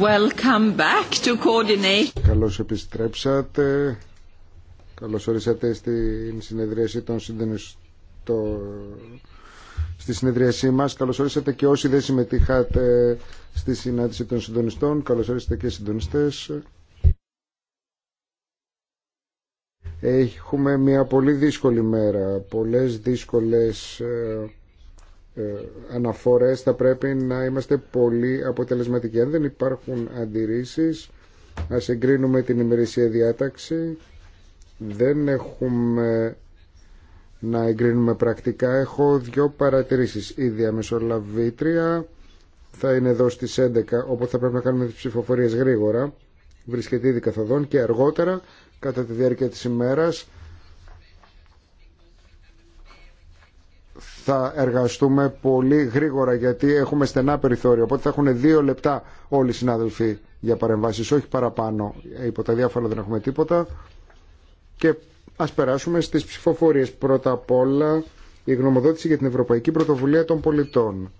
Welcome back to Καλώς επιστρέψατε. Καλώς ορίσατε στην συνεδρίαση των συντονιστών στη συνεδρίασή μας. Καλώς ορίσατε και όσοι δεν συμμετείχατε στη συνάντηση των συντονιστών. Καλώς ορίσατε και συντονιστές. Έχουμε μια πολύ δύσκολη μέρα, πολλές δύσκολες ε, ε, αναφορές θα πρέπει να είμαστε πολύ αποτελεσματικοί. Αν δεν υπάρχουν αντιρρήσεις, ας εγκρίνουμε την ημερησία διάταξη. Δεν έχουμε να εγκρίνουμε πρακτικά. Έχω δύο παρατηρήσεις. Η διαμεσολαβήτρια θα είναι εδώ στις 11, όπου θα πρέπει να κάνουμε τις ψηφοφορίες γρήγορα. Βρίσκεται ήδη καθοδόν και αργότερα, κατά τη διάρκεια της ημέρας, θα εργαστούμε πολύ γρήγορα γιατί έχουμε στενά περιθώρια. Οπότε θα έχουν δύο λεπτά όλοι οι συνάδελφοι για παρεμβάσεις, όχι παραπάνω. Υπό τα διάφορα δεν έχουμε τίποτα. Και ας περάσουμε στις ψηφοφορίες. Πρώτα απ' όλα η γνωμοδότηση για την Ευρωπαϊκή Πρωτοβουλία των Πολιτών.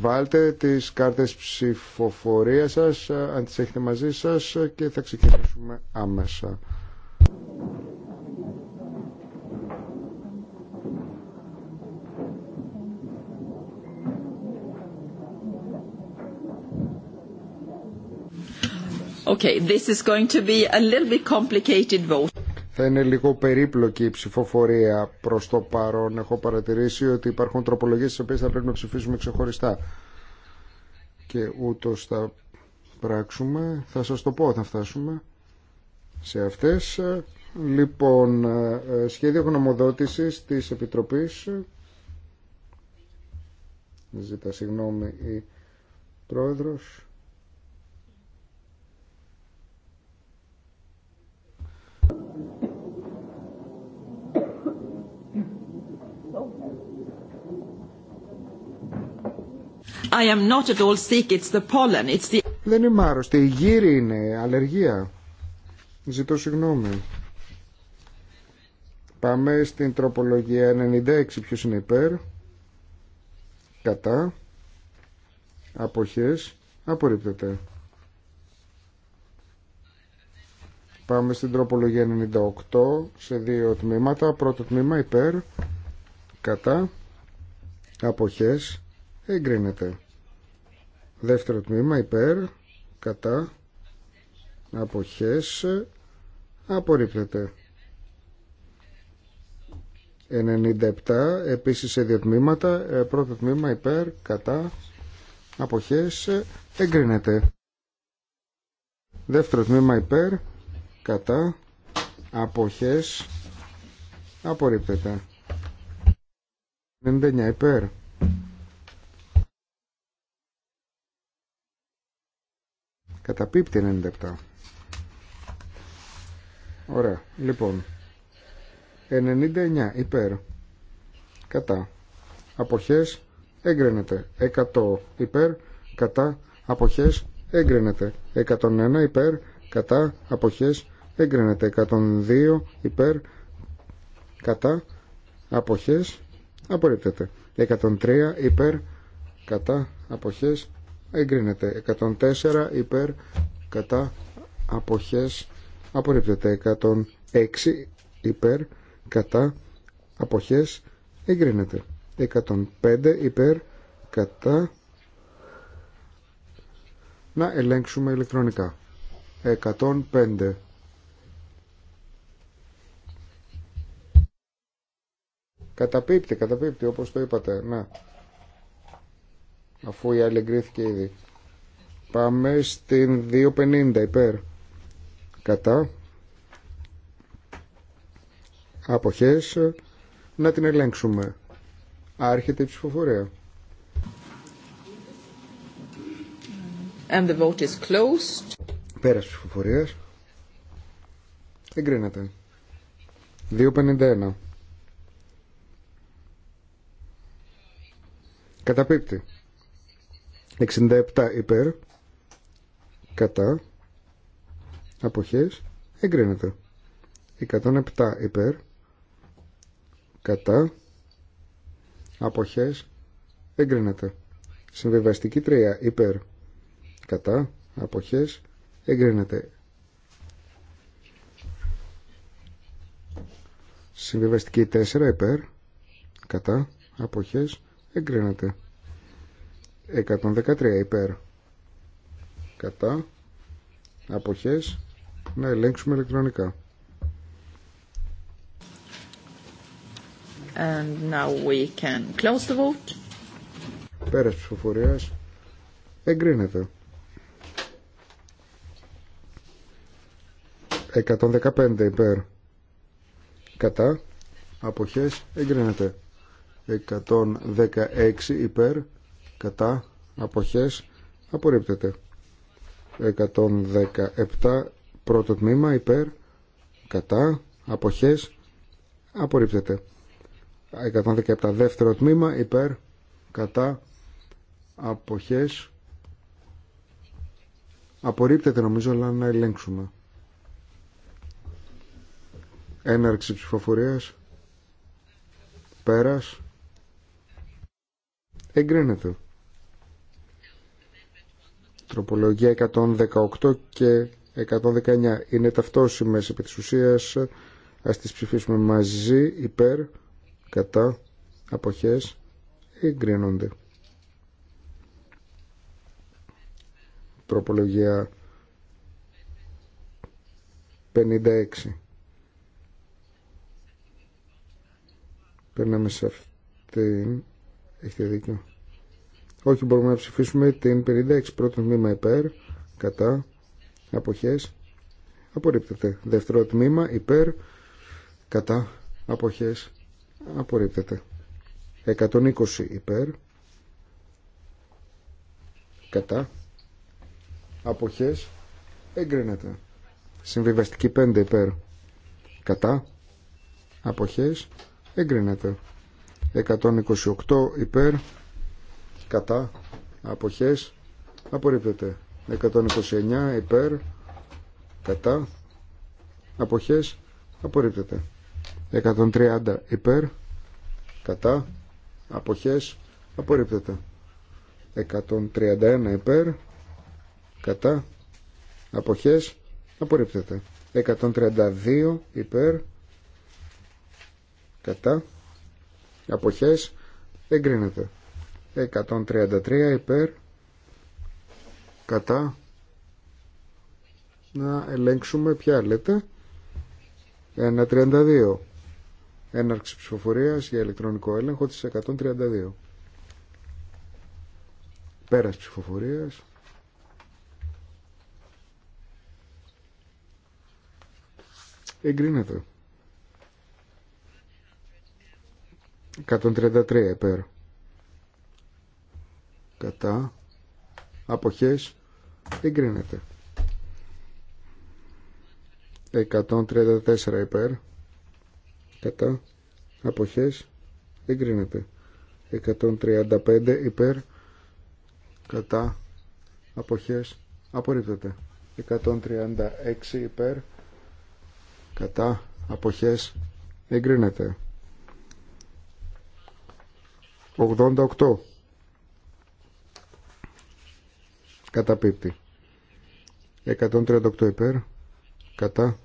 Βάλτε τις κάρτες ψηφοφορία σας, ε, αν τις έχετε μαζί σας ε, και θα ξεκινήσουμε άμεσα. Okay, this is going to be a little bit complicated vote. Θα είναι λίγο περίπλοκη η ψηφοφορία προ το παρόν. Έχω παρατηρήσει ότι υπάρχουν τροπολογίε τι οποίε θα πρέπει να ψηφίσουμε ξεχωριστά. Και ούτω θα πράξουμε. Θα σας το πω θα φτάσουμε σε αυτές. Λοιπόν, ε, σχέδιο γνωμοδότησης τη Επιτροπής. Ζητά συγγνώμη η Πρόεδρος. Δεν είμαι άρρωστη, η γύρι είναι, αλλεργία. Ζητώ συγγνώμη. Πάμε στην τροπολογία 96, ποιος είναι υπέρ. Κατά. Αποχές. Απορρίπτεται. Πάμε στην τροπολογία 98 σε δύο τμήματα. Πρώτο τμήμα υπέρ, κατά, αποχές, εγκρίνεται. Δεύτερο τμήμα υπέρ, κατά, αποχές, απορρίπτεται. 97, επίσης σε δύο τμήματα, ε, πρώτο τμήμα υπέρ, κατά, αποχές, εγκρίνεται. Δεύτερο τμήμα υπέρ, κατά, αποχές, απορρίπτεται. 99 υπέρ, Καταπίπτει 97. Ωραία. Λοιπόν. 99 υπέρ. Κατά. Αποχές έγκρινεται. 100 υπέρ. Κατά. Αποχές έγκρινεται. 101 υπέρ. Κατά. Αποχές έγκρινεται. 102 υπέρ. Κατά. Αποχές απορρίπτεται. 103 υπέρ. Κατά. Αποχές εγκρίνεται 104 υπέρ κατά αποχές απορρίπτεται 106 υπέρ κατά αποχές εγκρίνεται 105 υπέρ κατά να ελέγξουμε ηλεκτρονικά 105 Καταπίπτει, καταπίπτει όπως το είπατε, να αφού η άλλη εγκρίθηκε ήδη. Πάμε στην 2.50 υπέρ. Κατά. Αποχές. Να την ελέγξουμε. Άρχεται η ψηφοφορία. And the vote is Πέρας ψηφοφορίας. Εγκρίνεται. 2.51. Καταπίπτει. 67 υπέρ κατά αποχές εγκρίνεται 107 υπέρ κατά αποχές εγκρίνεται συμβιβαστική 3 υπέρ κατά αποχές εγκρίνεται συμβιβαστική 4 υπέρ κατά αποχές εγκρίνεται 113 υπέρ κατά αποχές να ελέγξουμε ηλεκτρονικά. And now we can close the vote. Πέρας εγκρίνεται. 115 υπέρ κατά αποχές εγκρίνεται. 116 υπέρ κατά αποχές απορρίπτεται 117 πρώτο τμήμα υπέρ κατά αποχές απορρίπτεται 117 δεύτερο τμήμα υπέρ κατά αποχές απορρίπτεται νομίζω αλλά να ελέγξουμε έναρξη ψηφοφορίας πέρας εγκρίνεται Τροπολογία 118 και 119 είναι ταυτόσιμες επί της ουσίας. Ας τις ψηφίσουμε μαζί, υπέρ, κατά, αποχές, εγκρίνονται. Τροπολογία 56. Περνάμε σε αυτήν. Έχετε δίκιο. Όχι, μπορούμε να ψηφίσουμε την 56 πρώτο τμήμα υπέρ, κατά, αποχές, απορρίπτεται. Δεύτερο τμήμα υπέρ, κατά, αποχές, απορρίπτεται. 120 υπέρ, κατά, αποχές, εγκρίνεται. Συμβιβαστική 5 υπέρ, κατά, αποχές, εγκρίνεται. 128 υπέρ, κατά αποχές απορρίπτεται 129 υπέρ κατά αποχές απορρίπτεται 130 υπέρ κατά αποχές απορρίπτεται 131 υπέρ κατά αποχές απορρίπτεται 132 υπέρ κατά αποχές εγκρίνεται 133 υπέρ κατά να ελέγξουμε ποια λέτε 132 έναρξη ψηφοφορίας για ηλεκτρονικό έλεγχο της 132 πέρας ψηφοφορίας εγκρίνεται 133 υπέρ κατά αποχές εγκρίνεται 134 υπέρ κατά αποχές εγκρίνεται 135 υπέρ κατά αποχές απορρίπτεται 136 υπέρ κατά αποχές εγκρίνεται 88 Καταπίπτει. 138 υπέρ. Κατά.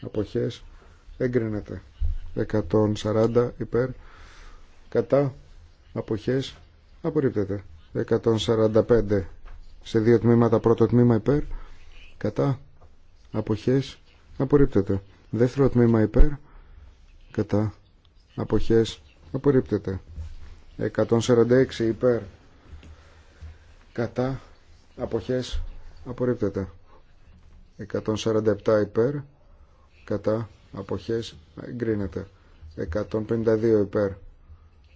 Αποχές. Εγκρίνεται. 140 υπέρ. Κατά. Αποχές. Απορρίπτεται. 145 σε δύο τμήματα. Πρώτο τμήμα υπέρ. Κατά. Αποχές. Απορρίπτεται. Δεύτερο τμήμα υπέρ. Κατά. Αποχές. Απορρίπτεται. 146 υπέρ. Κατά αποχές απορρίπτεται 147 υπέρ κατά αποχές εγκρίνεται 152 υπέρ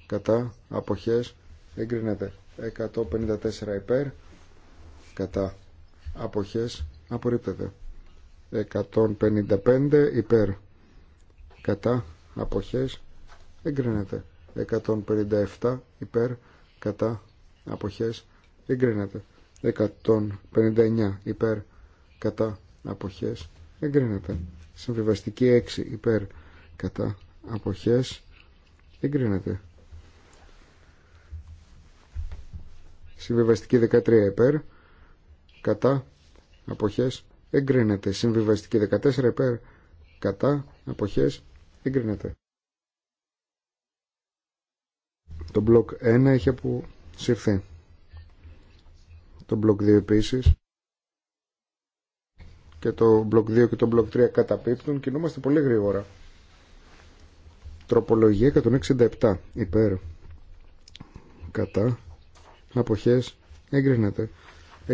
κατά αποχές εγκρίνεται 154 υπέρ κατά αποχές απορρίπτεται 155 υπέρ κατά αποχές εγκρίνεται 157 υπέρ κατά αποχές εγκρίνεται 159 υπέρ κατά αποχές εγκρίνεται. Συμβιβαστική 6 υπέρ κατά αποχές εγκρίνεται. Συμβιβαστική 13 υπέρ κατά αποχές εγκρίνεται. Συμβιβαστική 14 υπέρ κατά αποχές εγκρίνεται. Το μπλοκ 1 έχει αποσυρθεί το μπλοκ 2 επίσης και το μπλοκ 2 και το μπλοκ 3 καταπίπτουν κινούμαστε πολύ γρήγορα τροπολογία 167 υπέρ κατά αποχές εγκρίνεται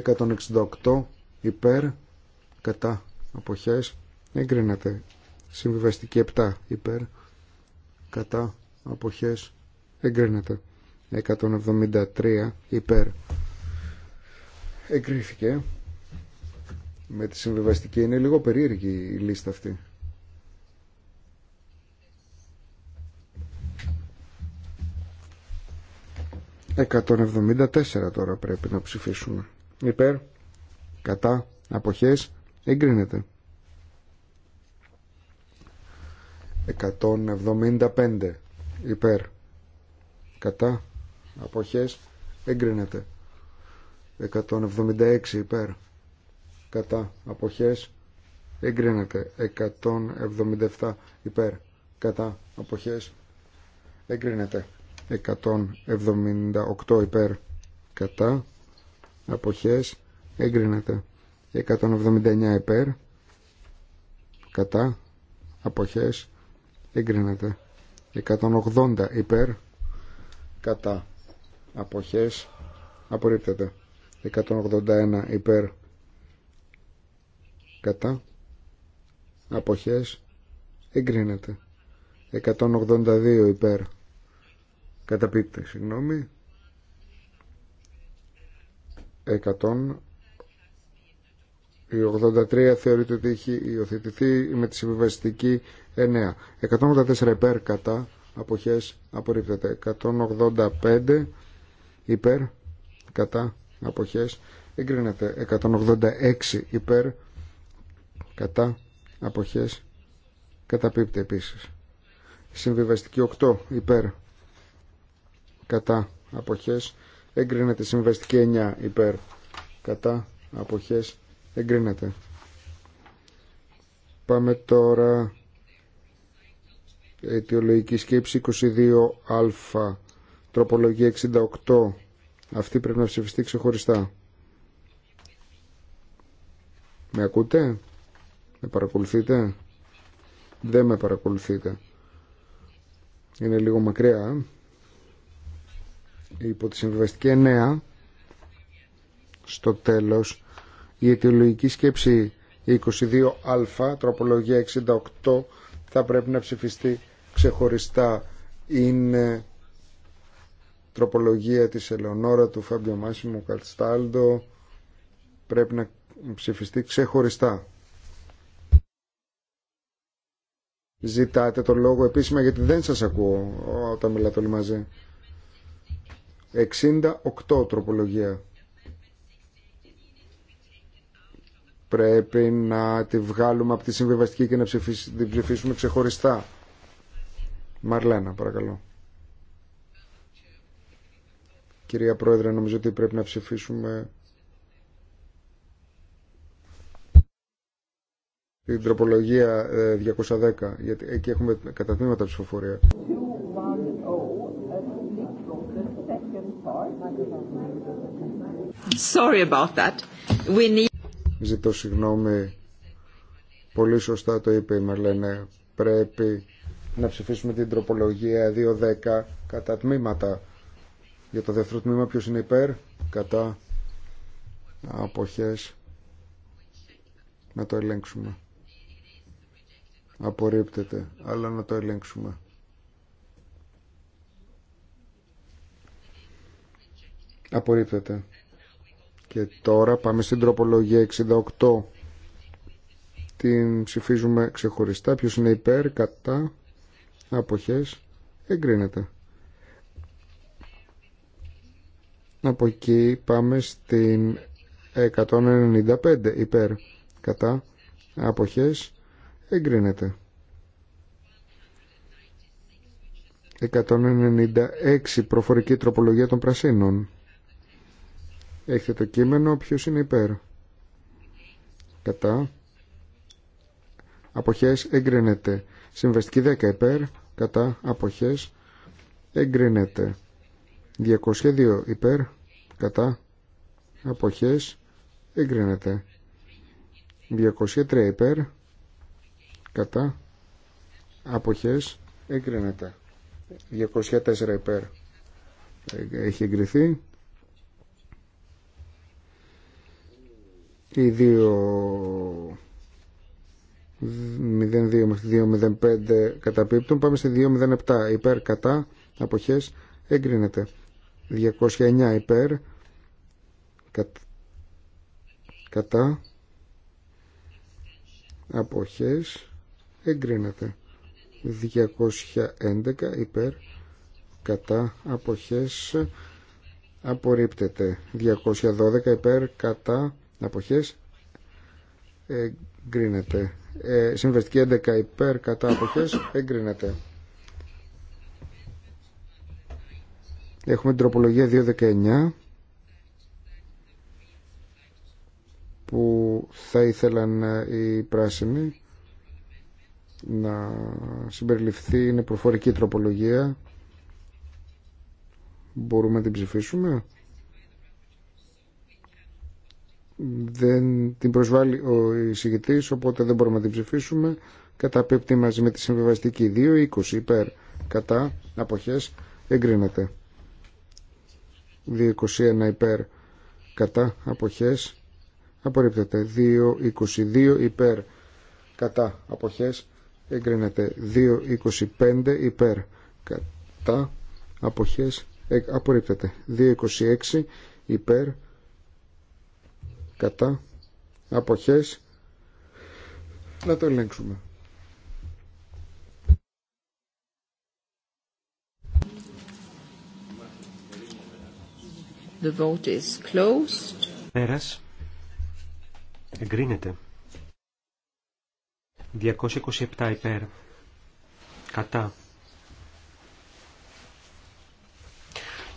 168 υπέρ κατά αποχές εγκρίνεται συμβιβαστική 7 υπέρ κατά αποχές εγκρίνεται 173 υπέρ Εγκρίθηκε με τη συμβιβαστική. Είναι λίγο περίεργη η λίστα αυτή. ...174 τώρα πρέπει να ψηφίσουμε. Υπέρ, κατά, αποχές, εγκρίνεται. 175 υπέρ, κατά, αποχές, εγκρίνεται. 176 υπέρ κατά αποχές εγκρίνεται 177 υπέρ κατά αποχές εγκρίνεται 178 υπέρ κατά αποχές εγκρίνεται 179 υπέρ κατά αποχές εγκρίνεται 180 υπέρ κατά αποχές απορρίπτεται 181 υπέρ κατά αποχές εγκρίνεται 182 υπέρ καταπίπτει συγγνώμη 100 η θεωρείται ότι έχει υιοθετηθεί με τη συμβιβαστική 9. 184 υπέρ κατά αποχές απορρίπτεται. 185 υπέρ κατά αποχές εγκρίνεται 186 υπέρ κατά αποχές καταπίπτει επίσης συμβιβαστική 8 υπέρ κατά αποχές εγκρίνεται συμβιβαστική 9 υπέρ κατά αποχές εγκρίνεται πάμε τώρα αιτιολογική σκέψη 22α τροπολογία 68 αυτή πρέπει να ψηφιστεί ξεχωριστά. Με ακούτε? Με παρακολουθείτε? Δεν με παρακολουθείτε. Είναι λίγο μακριά. Υπό τη συμβιβαστική 9 στο τέλος η αιτιολογική σκέψη 22α τροπολογία 68 θα πρέπει να ψηφιστεί ξεχωριστά. Είναι τροπολογία της Ελεονόρα του Φάμπιο Μάσιμου πρέπει να ψηφιστεί ξεχωριστά. Ζητάτε το λόγο επίσημα γιατί δεν σας ακούω όταν μιλάτε όλοι μαζί. 68 τροπολογία. Πρέπει να τη βγάλουμε από τη συμβιβαστική και να την ψηφίσουμε ξεχωριστά. Μαρλένα, παρακαλώ. Κυρία Πρόεδρε, νομίζω ότι πρέπει να ψηφίσουμε την τροπολογία 210, ε, γιατί εκεί έχουμε κατά τμήματα ψηφοφορία. Sorry about that. We need... Ζητώ συγγνώμη. Πολύ σωστά το είπε η Μαρλένε. Πρέπει να ψηφίσουμε την τροπολογία 210 κατά τμήματα. Για το δεύτερο τμήμα ποιος είναι υπέρ, κατά, αποχές. Να το ελέγξουμε. Απορρίπτεται, αλλά να το ελέγξουμε. Απορρίπτεται. Και τώρα πάμε στην τροπολογία 68. Την ψηφίζουμε ξεχωριστά. Ποιος είναι υπέρ, κατά, αποχές. Εγκρίνεται. Από εκεί πάμε στην 195 υπέρ κατά αποχές εγκρίνεται. 196 προφορική τροπολογία των πρασίνων. Έχετε το κείμενο ποιος είναι υπέρ. Κατά. Αποχές εγκρίνεται. Συμβαστική 10 υπέρ. Κατά. Αποχές εγκρίνεται. 202 υπέρ κατά αποχές εγκρίνεται 203 υπέρ κατά αποχές εγκρίνεται 204 υπέρ έχει εγκριθεί οι 2 02 μέχρι 205 καταπίπτουν πάμε στη 207 υπέρ κατά αποχές εγκρίνεται 209 υπέρ κατά αποχές εγκρίνεται 211 υπέρ κατά αποχές απορρίπτεται 212 υπέρ κατά αποχές εγκρίνεται ε, συμβεστική 11 υπέρ κατά αποχές εγκρίνεται Έχουμε την τροπολογία 219 που θα ήθελαν ε, οι πράσινοι να συμπεριληφθεί. Είναι προφορική τροπολογία. Μπορούμε να την ψηφίσουμε. Δεν την προσβάλλει ο εισηγητής, οπότε δεν μπορούμε να την ψηφίσουμε. Καταπέπτει μαζί με τη συμβιβαστική 2.20 υπέρ κατά αποχές εγκρίνεται. 2.21 υπέρ κατά αποχές απορρίπτεται 2.22 υπέρ κατά αποχές εγκρίνεται 2.25 υπέρ κατά αποχές ε, απορρίπτεται 2.26 υπέρ κατά αποχές να το ελέγξουμε The Πέρας. Εγκρίνεται. 227 υπέρ. Κατά.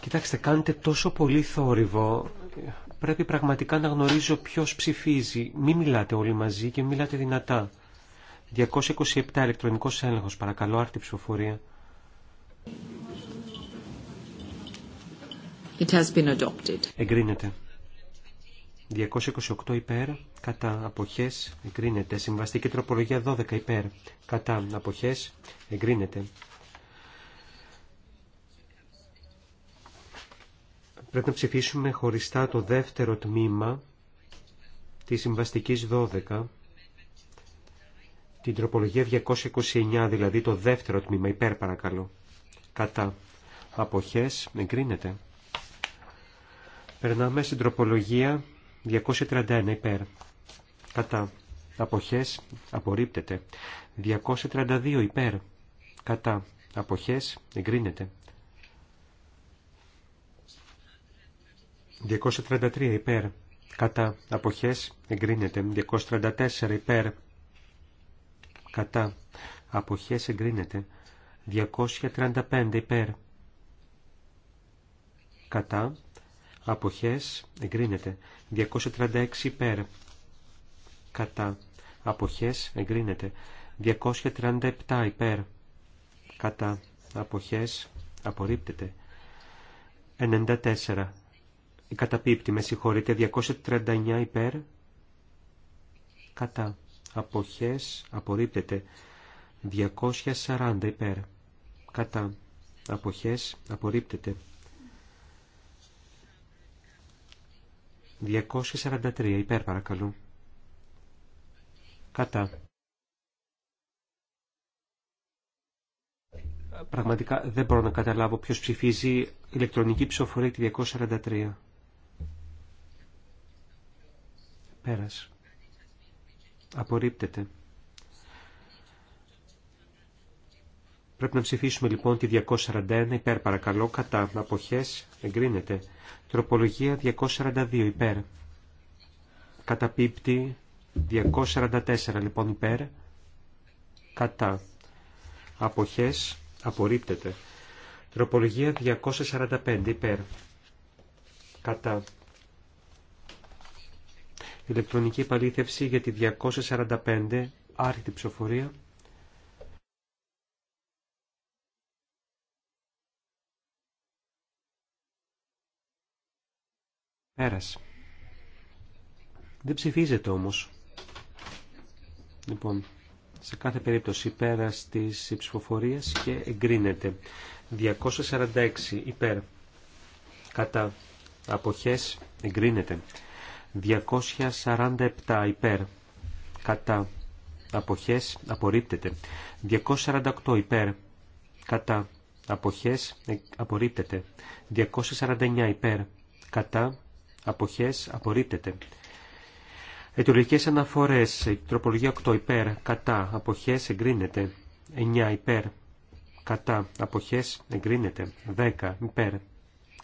Κοιτάξτε, κάνετε τόσο πολύ θόρυβο. Πρέπει πραγματικά να γνωρίζω ποιος ψηφίζει. Μη μιλάτε όλοι μαζί και μιλάτε δυνατά. 227 ηλεκτρονικός έλεγχος, παρακαλώ, άρτη ψηφοφορία. It has been adopted. Εγκρίνεται. 228 υπέρ, κατά αποχές, εγκρίνεται. Συμβαστική τροπολογία 12 υπέρ, κατά αποχές, εγκρίνεται. Πρέπει να ψηφίσουμε χωριστά το δεύτερο τμήμα της συμβαστικής 12, την τροπολογία 229, δηλαδή το δεύτερο τμήμα, υπέρ παρακαλώ. Κατά αποχές, εγκρίνεται. Περνάμε στην τροπολογία 231 υπέρ. Κατά. Αποχές απορρίπτεται. 232 υπέρ. Κατά. Αποχές εγκρίνεται. 233 υπέρ. Κατά. Αποχές εγκρίνεται. 234 υπέρ. Κατά. Αποχές εγκρίνεται. 235 υπέρ. Κατά. Αποχές εγκρίνεται. 236 υπέρ. Κατά. Αποχές εγκρίνεται. 237 υπέρ. Κατά. Αποχές απορρίπτεται. 94. Η καταπίπτη με συγχωρείτε. 239 υπέρ. Κατά. Αποχές απορρίπτεται. 240 υπέρ. Κατά. Αποχές απορρίπτεται. 243 υπέρ παρακαλώ. Κατά. Πραγματικά δεν μπορώ να καταλάβω ποιος ψηφίζει ηλεκτρονική ψηφοφορία τη 243. Πέρας. Απορρίπτεται. Πρέπει να ψηφίσουμε λοιπόν τη 241 υπέρ παρακαλώ κατά αποχές εγκρίνεται. Τροπολογία 242 υπέρ. Καταπίπτει 244 λοιπόν υπέρ κατά αποχές απορρίπτεται. Τροπολογία 245 υπέρ κατά ηλεκτρονική επαλήθευση για τη 245 άρχιτη ψηφοφορία. Πέρας. Δεν ψηφίζεται όμως. Λοιπόν, σε κάθε περίπτωση πέρας της ψηφοφορίας και εγκρίνεται. 246 υπέρ. Κατά αποχές εγκρίνεται. 247 υπέρ. Κατά αποχές απορρίπτεται. 248 υπέρ. Κατά αποχές ε, απορρίπτεται. 249 υπέρ. Κατά αποχές απορρίπτεται. Αιτιολογικές αναφορές, τροπολογία 8 υπέρ, κατά, αποχές εγκρίνεται. 9 υπέρ, κατά, αποχές εγκρίνεται. 10 υπέρ,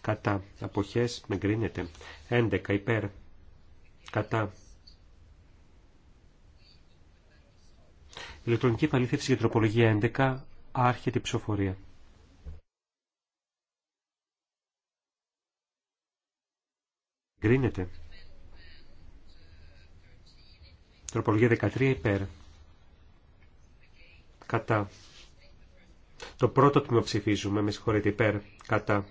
κατά, αποχές εγκρίνεται. 11 υπέρ, κατά. Ηλεκτρονική παλήθευση για τροπολογία 11, άρχεται η ψηφοφορία. Γκρίνεται. Τροπολογία 13 υπέρ. Κατά. Το πρώτο τμήμα ψηφίζουμε, με συγχωρείτε, υπέρ. Κατά.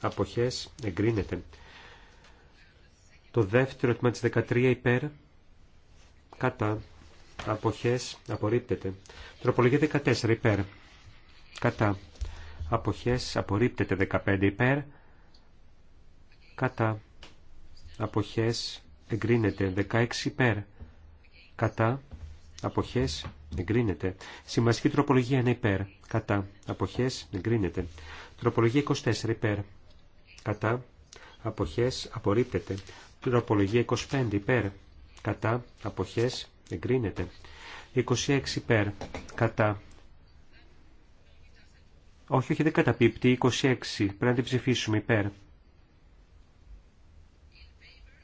Αποχές. Εγκρίνεται. Το δεύτερο τμήμα της 13 υπέρ. Κατά. Αποχές. Απορρίπτεται. Τροπολογία 14 υπέρ. Κατά. Αποχές. Απορρίπτεται. 15 υπέρ. Κατά αποχές εγκρίνεται. 16 υπέρ κατά αποχές εγκρίνεται. Σημασική τροπολογία 1 υπέρ κατά αποχές εγκρίνεται. Τροπολογία 24 υπέρ κατά αποχές απορρίπτεται. Τροπολογία 25 υπέρ κατά αποχές εγκρίνεται. 26 υπέρ κατά όχι, όχι, δεν καταπίπτει. 26. Πρέπει να την ψηφίσουμε υπέρ.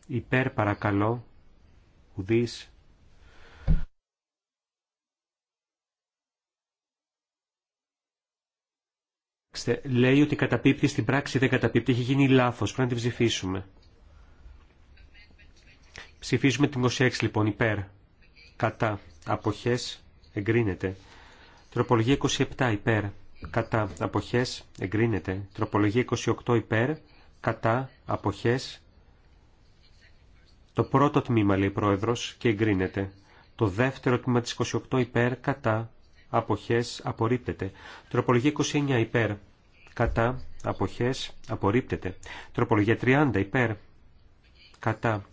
Υπέρ παρακαλώ. ουδείς, Λέει ότι καταπίπτει στην πράξη δεν καταπίπτει. Έχει γίνει λάθος. Πρέπει να την ψηφίσουμε. Ψηφίζουμε την 26 λοιπόν υπέρ. Κατά. Αποχές. Εγκρίνεται. Τροπολογία 27 υπέρ. Κατά. Αποχές. Εγκρίνεται. Τροπολογία 28 υπέρ. Κατά. Αποχές το πρώτο τμήμα, λέει πρόεδρο και εγκρίνεται. Το δεύτερο τμήμα τη 28 υπέρ, κατά, αποχές, απορρίπτεται. Τροπολογία 29 υπέρ, κατά, αποχές, απορρίπτεται. Τροπολογία 30 υπέρ, κατά,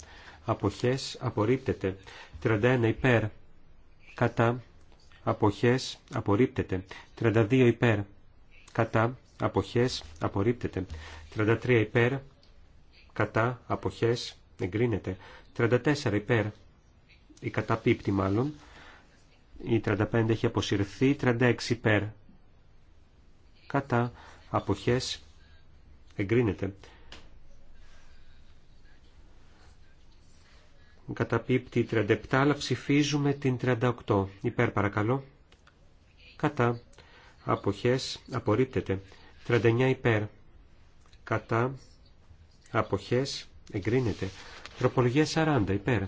Αποχέ απορρίπτεται. 31 υπέρ, κατά, απόχέ απορρίπτεται. 32 υπέρ, κατά, αποχές, απορρίπτεται. 33 υπέρ, κατά, αποχές, εγκρίνεται. 34 υπέρ, η καταπίπτη μάλλον. Η 35 έχει αποσυρθεί, 36 υπέρ. Κατά αποχές εγκρίνεται. καταπίπτη 37, αλλά ψηφίζουμε την 38. Υπέρ παρακαλώ. Κατά αποχές απορρίπτεται. 39 υπέρ. Κατά αποχές εγκρίνεται. Τροπολογία 40 υπέρ.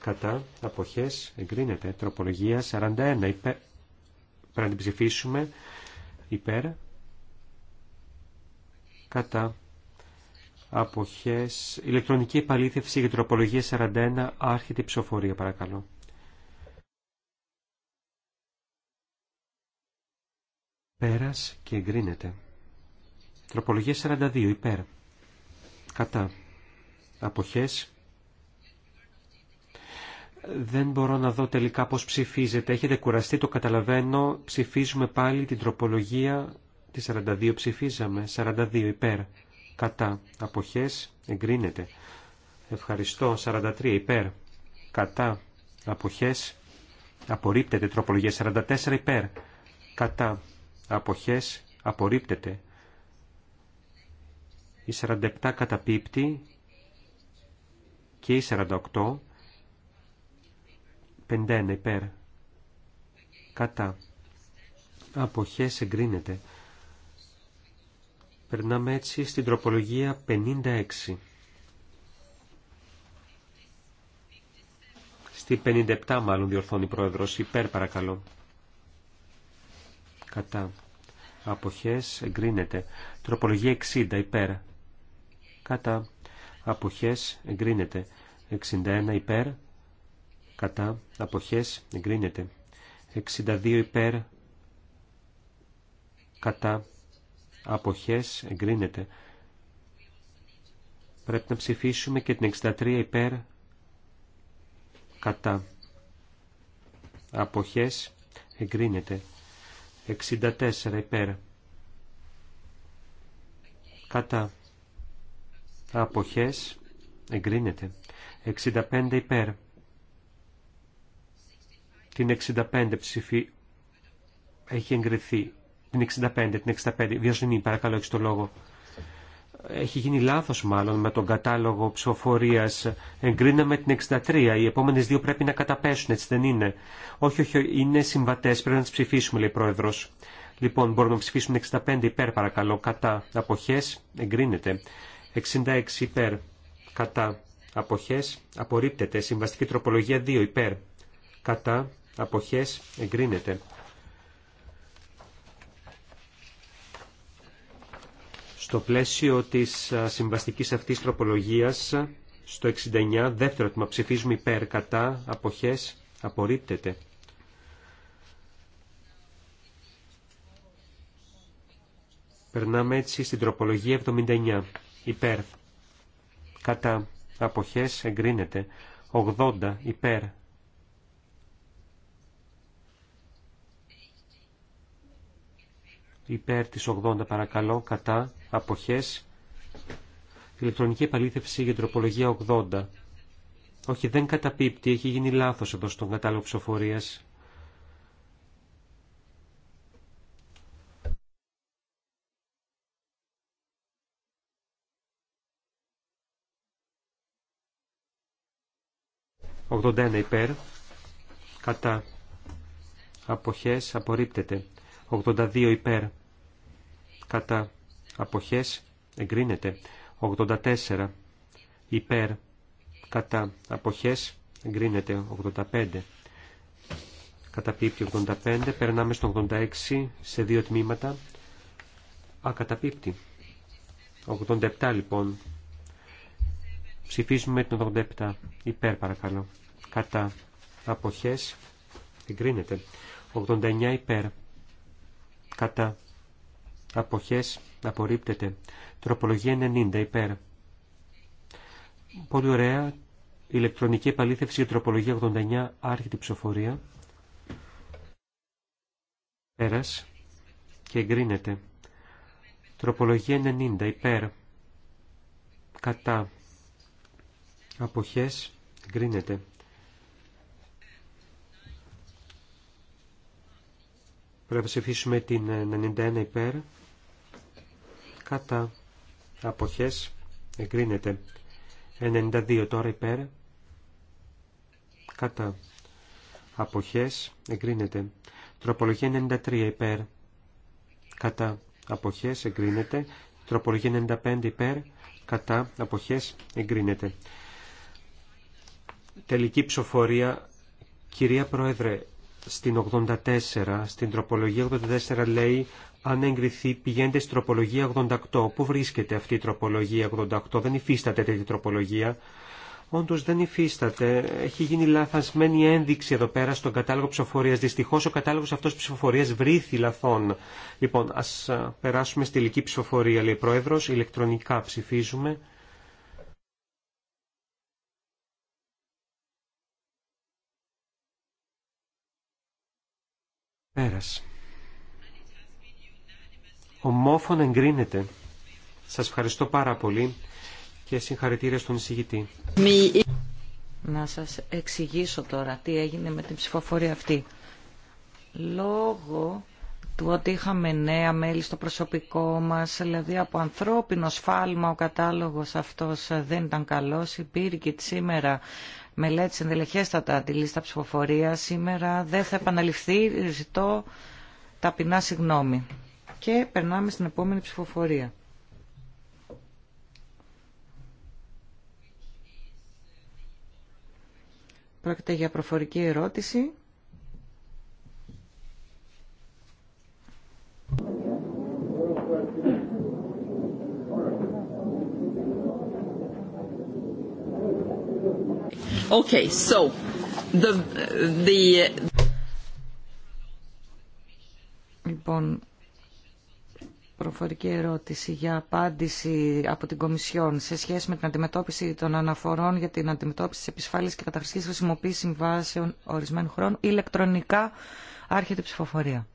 Κατά αποχές εγκρίνεται. Τροπολογία 41 υπέρ. Πρέπει να την ψηφίσουμε υπέρ. Κατά αποχές. Ηλεκτρονική επαλήθευση για τροπολογία 41. Άρχεται η ψηφοφορία παρακαλώ. Πέρας και εγκρίνεται. Τροπολογία 42 υπέρ. Κατά αποχές. Δεν μπορώ να δω τελικά πώς ψηφίζετε. Έχετε κουραστεί, το καταλαβαίνω. Ψηφίζουμε πάλι την τροπολογία τη 42 ψηφίζαμε. 42 υπέρ. Κατά. Αποχές. Εγκρίνεται. Ευχαριστώ. 43 υπέρ. Κατά. Αποχές. Απορρίπτεται. Τροπολογία 44 υπέρ. Κατά. Αποχές. Απορρίπτεται. Η 47 καταπίπτει και η 48, 51 υπέρ, κατά, αποχές εγκρίνεται. Περνάμε έτσι στην τροπολογία 56. Στη 57 μάλλον διορθώνει η Πρόεδρος, υπέρ παρακαλώ. Κατά. Αποχές εγκρίνεται. Τροπολογία 60 υπέρ. Κατά. Αποχές εγκρίνεται. 61 υπέρ, κατά, αποχές, εγκρίνεται. 62 υπέρ, κατά, αποχές, εγκρίνεται. Πρέπει να ψηφίσουμε και την 63 υπέρ, κατά, αποχές, εγκρίνεται. 64 υπέρ, κατά, αποχές, εγκρίνεται. 65 υπέρ. Την 65 ψηφί έχει εγκριθεί. Την 65, την 65. Βιαζονή, παρακαλώ, έχει το λόγο. Έχει γίνει λάθος μάλλον με τον κατάλογο ψηφοφορίας. Εγκρίναμε την 63. Οι επόμενες δύο πρέπει να καταπέσουν, έτσι δεν είναι. Όχι, όχι, είναι συμβατές. Πρέπει να τι ψηφίσουμε, λέει πρόεδρος. Λοιπόν, μπορούμε να ψηφίσουμε 65 υπέρ, παρακαλώ. Κατά αποχές εγκρίνεται. 66 υπέρ. Κατά αποχές απορρίπτεται. Συμβαστική τροπολογία 2 υπέρ κατά αποχές εγκρίνεται. Στο πλαίσιο της συμβαστικής αυτής τροπολογίας, στο 69, δεύτερο τμήμα ψηφίζουμε υπέρ, κατά, αποχές, απορρίπτεται. Περνάμε έτσι στην τροπολογία 79. Υπέρ, κατά, αποχές εγκρίνεται 80 υπέρ υπέρ της 80 παρακαλώ κατά αποχές ηλεκτρονική επαλήθευση για τροπολογία 80 όχι δεν καταπίπτει έχει γίνει λάθος εδώ στον κατάλογο ψηφοφορίας 81 υπέρ, κατά αποχές απορρίπτεται. 82 υπέρ, κατά αποχές εγκρίνεται. 84 υπέρ, κατά αποχές εγκρίνεται. 85 καταπίπτει 85, περνάμε στο 86 σε δύο τμήματα. Α, 87 λοιπόν, Ψηφίζουμε την 87. Υπέρ παρακαλώ. Κατά. Αποχές. Εγκρίνεται. 89 υπέρ. Κατά. Αποχές. Απορρίπτεται. Τροπολογία 90 υπέρ. Πολύ ωραία. Ηλεκτρονική επαλήθευση για τροπολογία 89. Άρχιτη ψηφοφορία. Πέρας. Και εγκρίνεται. Τροπολογία 90 υπέρ. Κατά αποχές εγκρίνεται. Πρέπει να ψηφίσουμε την 91 ε, υπέρ. Κατά αποχές εγκρίνεται. 92 τώρα υπέρ. Κατά αποχές εγκρίνεται. Τροπολογία 93 υπέρ. Κατά αποχές εγκρίνεται. Τροπολογία 95 υπέρ. Κατά αποχές εγκρίνεται τελική ψηφοφορία. Κυρία Πρόεδρε, στην 84, στην τροπολογία 84 λέει αν εγκριθεί πηγαίνετε στην τροπολογία 88. Πού βρίσκεται αυτή η τροπολογία 88, δεν υφίσταται τέτοια τροπολογία. Όντω δεν υφίσταται. Έχει γίνει λαθασμένη ένδειξη εδώ πέρα στον κατάλογο ψηφοφορία. Δυστυχώ ο κατάλογο αυτό ψηφοφορία βρήθη λαθών. Λοιπόν, α περάσουμε στη ηλική ψηφοφορία, λέει Πρόεδρο. Ηλεκτρονικά ψηφίζουμε. Ο Ομόφωνα εγκρίνεται. Σας ευχαριστώ πάρα πολύ και συγχαρητήρια στον εισηγητή. Να σας εξηγήσω τώρα τι έγινε με την ψηφοφορία αυτή. Λόγω του ότι είχαμε νέα μέλη στο προσωπικό μας, δηλαδή από ανθρώπινο σφάλμα ο κατάλογος αυτός δεν ήταν καλός. Υπήρχε σήμερα μελέτη συνδελεχέστατα τη λίστα ψηφοφορία. Σήμερα δεν θα επαναληφθεί, ζητώ ταπεινά συγγνώμη. Και περνάμε στην επόμενη ψηφοφορία. Πρόκειται για προφορική ερώτηση Okay, so the, the... Λοιπόν, προφορική ερώτηση για απάντηση από την Κομισιόν σε σχέση με την αντιμετώπιση των αναφορών για την αντιμετώπιση της επισφάλειας και καταρχής χρησιμοποίησης συμβάσεων ορισμένου χρόνου ηλεκτρονικά άρχεται η ψηφοφορία.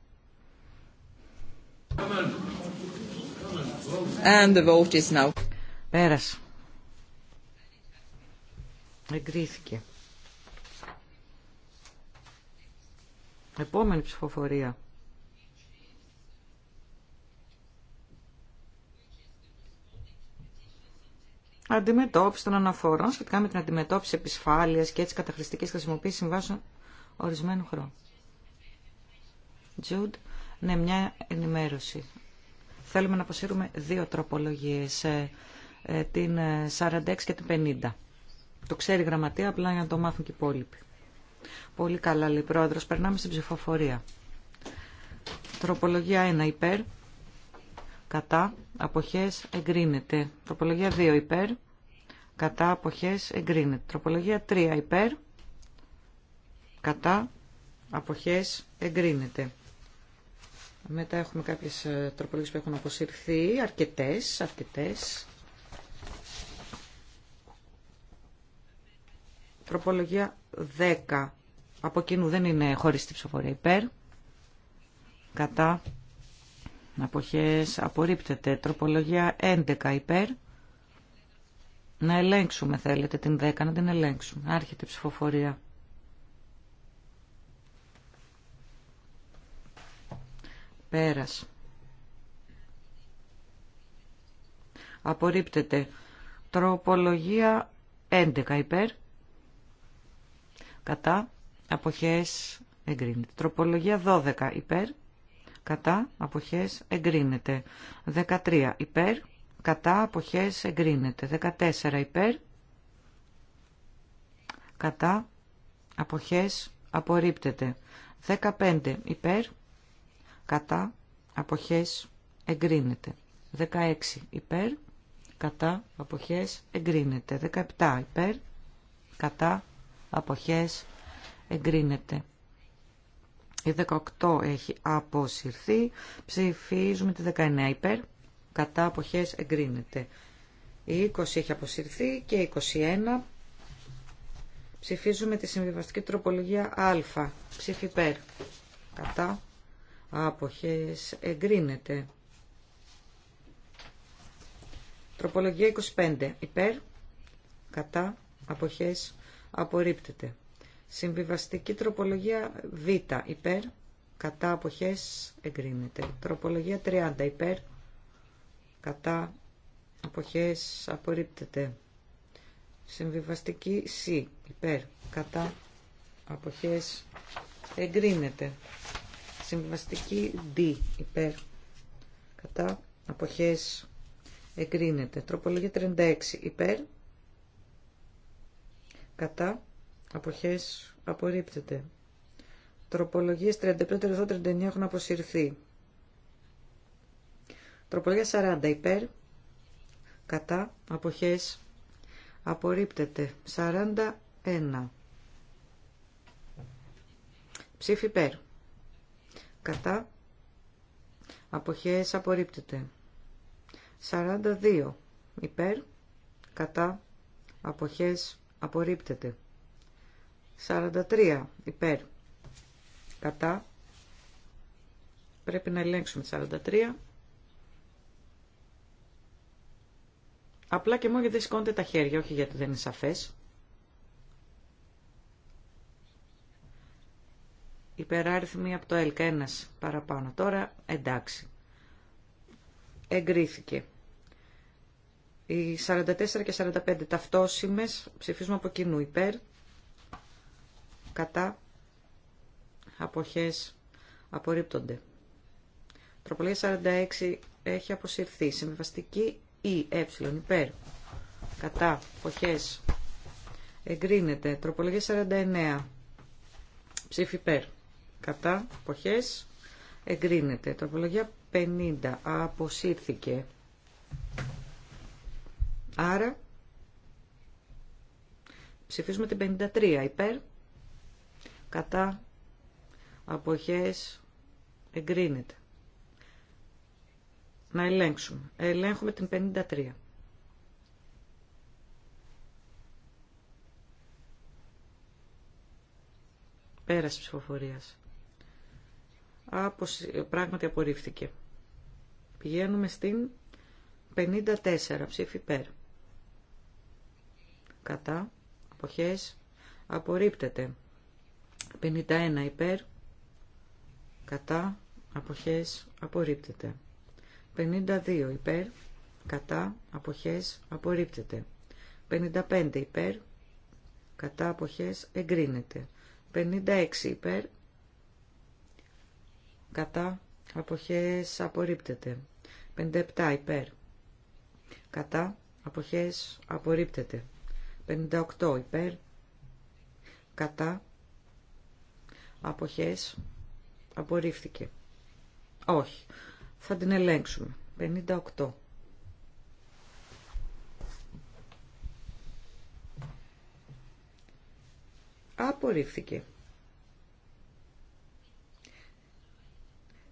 And the vote is now. Πέρασε. Εγκρίθηκε. Επόμενη ψηφοφορία. Αντιμετώπιση των αναφορών σχετικά με την αντιμετώπιση επισφάλειας και έτσι καταχρηστικής χρησιμοποίησης συμβάσεων ορισμένου χρόνου. Τζουντ, ναι, μια ενημέρωση. Θέλουμε να αποσύρουμε δύο τροπολογίες, ε, ε, την 46 ε, και την 50. Το ξέρει η γραμματεία, απλά για να το μάθουν και οι υπόλοιποι. Πολύ καλά, λέει πρόεδρο. Περνάμε στην ψηφοφορία. Τροπολογία 1 υπέρ. Κατά. Αποχέ εγκρίνεται. Τροπολογία 2 υπέρ. Κατά. Αποχέ εγκρίνεται. Τροπολογία 3 υπέρ. Κατά. Αποχέ εγκρίνεται. Μετά έχουμε κάποιες ε, τροπολογίες που έχουν αποσυρθεί, Αρκετέ, αρκετέ. Τροπολογία 10. Από κοινού δεν είναι τη ψηφοφορία υπέρ. Κατά. Αποχές απορρίπτεται. Τροπολογία 11 υπέρ. Να ελέγξουμε θέλετε την 10, να την ελέγξουμε. Άρχεται η ψηφοφορία. Πέρας. Απορρίπτεται. Τροπολογία 11 υπέρ κατά αποχές εγκρίνεται. Τροπολογία 12 υπέρ, κατά αποχές εγκρίνεται. 13 υπέρ, κατά αποχές εγκρίνεται. 14 υπέρ, κατά αποχές απορρίπτεται. 15 υπέρ, κατά αποχές εγκρίνεται. 16 υπέρ, κατά αποχές εγκρίνεται. 17 υπέρ, κατά αποχές εγκρίνεται. Η 18 έχει αποσυρθεί. Ψηφίζουμε τη 19 υπέρ. Κατά αποχές εγκρίνεται. Η 20 έχει αποσυρθεί και η 21. Ψηφίζουμε τη συμβιβαστική τροπολογία α. Ψήφι υπέρ. Κατά αποχές εγκρίνεται. Τροπολογία 25 υπέρ. Κατά αποχές απορρίπτεται. Συμβιβαστική τροπολογία Β υπέρ, κατά αποχές εγκρίνεται. Τροπολογία 30 υπέρ, κατά αποχές απορρίπτεται. Συμβιβαστική Σ υπέρ, κατά αποχές εγκρίνεται. Συμβιβαστική D υπέρ, κατά αποχές εγκρίνεται. Τροπολογία 36 υπέρ, κατά αποχές απορρίπτεται. Τροπολογίες 35-39 έχουν αποσυρθεί. Τροπολογία 40 υπέρ, κατά αποχές απορρίπτεται. 41 ψήφι υπέρ, κατά αποχές απορρίπτεται. 42 υπέρ, κατά αποχές απορρίπτεται. 43 υπέρ κατά πρέπει να ελέγξουμε 43 απλά και μόνο γιατί τα χέρια όχι γιατί δεν είναι σαφές υπεράριθμοι από το ΕΛΚ ένας παραπάνω τώρα εντάξει εγκρίθηκε οι 44 και 45 ταυτόσιμες ψηφίζουμε από κοινού υπέρ, κατά, αποχές, απορρίπτονται. Τροπολογία 46 έχει αποσυρθεί. Συμβιβαστική ή ε υπέρ, κατά, αποχές, εγκρίνεται. Τροπολογία 49, ψήφι υπέρ, κατά, αποχές, εγκρίνεται. Τροπολογία 50 αποσύρθηκε. Άρα ψηφίζουμε την 53 υπέρ, κατά αποχές εγκρίνεται. Να ελέγξουμε. Ελέγχουμε την 53. Πέραση ψηφοφορίας. πράγματι απορρίφθηκε. Πηγαίνουμε στην 54 ψήφι πέρα κατά, αποχές, απορρίπτεται. 51 υπέρ, κατά, αποχές, απορρίπτεται. 52 υπέρ, κατά, αποχές, απορρίπτεται. 55 υπέρ, κατά, αποχές, εγκρίνεται. 56 υπέρ, κατά, αποχές, απορρίπτεται. 57 υπέρ, κατά, αποχές, απορρίπτεται. 58 υπέρ κατά αποχές απορρίφθηκε. Όχι. Θα την ελέγξουμε. 58. Απορρίφθηκε.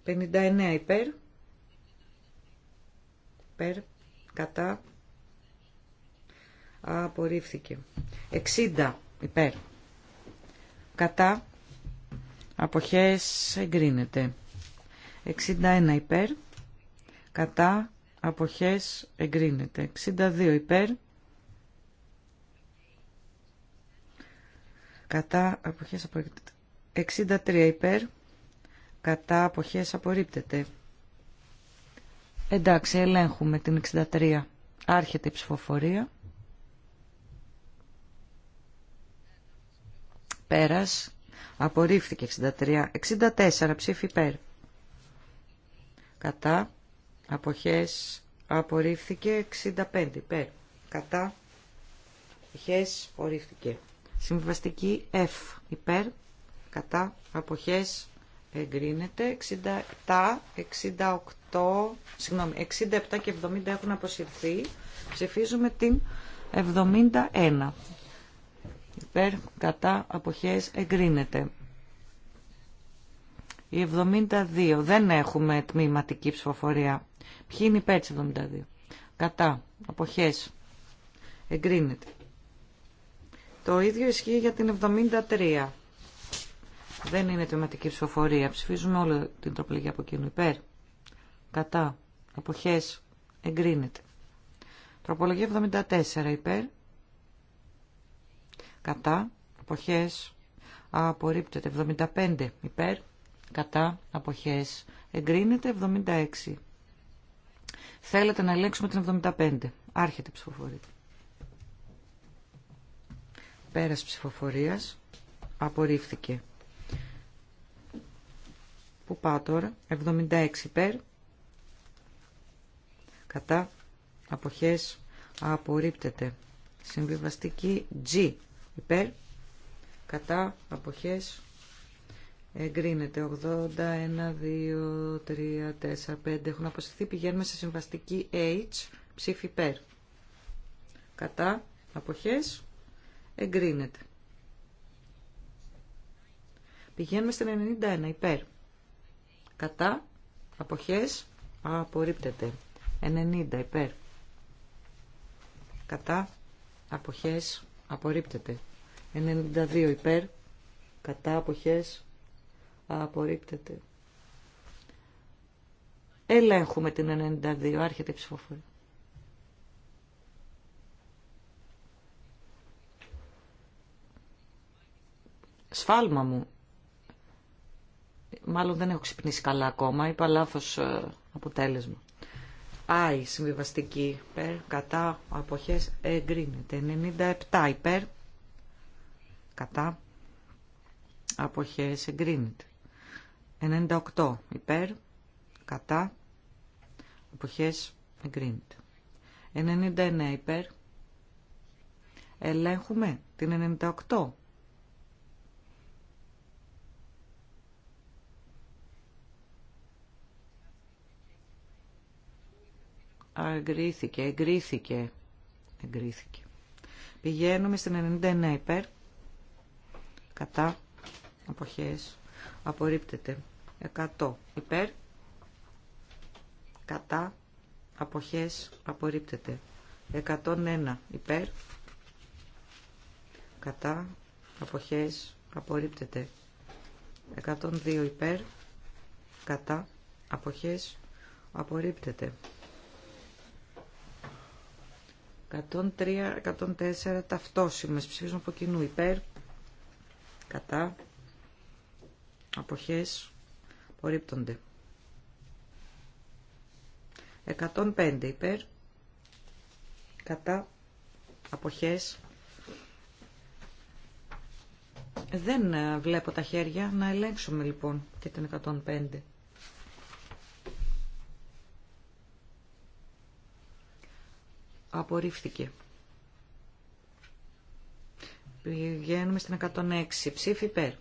59 υπέρ. Υπέρ. Κατά απορρίφθηκε. 60 υπέρ. Κατά αποχές εγκρίνεται. 61 υπέρ. Κατά αποχές εγκρίνεται. 62 υπέρ. Κατά αποχές απορρίπτεται. 63 υπέρ. Κατά αποχές απορρίπτεται. Εντάξει, ελέγχουμε την 63. Άρχεται η ψηφοφορία. Πέρας. Απορρίφθηκε 63. 64 ψήφι υπέρ. Κατά. Αποχές. Απορρίφθηκε 65 υπέρ. Κατά. Αποχές. Απορρίφθηκε. Συμβαστική F υπέρ. Κατά. Αποχές. Εγκρίνεται 67, 68, συγγνώμη, 67 και 70 έχουν αποσυρθεί. Ψηφίζουμε την 71 υπέρ κατά αποχές εγκρίνεται. Η 72. Δεν έχουμε τμήματική ψηφοφορία. Ποιοι είναι υπέρ της 72. Κατά. Αποχές. Εγκρίνεται. Το ίδιο ισχύει για την 73. Δεν είναι τμήματική ψηφοφορία. Ψηφίζουμε όλη την τροπολογία από κοινού. Υπέρ. Κατά. Αποχές. Εγκρίνεται. Τροπολογία 74. Υπέρ κατά αποχές απορρίπτεται 75 υπέρ κατά αποχές εγκρίνεται 76 θέλετε να ελέγξουμε την 75 άρχεται η ψηφοφορία πέρας ψηφοφορίας απορρίφθηκε που πάω τώρα 76 υπέρ κατά αποχές απορρίπτεται συμβιβαστική G υπέρ κατά αποχές εγκρίνεται 81, 2, 3, 4, 5 έχουν αποσυρθεί πηγαίνουμε σε συμβαστική H ψήφι υπέρ κατά αποχές εγκρίνεται πηγαίνουμε στην 91 υπέρ κατά αποχές απορρίπτεται 90 υπέρ κατά αποχές Απορρίπτεται. 92 υπέρ. Κατά αποχές. Απορρίπτεται. Ελέγχουμε την 92. Άρχεται η ψηφοφορία. Σφάλμα μου. Μάλλον δεν έχω ξυπνήσει καλά ακόμα. Είπα λάθος ε, αποτέλεσμα. Άι, συμβιβαστική υπέρ, κατά, αποχές, εγκρίνεται. 97 υπέρ, κατά, αποχές, εγκρίνεται. 98 υπέρ, κατά, αποχές, εγκρίνεται. 99 υπέρ, ελέγχουμε την 98. Αγκρίθηκε, εγκρίθηκε. Εγκρίθηκε. Πηγαίνουμε στην 99 υπέρ. Κατά. Αποχές. Απορρίπτεται. 100 υπέρ. Κατά. Αποχές. Απορρίπτεται. 101 υπέρ. Κατά. Αποχές. Απορρίπτεται. 102 υπέρ. Κατά. Αποχές. Απορρίπτεται. 103-104 ταυτόσημες. ψήφισαν από κοινού υπέρ, κατά, αποχές, απορρίπτονται. 105 υπέρ, κατά, αποχές. Δεν ε, βλέπω τα χέρια, να ελέγξουμε λοιπόν και την 105. Απορρίφθηκε. Πηγαίνουμε στην 106. Ψήφι υπέρ.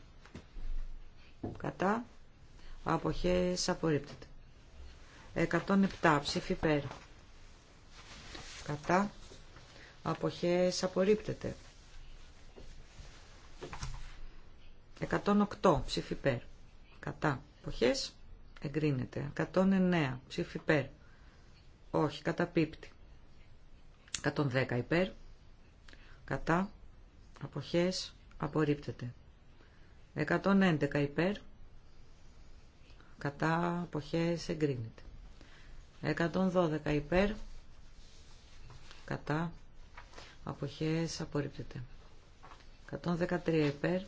Κατά. Αποχές απορρίπτεται. 107. Ψήφι υπέρ. Κατά. Αποχές απορρίπτεται. 108. Ψήφι υπέρ. Κατά. Αποχές εγκρίνεται. 109. Ψήφι υπέρ. Όχι. Καταπίπτει. 110 υπέρ, κατά, αποχές, απορρίπτεται. 111 υπέρ, κατά, αποχές, εγκρίνεται. 112 υπέρ, κατά, αποχές, απορρίπτεται. 113 υπέρ,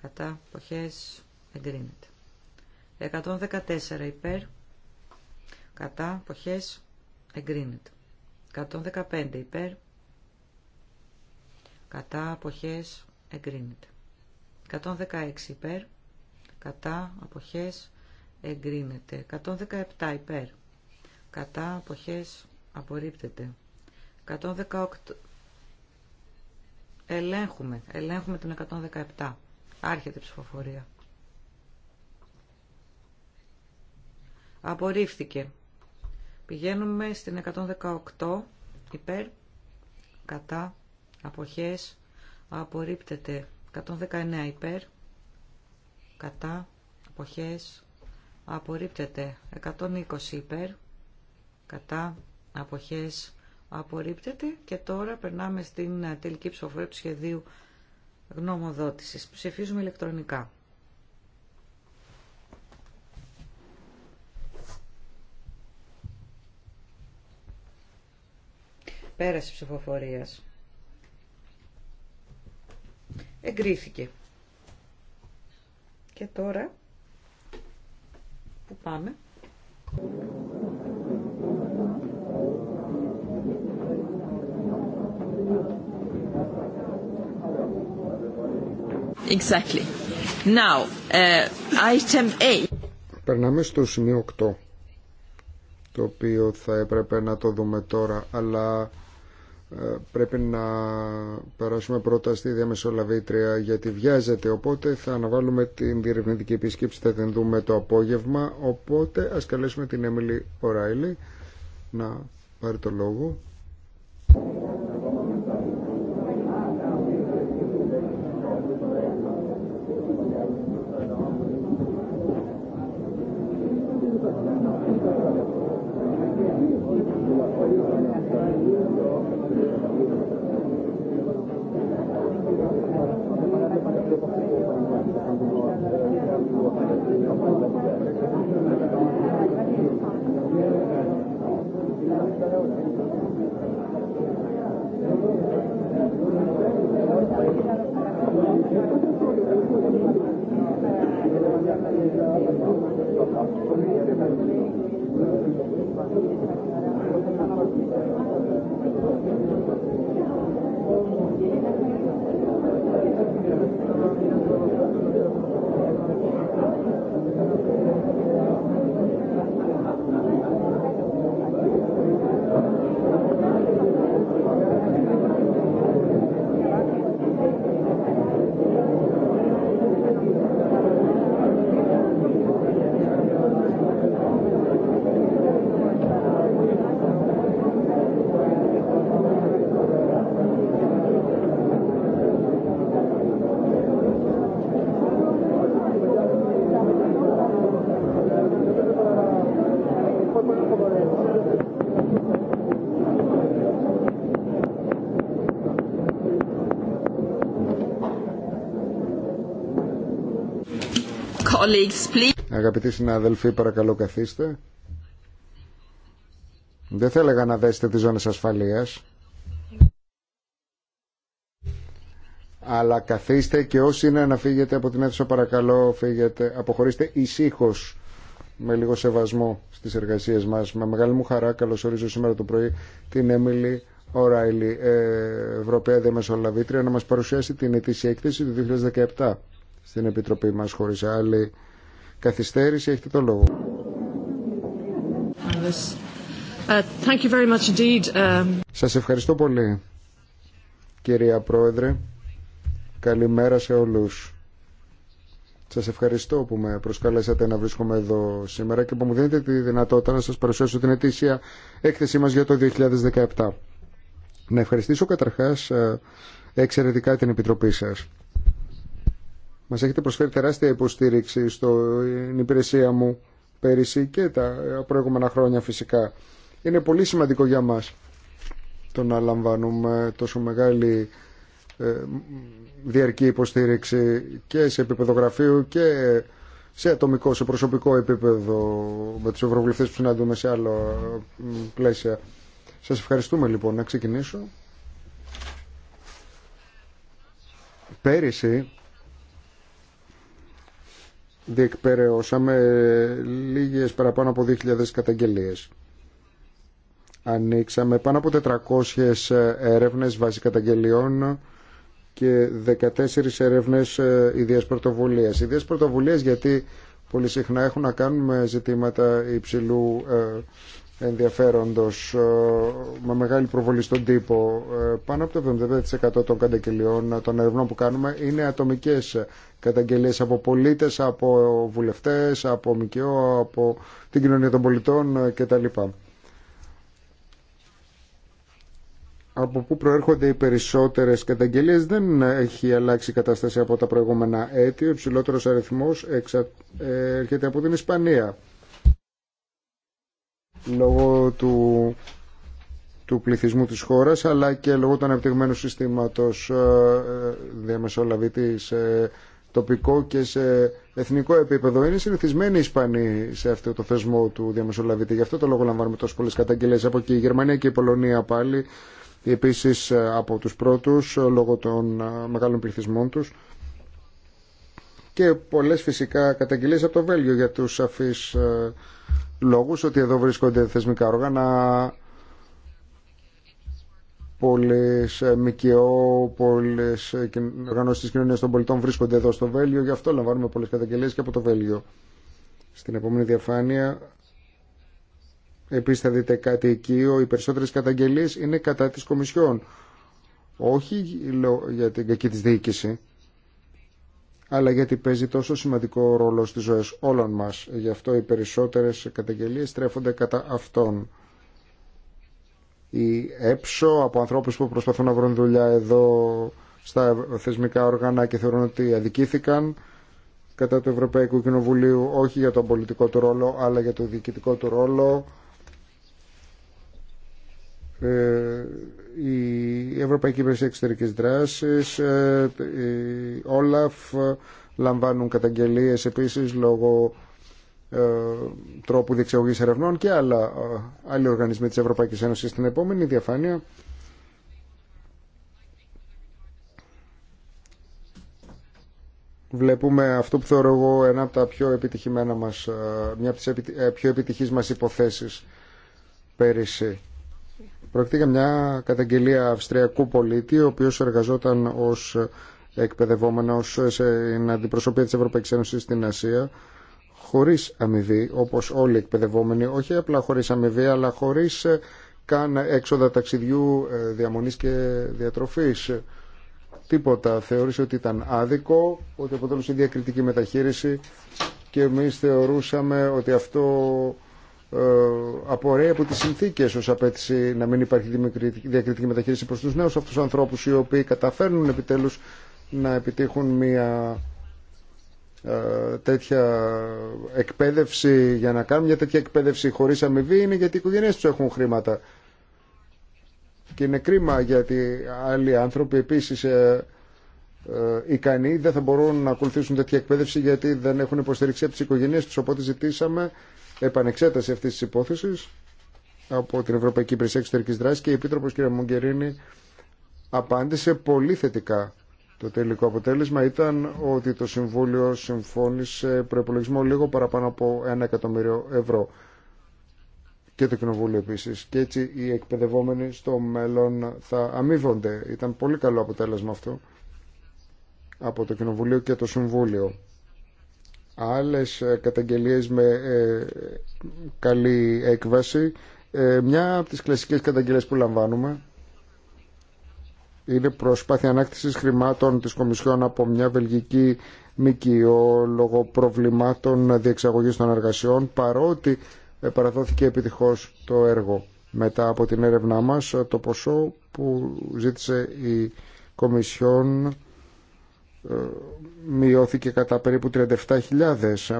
κατά, αποχές, εγκρίνεται. 114 υπέρ, κατά, αποχές, εγκρίνεται. 115 υπέρ κατά αποχές εγκρίνεται 116 υπέρ κατά αποχές εγκρίνεται 117 υπέρ κατά αποχές απορρίπτεται 118 ελέγχουμε ελέγχουμε την 117 άρχεται η ψηφοφορία απορρίφθηκε Πηγαίνουμε στην 118 υπέρ, κατά, αποχές, απορρίπτεται. 119 υπέρ, κατά, αποχές, απορρίπτεται. 120 υπέρ, κατά, αποχές, απορρίπτεται. Και τώρα περνάμε στην τελική ψηφοφορία του σχεδίου γνωμοδότησης. Ψηφίζουμε ηλεκτρονικά. Πέραση ψηφοφορίας. Εγκρίθηκε. Και τώρα, που πάμε. Exactly. Now, uh, item A. Περνάμε στο σημείο 8, το οποίο θα έπρεπε να το δούμε τώρα, αλλά ε, πρέπει να περάσουμε πρώτα στη διαμεσολαβήτρια γιατί βιάζεται οπότε θα αναβάλουμε την διερευνητική επισκέψη θα την δούμε το απόγευμα οπότε ας καλέσουμε την Έμιλη Οράιλη να πάρει το λόγο colleagues, please. Αγαπητοί συναδελφοί, παρακαλώ καθίστε. Δεν θα έλεγα να δέσετε τις ζώνες ασφαλείας. Αλλά καθίστε και όσοι είναι να φύγετε από την αίθουσα παρακαλώ φύγετε. Αποχωρήστε ησύχω με λίγο σεβασμό στις εργασίες μας. Με μεγάλη μου χαρά καλωσορίζω σήμερα το πρωί την Έμιλη Ωραίλη, ε, Ευρωπαία Διαμεσολαβήτρια, να μας παρουσιάσει την ετήσια έκθεση του 2017 στην Επιτροπή μας χωρίς άλλη καθυστέρηση. Έχετε το λόγο. Uh, thank um, Σας ευχαριστώ πολύ, κυρία Πρόεδρε. Καλημέρα σε όλους. Σας ευχαριστώ που με προσκαλέσατε να βρίσκομαι εδώ σήμερα και που μου δίνετε τη δυνατότητα να σας παρουσιάσω την ετήσια έκθεσή μας για το 2017. Να ευχαριστήσω καταρχάς ε, εξαιρετικά την Επιτροπή σας μας έχετε προσφέρει τεράστια υποστήριξη στην υπηρεσία μου πέρυσι και τα προηγούμενα χρόνια φυσικά. Είναι πολύ σημαντικό για μας το να λαμβάνουμε τόσο μεγάλη ε, διαρκή υποστήριξη και σε επίπεδο γραφείου και σε ατομικό, σε προσωπικό επίπεδο με τους ευρωβουλευτές που συναντούμε σε άλλο πλαίσια. Σας ευχαριστούμε λοιπόν να ξεκινήσω. Πέρυσι διεκπαιρεώσαμε λίγες παραπάνω από 2.000 καταγγελίες. Ανοίξαμε πάνω από 400 έρευνες βάση καταγγελιών και 14 έρευνες ε, ιδίας πρωτοβουλίας. Ιδίας πρωτοβουλίας γιατί πολύ συχνά έχουν να κάνουν με ζητήματα υψηλού ε, ενδιαφέροντος ε, με μεγάλη προβολή στον τύπο. Ε, πάνω από το 75% των καταγγελιών ε, των ερευνών που κάνουμε είναι ατομικές καταγγελίε από πολίτες, από βουλευτές, από ΜΚΟ, από την κοινωνία των πολιτών κτλ. από πού προέρχονται οι περισσότερες καταγγελίε δεν έχει αλλάξει η κατάσταση από τα προηγούμενα έτη. Ο υψηλότερος αριθμός έρχεται από την Ισπανία λόγω του, του πληθυσμού της χώρας αλλά και λόγω του αναπτυγμένου συστήματος ε, ε, διαμεσολαβητής ε, τοπικό και σε εθνικό επίπεδο. Είναι συνηθισμένοι οι Ισπανοί σε αυτό το θεσμό του διαμεσολαβητή. Γι' αυτό το λόγο λαμβάνουμε τόσο πολλέ καταγγελίε από και Η Γερμανία και η Πολωνία πάλι, επίση από του πρώτου, λόγω των μεγάλων πληθυσμών του. Και πολλέ φυσικά καταγγελίε από το Βέλγιο για του σαφεί λόγους ότι εδώ βρίσκονται θεσμικά όργανα, πολλές ΜΚΟ, πολλές οργανώσεις της κοινωνίας των πολιτών βρίσκονται εδώ στο Βέλγιο, γι' αυτό λαμβάνουμε πολλές καταγγελίες και από το Βέλγιο. Στην επόμενη διαφάνεια επίσης θα δείτε κάτι εκεί, οι περισσότερες καταγγελίες είναι κατά της Κομισιόν, όχι για την κακή της διοίκηση αλλά γιατί παίζει τόσο σημαντικό ρόλο στις ζωές όλων μας. Γι' αυτό οι περισσότερες καταγγελίες τρέφονται κατά αυτόν. Η έψω από ανθρώπους που προσπαθούν να βρουν δουλειά εδώ στα θεσμικά όργανα και θεωρούν ότι αδικήθηκαν κατά του Ευρωπαϊκού Κοινοβουλίου όχι για τον πολιτικό του ρόλο αλλά για το διοικητικό του ρόλο ε, η Ευρωπαϊκή Υπηρεσία Εξωτερικής Δράσης, ε, ε, η Όλαφ ε, λαμβάνουν καταγγελίες επίσης λόγω τρόπου διεξαγωγής ερευνών και άλλα, άλλοι οργανισμοί της Ευρωπαϊκής Ένωσης στην επόμενη διαφάνεια. Βλέπουμε αυτό που θεωρώ εγώ ένα από τα πιο επιτυχημένα μας, μια από τις πιο επιτυχείς μας υποθέσεις πέρυσι Πρόκειται μια καταγγελία Αυστριακού πολίτη, ο οποίος εργαζόταν ως εκπαιδευόμενος σε αντιπροσωπεία της Ευρωπαϊκής Ένωσης στην Ασία, χωρίς αμοιβή, όπως όλοι οι εκπαιδευόμενοι, όχι απλά χωρίς αμοιβή, αλλά χωρίς ε, καν έξοδα ταξιδιού, ε, διαμονής και διατροφής. Τίποτα. Θεώρησε ότι ήταν άδικο, ότι αποτελούσε διακριτική μεταχείριση και εμεί θεωρούσαμε ότι αυτό ε, απορρέει από τι συνθήκε ω απέτηση να μην υπάρχει διακριτική μεταχείριση προ του νέου αυτού τους ανθρώπους οι οποίοι καταφέρνουν επιτέλου να επιτύχουν μια ε, τέτοια εκπαίδευση για να κάνουν μια τέτοια εκπαίδευση χωρίς αμοιβή είναι γιατί οι οικογένειές τους έχουν χρήματα και είναι κρίμα γιατί άλλοι άνθρωποι επίσης ε, ε, ικανοί δεν θα μπορούν να ακολουθήσουν τέτοια εκπαίδευση γιατί δεν έχουν υποστηριχθεί από τις οικογένειές τους οπότε ζητήσαμε επανεξέταση αυτή τη υπόθεσης από την Ευρωπαϊκή Υπηρεσία Εξωτερική Δράση και η Επίτροπος κ. Μουγκερίνη απάντησε πολύ θετικά. Το τελικό αποτέλεσμα ήταν ότι το Συμβούλιο συμφώνησε προπολογισμό λίγο παραπάνω από ένα εκατομμύριο ευρώ και το Κοινοβούλιο επίση. Και έτσι οι εκπαιδευόμενοι στο μέλλον θα αμείβονται. Ήταν πολύ καλό αποτέλεσμα αυτό από το Κοινοβουλίο και το Συμβούλιο άλλες ε, καταγγελίες με ε, καλή έκβαση. Ε, μια από τις κλασικές καταγγελίες που λαμβάνουμε είναι προσπάθεια ανάκτησης χρημάτων της Κομισιόν από μια βελγική ΜΚΟ λόγω προβλημάτων διεξαγωγής των εργασιών παρότι παραδόθηκε επιτυχώς το έργο. Μετά από την έρευνά μας το ποσό που ζήτησε η Κομισιόν μειώθηκε κατά περίπου 37.000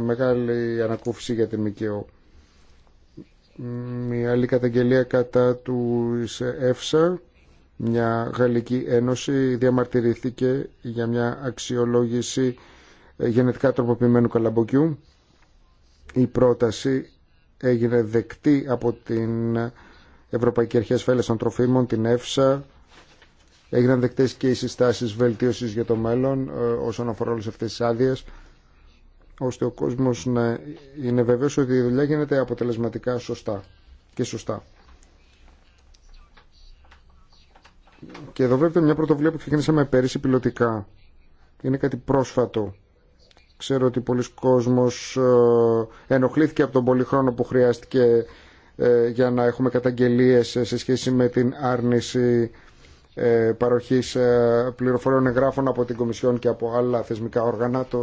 μεγάλη ανακούφιση για την ΜΚΟ μια άλλη καταγγελία κατά του ΕΦΣΑ μια γαλλική ένωση διαμαρτυρήθηκε για μια αξιολόγηση ε, γενετικά τροποποιημένου καλαμποκιού η πρόταση έγινε δεκτή από την Ευρωπαϊκή Αρχή Ασφάλειας των Τροφίμων την ΕΦΣΑ έγιναν δεκτές και οι συστάσεις βελτίωση για το μέλλον ε, όσον αφορά όλε αυτέ τι άδειε ώστε ο κόσμο να είναι βεβαίω ότι η δουλειά γίνεται αποτελεσματικά σωστά και σωστά. Και εδώ βλέπετε μια πρωτοβουλία που ξεκινήσαμε πέρυσι πιλωτικά. Είναι κάτι πρόσφατο. Ξέρω ότι πολλοί κόσμος ε, ενοχλήθηκε από τον πολύ χρόνο που χρειάστηκε ε, για να έχουμε καταγγελίες σε σχέση με την άρνηση ε, παροχής ε, πληροφοριών εγγράφων από την Κομισιόν και από άλλα θεσμικά όργανα. Το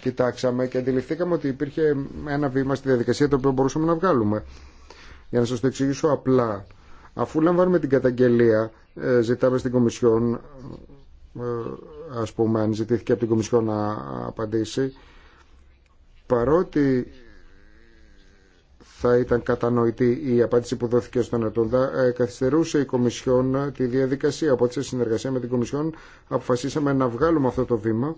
κοιτάξαμε και αντιληφθήκαμε ότι υπήρχε ένα βήμα στη διαδικασία το οποίο μπορούσαμε να βγάλουμε. Για να σας το εξηγήσω απλά, αφού λαμβάνουμε την καταγγελία, ε, ζητάμε στην Κομισιόν, ας πούμε, αν ζητήθηκε από την Κομισιόν να απαντήσει, παρότι θα ήταν κατανοητή η απάντηση που δόθηκε στον Ατούντα, ε, καθυστερούσε η Κομισιόν ε, τη διαδικασία. Από σε συνεργασία με την Κομισιόν αποφασίσαμε να βγάλουμε αυτό το βήμα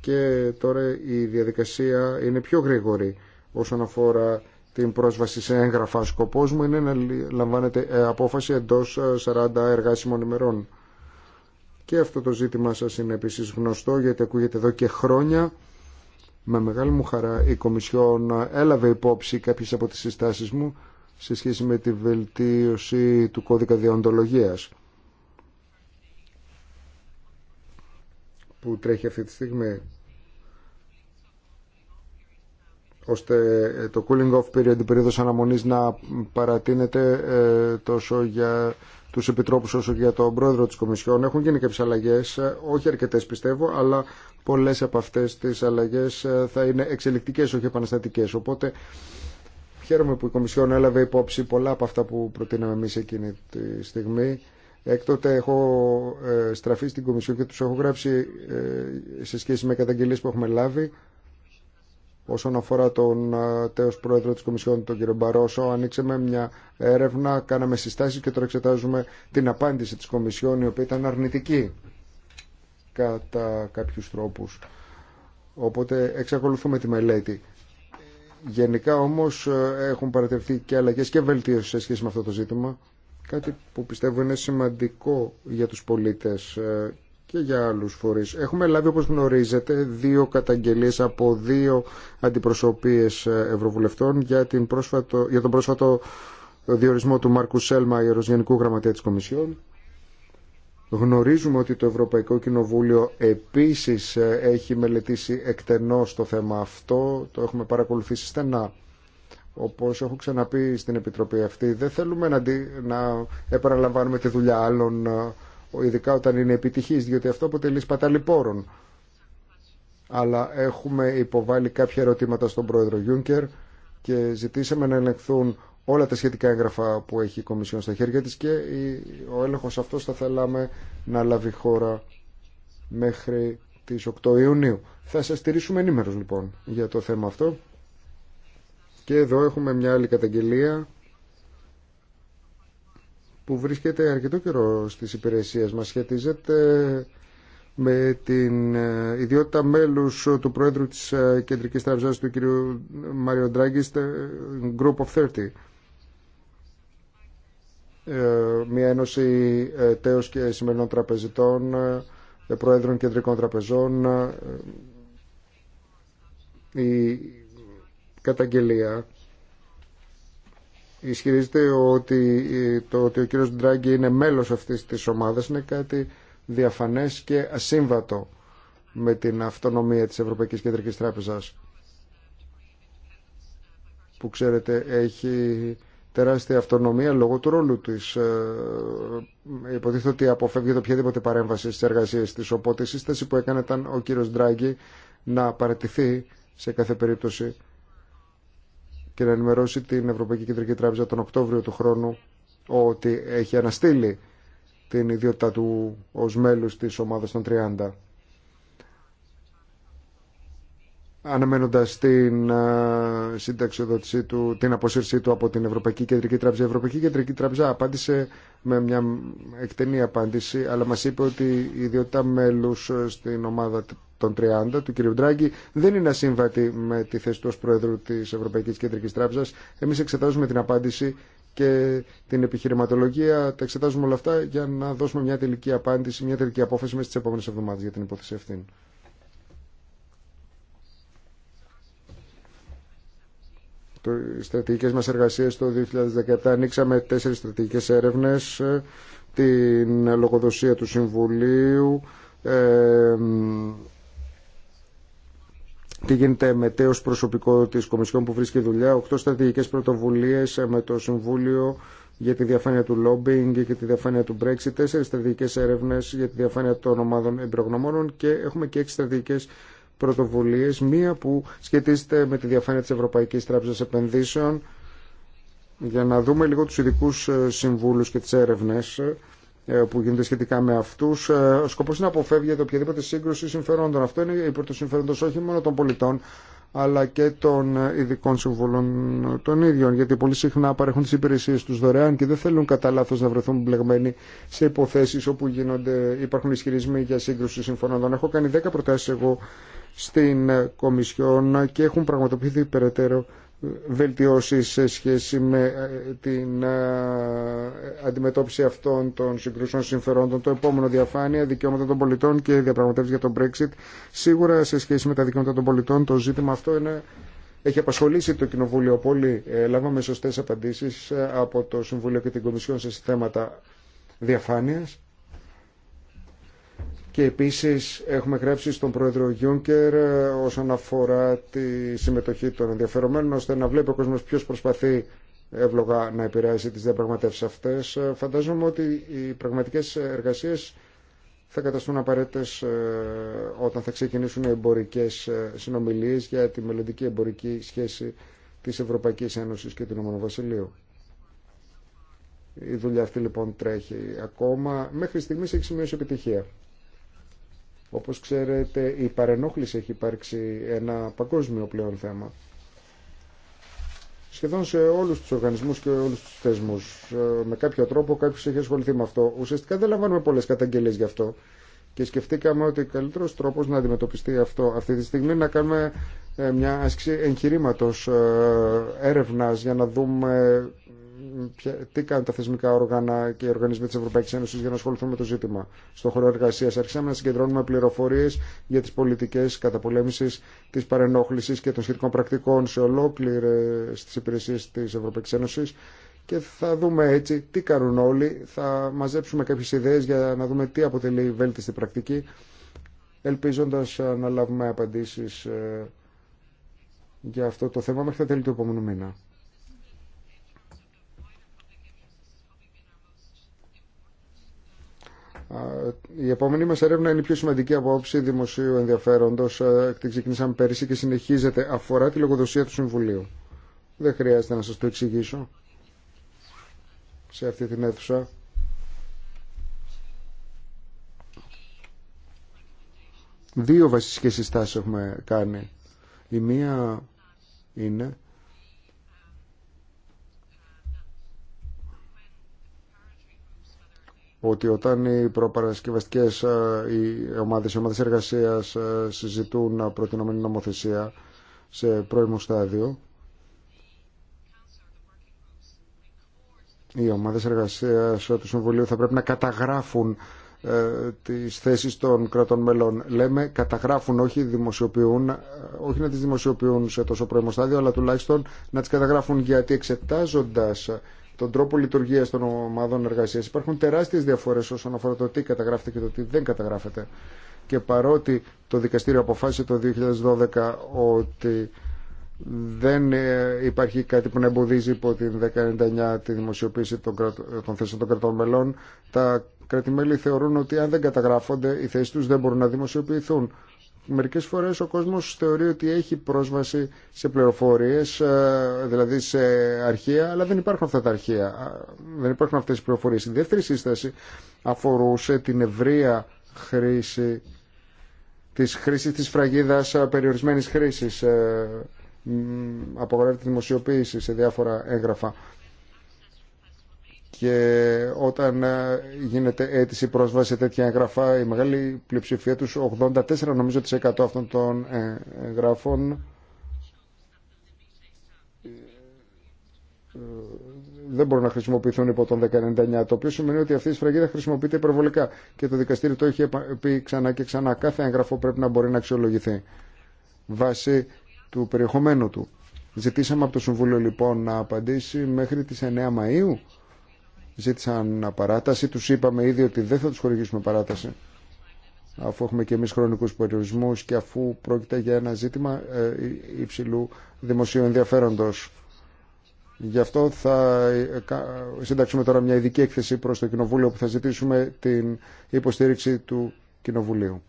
και τώρα η διαδικασία είναι πιο γρήγορη όσον αφορά την πρόσβαση σε έγγραφα. σκοπό μου είναι να λαμβάνετε απόφαση εντός 40 ε, εργάσιμων ημερών. Και αυτό το ζήτημα σας είναι επίσης γνωστό γιατί ακούγεται εδώ και χρόνια. Με μεγάλη μου χαρά η Κομισιόν έλαβε υπόψη κάποιες από τις συστάσεις μου σε σχέση με τη βελτίωση του κώδικα διοντολογίας που τρέχει αυτή τη στιγμή ώστε το cooling off period, η περίοδος αναμονής να παρατείνεται ε, τόσο για τους επιτρόπους όσο και για τον πρόεδρο της Κομισιόν. Έχουν γίνει κάποιες αλλαγές, όχι αρκετές πιστεύω, αλλά πολλές από αυτές τις αλλαγές ε, θα είναι εξελικτικές όχι επαναστατικές. Οπότε χαίρομαι που η Κομισιόν έλαβε υπόψη πολλά από αυτά που προτείναμε εμείς εκείνη τη στιγμή. Έκτοτε έχω ε, στραφεί στην Κομισιόν και τους έχω γράψει ε, σε σχέση με καταγγελίες που έχουμε λάβει όσον αφορά τον τέος πρόεδρο της Κομισιόν, τον κύριο Μπαρόσο, ανοίξαμε μια έρευνα, κάναμε συστάσεις και τώρα εξετάζουμε την απάντηση της Κομισιόν, η οποία ήταν αρνητική κατά κάποιους τρόπους. Οπότε εξακολουθούμε τη μελέτη. Γενικά όμως ε, έχουν παρατευθεί και αλλαγές και βελτίωση σε σχέση με αυτό το ζήτημα. Κάτι που πιστεύω είναι σημαντικό για τους πολίτες ε, και για άλλους φορείς. Έχουμε λάβει όπως γνωρίζετε δύο καταγγελίες από δύο αντιπροσωπείες ε, ευρωβουλευτών για, την πρόσφατο, για τον πρόσφατο διορισμό του Μάρκου Σέλμα, ιεροσγενικού Γραμματέία της Κομισιόν Γνωρίζουμε ότι το Ευρωπαϊκό Κοινοβούλιο επίσης ε, έχει μελετήσει εκτενώς το θέμα αυτό, το έχουμε παρακολουθήσει στενά. Όπως έχω ξαναπεί στην Επιτροπή αυτή, δεν θέλουμε να, να επαναλαμβάνουμε τη δουλειά άλλων, ε, ειδικά όταν είναι επιτυχής, διότι αυτό αποτελεί σπατάλη πόρων. Αλλά έχουμε υποβάλει κάποια ερωτήματα στον Πρόεδρο Γιούνκερ και ζητήσαμε να ελεγχθούν όλα τα σχετικά έγγραφα που έχει η Κομισιόν στα χέρια της και ο έλεγχος αυτός θα θέλαμε να λάβει χώρα μέχρι τις 8 Ιουνίου. Θα σας στηρίσουμε ενήμερος λοιπόν για το θέμα αυτό. Και εδώ έχουμε μια άλλη καταγγελία που βρίσκεται αρκετό καιρό στις υπηρεσίες μας σχετίζεται με την ε, ιδιότητα μέλους του Πρόεδρου της ε, Κεντρικής Τραπεζάς του κ. Μάριο Ντράγκη ε, Group of 30 ε, μια ένωση ε, τέος και σημερινών τραπεζιτών, ε, προέδρων κεντρικών τραπεζών, η καταγγελία ισχυρίζεται ότι, το, ότι ο κύριος Ντράγκη είναι μέλος αυτής της ομάδας είναι κάτι διαφανές και ασύμβατο με την αυτονομία της Ευρωπαϊκής Κεντρικής Τράπεζας που ξέρετε έχει τεράστια αυτονομία λόγω του ρόλου της. Ε, ε, υποτίθεται ότι αποφεύγεται οποιαδήποτε παρέμβαση στι εργασίες τη, Οπότε η σύσταση που έκανε ήταν ο κύριο Ντράγκη να παρατηθεί σε κάθε περίπτωση και να ενημερώσει την Ευρωπαϊκή Κεντρική Τράπεζα τον Οκτώβριο του χρόνου ότι έχει αναστείλει την ιδιότητα του ως μέλους της ομάδας των 30. Αναμένοντα την ε, συνταξιοδότησή του, την αποσύρσή του από την Ευρωπαϊκή Κεντρική Τράπεζα. Η Ευρωπαϊκή Κεντρική Τράπεζα απάντησε με μια εκτενή απάντηση, αλλά μα είπε ότι η ιδιότητα μέλου στην ομάδα των 30 του κ. Ντράγκη δεν είναι ασύμβατη με τη θέση του ω Πρόεδρου τη Ευρωπαϊκή Κεντρική Τράπεζα. Εμεί εξετάζουμε την απάντηση και την επιχειρηματολογία, τα εξετάζουμε όλα αυτά για να δώσουμε μια τελική απάντηση, μια τελική απόφαση μέσα στι επόμενε εβδομάδε για την υπόθεση αυτή. στρατηγικές μας εργασίες το 2017 ανοίξαμε τέσσερις στρατηγικές έρευνες ε, την λογοδοσία του Συμβουλίου ε, τι γίνεται με τέος προσωπικό της Κομισιόν που βρίσκει δουλειά, οκτώ στρατηγικές πρωτοβουλίες ε, με το Συμβούλιο για τη διαφάνεια του Λόμπινγκ και τη διαφάνεια του Brexit, τέσσερις στρατηγικές έρευνες για τη διαφάνεια των ομάδων εμπειρογνωμόνων και έχουμε και έξι στρατηγικές πρωτοβουλίες. Μία που σχετίζεται με τη διαφάνεια της Ευρωπαϊκής Τράπεζας Επενδύσεων για να δούμε λίγο τους ειδικού ε, συμβούλους και τις έρευνες ε, που γίνονται σχετικά με αυτού. Ο ε, σκοπό είναι να αποφεύγεται οποιαδήποτε σύγκρουση συμφερόντων. Αυτό είναι υπέρ των συμφερόντων όχι μόνο των πολιτών, αλλά και των ειδικών συμβουλών των ίδιων, γιατί πολύ συχνά παρέχουν τις υπηρεσίες τους δωρεάν και δεν θέλουν κατά λάθο να βρεθούν μπλεγμένοι σε υποθέσεις όπου γίνονται, υπάρχουν ισχυρισμοί για σύγκρουση συμφωνών. Έχω κάνει 10 προτάσεις εγώ στην Κομισιόν και έχουν πραγματοποιηθεί περαιτέρω βελτιώσεις σε σχέση με ε, την ε, αντιμετώπιση αυτών των συγκρούσεων συμφερόντων. Το επόμενο διαφάνεια, δικαιώματα των πολιτών και διαπραγματεύσεις για τον Brexit. Σίγουρα σε σχέση με τα δικαιώματα των πολιτών το ζήτημα αυτό είναι... Έχει απασχολήσει το Κοινοβούλιο πολύ. Ε, λάβαμε σωστές απαντήσεις από το Συμβούλιο και την Κομισιόν σε θέματα διαφάνειας και επίσης έχουμε γράψει στον πρόεδρο Γιούνκερ ε, όσον αφορά τη συμμετοχή των ενδιαφερομένων ώστε να βλέπει ο κόσμος ποιος προσπαθεί εύλογα να επηρεάσει τις διαπραγματεύσεις αυτές. Ε, φαντάζομαι ότι οι πραγματικές εργασίες θα καταστούν απαραίτητε ε, όταν θα ξεκινήσουν οι εμπορικές συνομιλίες για τη μελλοντική εμπορική σχέση της Ευρωπαϊκής Ένωσης και του Ηνωμένου Βασιλείου. Η δουλειά αυτή λοιπόν τρέχει ακόμα. Μέχρι στιγμή έχει σημειώσει επιτυχία. Όπως ξέρετε η παρενόχληση έχει υπάρξει ένα παγκόσμιο πλέον θέμα. Σχεδόν σε όλους τους οργανισμούς και όλους τους θεσμούς. Ε, με κάποιο τρόπο κάποιος έχει ασχοληθεί με αυτό. Ουσιαστικά δεν λαμβάνουμε πολλές καταγγελίες γι' αυτό. Και σκεφτήκαμε ότι ο καλύτερος τρόπος να αντιμετωπιστεί αυτό αυτή τη στιγμή να κάνουμε ε, μια άσκηση εγχειρήματο ε, έρευνας για να δούμε τι κάνουν τα θεσμικά όργανα και οι οργανισμοί τη Ευρωπαϊκή Ένωση για να ασχοληθούν με το ζήτημα. Στον χώρο εργασία αρχίσαμε να συγκεντρώνουμε πληροφορίε για τι πολιτικέ καταπολέμηση τη παρενόχληση και των σχετικών πρακτικών σε ολόκληρε τι υπηρεσίε τη Ευρωπαϊκή Ένωση και θα δούμε έτσι τι κάνουν όλοι. Θα μαζέψουμε κάποιε ιδέε για να δούμε τι αποτελεί βέλτιστη πρακτική, ελπίζοντα να λάβουμε απαντήσει ε, για αυτό το θέμα μέχρι τα τέλη του επόμενου μήνα. Η επόμενη μας έρευνα είναι η πιο σημαντική απόψη δημοσίου ενδιαφέροντος. Την ξεκινήσαμε πέρυσι και συνεχίζεται. Αφορά τη λογοδοσία του Συμβουλίου. Δεν χρειάζεται να σας το εξηγήσω σε αυτή την αίθουσα. Δύο βασικές συστάσεις έχουμε κάνει. Η μία είναι ότι όταν οι προπαρασκευαστικές ε, οι ομάδες, οι εργασίας ε, συζητούν ε, προτινόμενη νομοθεσία σε πρώιμο στάδιο, οι ομάδες εργασίας του Συμβουλίου θα πρέπει να καταγράφουν τις θέσεις των κρατών μελών. Λέμε καταγράφουν, όχι δημοσιοποιούν, όχι να τις δημοσιοποιούν σε τόσο πρώιμο στάδιο, αλλά τουλάχιστον να τις καταγράφουν γιατί εξετάζοντας τον τρόπο λειτουργίας των ομάδων εργασίας. Υπάρχουν τεράστιες διαφορές όσον αφορά το τι καταγράφεται και το τι δεν καταγράφεται. Και παρότι το δικαστήριο αποφάσισε το 2012 ότι δεν ε, υπάρχει κάτι που να εμποδίζει υπό την 1999 τη δημοσιοποίηση των, των θέσεων των κρατών μελών, τα κρατημέλη θεωρούν ότι αν δεν καταγράφονται οι θέσεις τους δεν μπορούν να δημοσιοποιηθούν. Μερικές φορές ο κόσμος θεωρεί ότι έχει πρόσβαση σε πληροφορίες, ε, δηλαδή σε αρχεία, αλλά δεν υπάρχουν αυτά τα αρχεία, δεν υπάρχουν αυτές οι πληροφορίες. Η δεύτερη σύσταση αφορούσε την ευρεία χρήση της χρήση της φραγίδας ε, περιορισμένης χρήσης, ε, απογορεύεται τη δημοσιοποίηση σε διάφορα έγγραφα και όταν ε, γίνεται αίτηση πρόσβαση σε τέτοια εγγραφά η μεγάλη πλειοψηφία τους 84 νομίζω τις 100 αυτών των ε, εγγράφων ε, δεν μπορούν να χρησιμοποιηθούν υπό τον 1999, το οποίο σημαίνει ότι αυτή η σφραγίδα χρησιμοποιείται υπερβολικά και το δικαστήριο το έχει πει ξανά και ξανά. Κάθε έγγραφο πρέπει να μπορεί να αξιολογηθεί βάσει του περιεχομένου του. Ζητήσαμε από το Συμβούλιο λοιπόν να απαντήσει μέχρι τις 9 Μαΐου ζήτησαν παράταση. Τους είπαμε ήδη ότι δεν θα τους χορηγήσουμε παράταση αφού έχουμε και εμείς χρονικούς περιορισμούς και αφού πρόκειται για ένα ζήτημα ε, υψηλού δημοσίου ενδιαφέροντος. Γι' αυτό θα ε, συντάξουμε τώρα μια ειδική έκθεση προς το Κοινοβούλιο που θα ζητήσουμε την υποστήριξη του Κοινοβουλίου.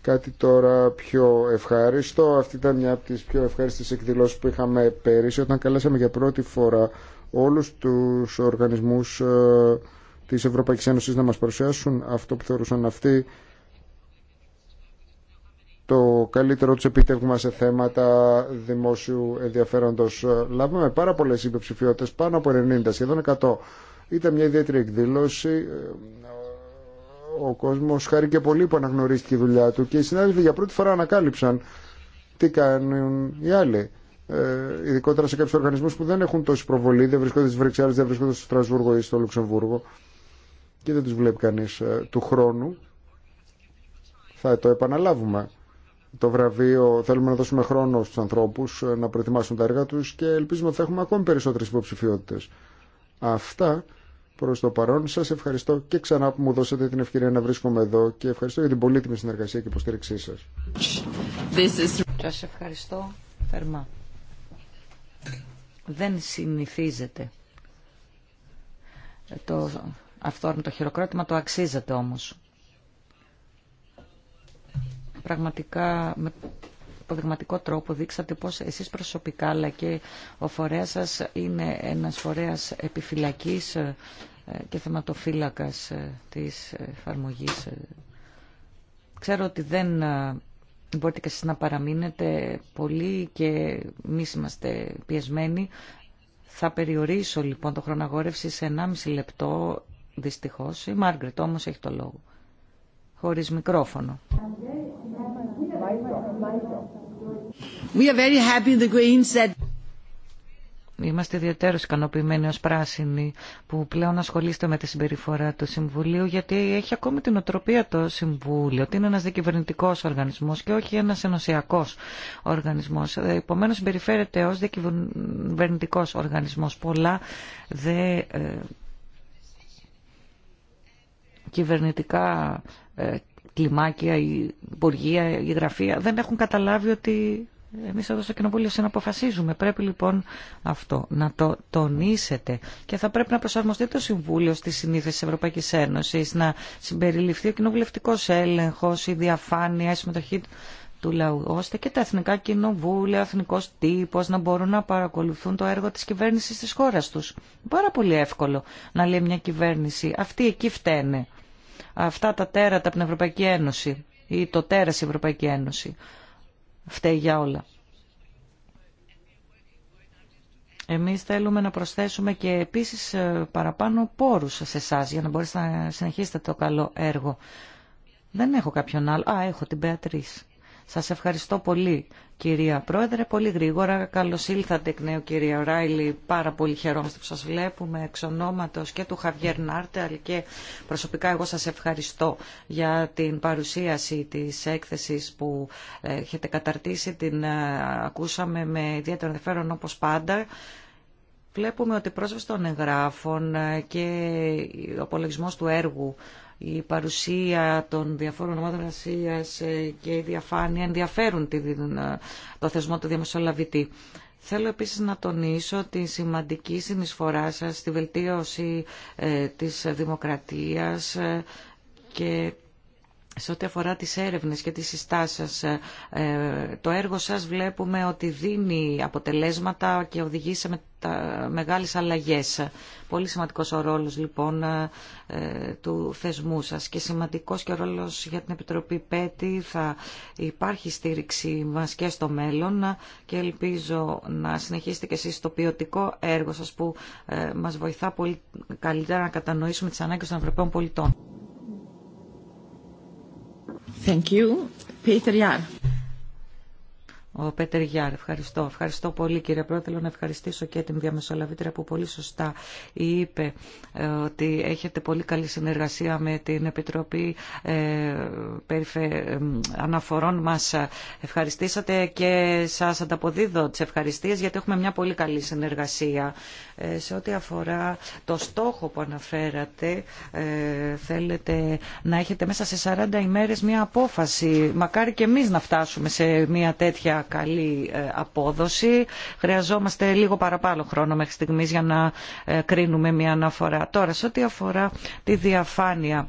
Κάτι τώρα πιο ευχάριστο. Αυτή ήταν μια από τις πιο ευχάριστες εκδηλώσεις που είχαμε πέρυσι όταν καλέσαμε για πρώτη φορά όλους τους οργανισμούς ε, της Ευρωπαϊκής Ένωσης να μας παρουσιάσουν αυτό που θεωρούσαν αυτοί το καλύτερο του επίτευγμα σε θέματα δημόσιου ενδιαφέροντος. Ε, λάβαμε πάρα πολλές υποψηφιότητες, πάνω από 90, σχεδόν 100. Ήταν μια ιδιαίτερη εκδήλωση. Ε, ο κόσμος χάρηκε πολύ που αναγνωρίστηκε η δουλειά του και οι συνάδελφοι για πρώτη φορά ανακάλυψαν τι κάνουν οι άλλοι. Ε, ειδικότερα σε κάποιου οργανισμού που δεν έχουν τόση προβολή, δεν βρίσκονται στι Βρυξέλλε, δεν βρίσκονται στο Στρασβούργο ή στο Λουξεμβούργο και δεν του βλέπει κανεί ε, του χρόνου. Θα το επαναλάβουμε το βραβείο. Θέλουμε να δώσουμε χρόνο στου ανθρώπου ε, να προετοιμάσουν τα έργα του και ελπίζουμε ότι θα έχουμε ακόμη περισσότερε υποψηφιότητε. Αυτά προς το παρόν. Σας ευχαριστώ και ξανά που μου δώσατε την ευκαιρία να βρίσκομαι εδώ και ευχαριστώ για την πολύτιμη συνεργασία και υποστήριξή σας. Is... ευχαριστώ θερμά. Δεν συνηθίζεται το χειροκρότημα, το αξίζεται όμως. Πραγματικά με υποδειγματικό τρόπο δείξατε πως εσείς προσωπικά αλλά και ο φορέας σας είναι ένας φορέας επιφυλακής ε, και θεματοφύλακας ε, της εφαρμογή. Ε. Ξέρω ότι δεν μπορείτε και εσείς να παραμείνετε πολύ και εμεί είμαστε πιεσμένοι. Θα περιορίσω λοιπόν το χρονογόρευση σε 1,5 λεπτό δυστυχώς. Η Μάργκριτ όμως έχει το λόγο. Χωρίς μικρόφωνο. We are very happy the Greens Είμαστε ιδιαίτερως ικανοποιημένοι ως πράσινοι που πλέον ασχολείστε με τη συμπεριφορά του Συμβουλίου γιατί έχει ακόμη την οτροπία το Συμβούλιο ότι είναι ένας διακυβερνητικός οργανισμός και όχι ένας ενωσιακός οργανισμός. Ε, επομένως συμπεριφέρεται ως διακυβερνητικός οργανισμός. Πολλά δε ε, κυβερνητικά ε, κλιμάκια, η υπουργεία, η γραφεία δεν έχουν καταλάβει ότι εμείς εδώ στο Κοινοβούλιο συναποφασίζουμε. Πρέπει λοιπόν αυτό να το τονίσετε και θα πρέπει να προσαρμοστεί το Συμβούλιο στη συνήθεια της Ευρωπαϊκής Ένωσης, να συμπεριληφθεί ο κοινοβουλευτικό έλεγχο, η διαφάνεια, η συμμετοχή του λαού, ώστε και τα εθνικά κοινοβούλια, ο εθνικό τύπο να μπορούν να παρακολουθούν το έργο τη κυβέρνηση τη χώρα του. Πάρα πολύ εύκολο να λέει μια κυβέρνηση. Αυτοί εκεί φταίνε αυτά τα τέρατα από την Ευρωπαϊκή Ένωση ή το τέρας η Ευρωπαϊκή Ένωση. Φταίει για όλα. Εμείς θέλουμε να προσθέσουμε και επίσης ε, παραπάνω πόρους σε εσά για να μπορέσετε να συνεχίσετε το καλό έργο. Δεν έχω κάποιον άλλο. Α, έχω την Πεατρίς. Σας ευχαριστώ πολύ κυρία Πρόεδρε. Πολύ γρήγορα. Καλώς ήλθατε εκ νέου κυρία Ράιλι. Πάρα πολύ χαιρόμαστε που σας βλέπουμε εξ ονόματος και του Χαβιέρ Νάρτε αλλά και προσωπικά εγώ σας ευχαριστώ για την παρουσίαση της έκθεσης που ε, έχετε καταρτήσει. Την ε, ακούσαμε με ιδιαίτερο ενδιαφέρον όπως πάντα βλέπουμε ότι πρόσβαση των εγγράφων ε, και ο απολογισμός του έργου η παρουσία των διαφόρων ομάδων εργασία ε, και η διαφάνεια ενδιαφέρουν ε, το θεσμό του διαμεσολαβητή. Θέλω επίσης να τονίσω τη σημαντική συνεισφορά σας στη βελτίωση ε, της δημοκρατίας και σε ό,τι αφορά τις έρευνες και τις συστάσεις ε, ε, το έργο σας βλέπουμε ότι δίνει αποτελέσματα και οδηγεί σε μετα... μεγάλες αλλαγές. Πολύ σημαντικός ο ρόλος λοιπόν ε, του θεσμού σας και σημαντικός και ο ρόλος για την Επιτροπή ΠΕΤΗ. Θα υπάρχει στήριξη μας και στο μέλλον και ελπίζω να συνεχίσετε και εσείς το ποιοτικό έργο σας που μας βοηθά πολύ καλύτερα να κατανοήσουμε τις ανάγκες των Ευρωπαίων πολιτών. Thank you. Peter Yar. Ο Πέτερ Γιάρ, ευχαριστώ. Ευχαριστώ πολύ κύριε Πρόεδρε. να ευχαριστήσω και την διαμεσολαβήτρια που πολύ σωστά είπε ε, ότι έχετε πολύ καλή συνεργασία με την Επιτροπή ε, ε, Αναφορών μας. Ευχαριστήσατε και σας ανταποδίδω τις ευχαριστίες γιατί έχουμε μια πολύ καλή συνεργασία. Σε ό,τι αφορά το στόχο που αναφέρατε, θέλετε να έχετε μέσα σε 40 ημέρες μια απόφαση. Μακάρι και εμείς να φτάσουμε σε μια τέτοια καλή ε, απόδοση. Χρειαζόμαστε λίγο παραπάνω χρόνο μέχρι στιγμής για να ε, κρίνουμε μια αναφορά. Τώρα, σε ό,τι αφορά τη διαφάνεια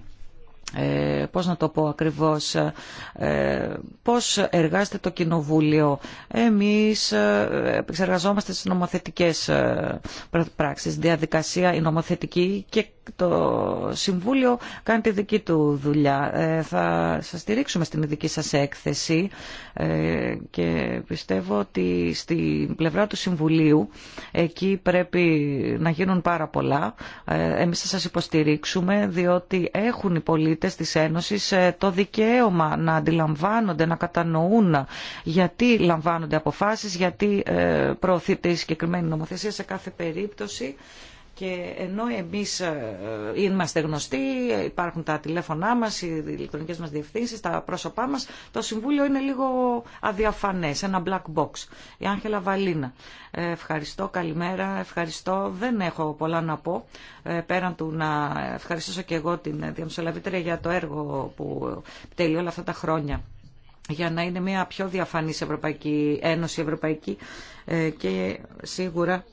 ε, πώς να το πω ακριβώς, ε, ε πώς εργάζεται το Κοινοβούλιο. Εμείς εξεργαζόμαστε στις νομοθετικές πράξεις, διαδικασία η νομοθετική και το Συμβούλιο κάνει τη δική του δουλειά. Ε, θα σας στηρίξουμε στην ειδική σας έκθεση ε, και πιστεύω ότι στην πλευρά του Συμβουλίου εκεί πρέπει να γίνουν πάρα πολλά. Ε, εμείς θα σας υποστηρίξουμε διότι έχουν οι πολίτες της Ένωσης το δικαίωμα να αντιλαμβάνονται, να κατανοούν γιατί λαμβάνονται αποφάσεις, γιατί προωθείται η συγκεκριμένη νομοθεσία σε κάθε περίπτωση και ενώ εμείς ε, ε, είμαστε γνωστοί, υπάρχουν τα τηλέφωνά μας, οι ηλεκτρονικές μας διευθύνσεις, τα πρόσωπά μας, το Συμβούλιο είναι λίγο αδιαφανές, ένα black box. Η Άγχελα Βαλίνα. Ε, ευχαριστώ, καλημέρα, ευχαριστώ. Δεν έχω πολλά να πω, πέραν του να ευχαριστήσω και εγώ την Διαμεσολαβήτρια για το έργο που τελεί όλα αυτά τα χρόνια για να είναι μια πιο διαφανής Ευρωπαϊκή Ένωση Ευρωπαϊκή και σίγουρα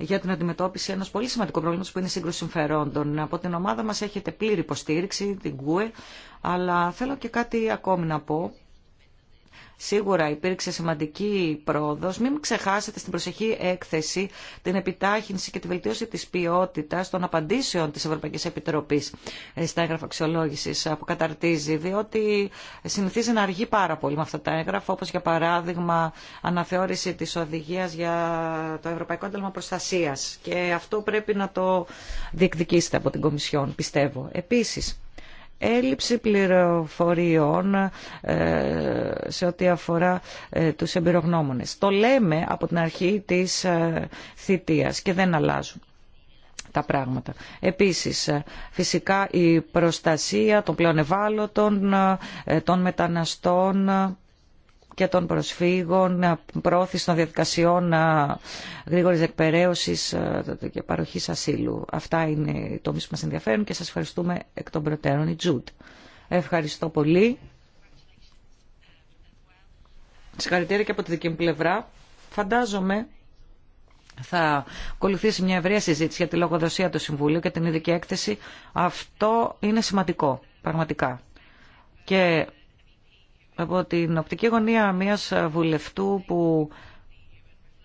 για την αντιμετώπιση ενός πολύ σημαντικού προβλήματος που είναι η σύγκρουση συμφερόντων. Από την ομάδα μας έχετε πλήρη υποστήριξη, την ΚΟΕ, e, αλλά θέλω και κάτι ακόμη να πω Σίγουρα υπήρξε σημαντική πρόοδος. Μην ξεχάσετε στην προσεχή έκθεση την επιτάχυνση και τη βελτίωση της ποιότητας των απαντήσεων της Ευρωπαϊκής Επιτροπής ε, στα έγγραφα αξιολόγηση που καταρτίζει, διότι συνηθίζει να αργεί πάρα πολύ με αυτά τα έγγραφα, όπως για παράδειγμα αναθεώρηση της οδηγίας για το Ευρωπαϊκό Ένταλμα Προστασίας. Και αυτό πρέπει να το διεκδικήσετε από την Κομισιόν, πιστεύω. Επίσης, έλλειψη πληροφοριών ε, σε ό,τι αφορά ε, τους εμπειρογνώμονες. Το λέμε από την αρχή της ε, θητείας και δεν αλλάζουν τα πράγματα. Επίσης, φυσικά η προστασία των πλέον ευάλωτων, των μεταναστών, και των προσφύγων, πρόθεση των διαδικασιών γρήγορης εκπαιρέωσης ε, και παροχής ασύλου. Αυτά είναι οι τομείς που μας ενδιαφέρουν και σας ευχαριστούμε εκ των προτέρων. Η Τζουτ. Ευχαριστώ πολύ. Συγχαρητήρια και από τη δική μου πλευρά. Φαντάζομαι θα ακολουθήσει μια ευρεία συζήτηση για τη λογοδοσία του Συμβουλίου και την ειδική έκθεση. Αυτό είναι σημαντικό, πραγματικά. Και από την οπτική γωνία μιας βουλευτού που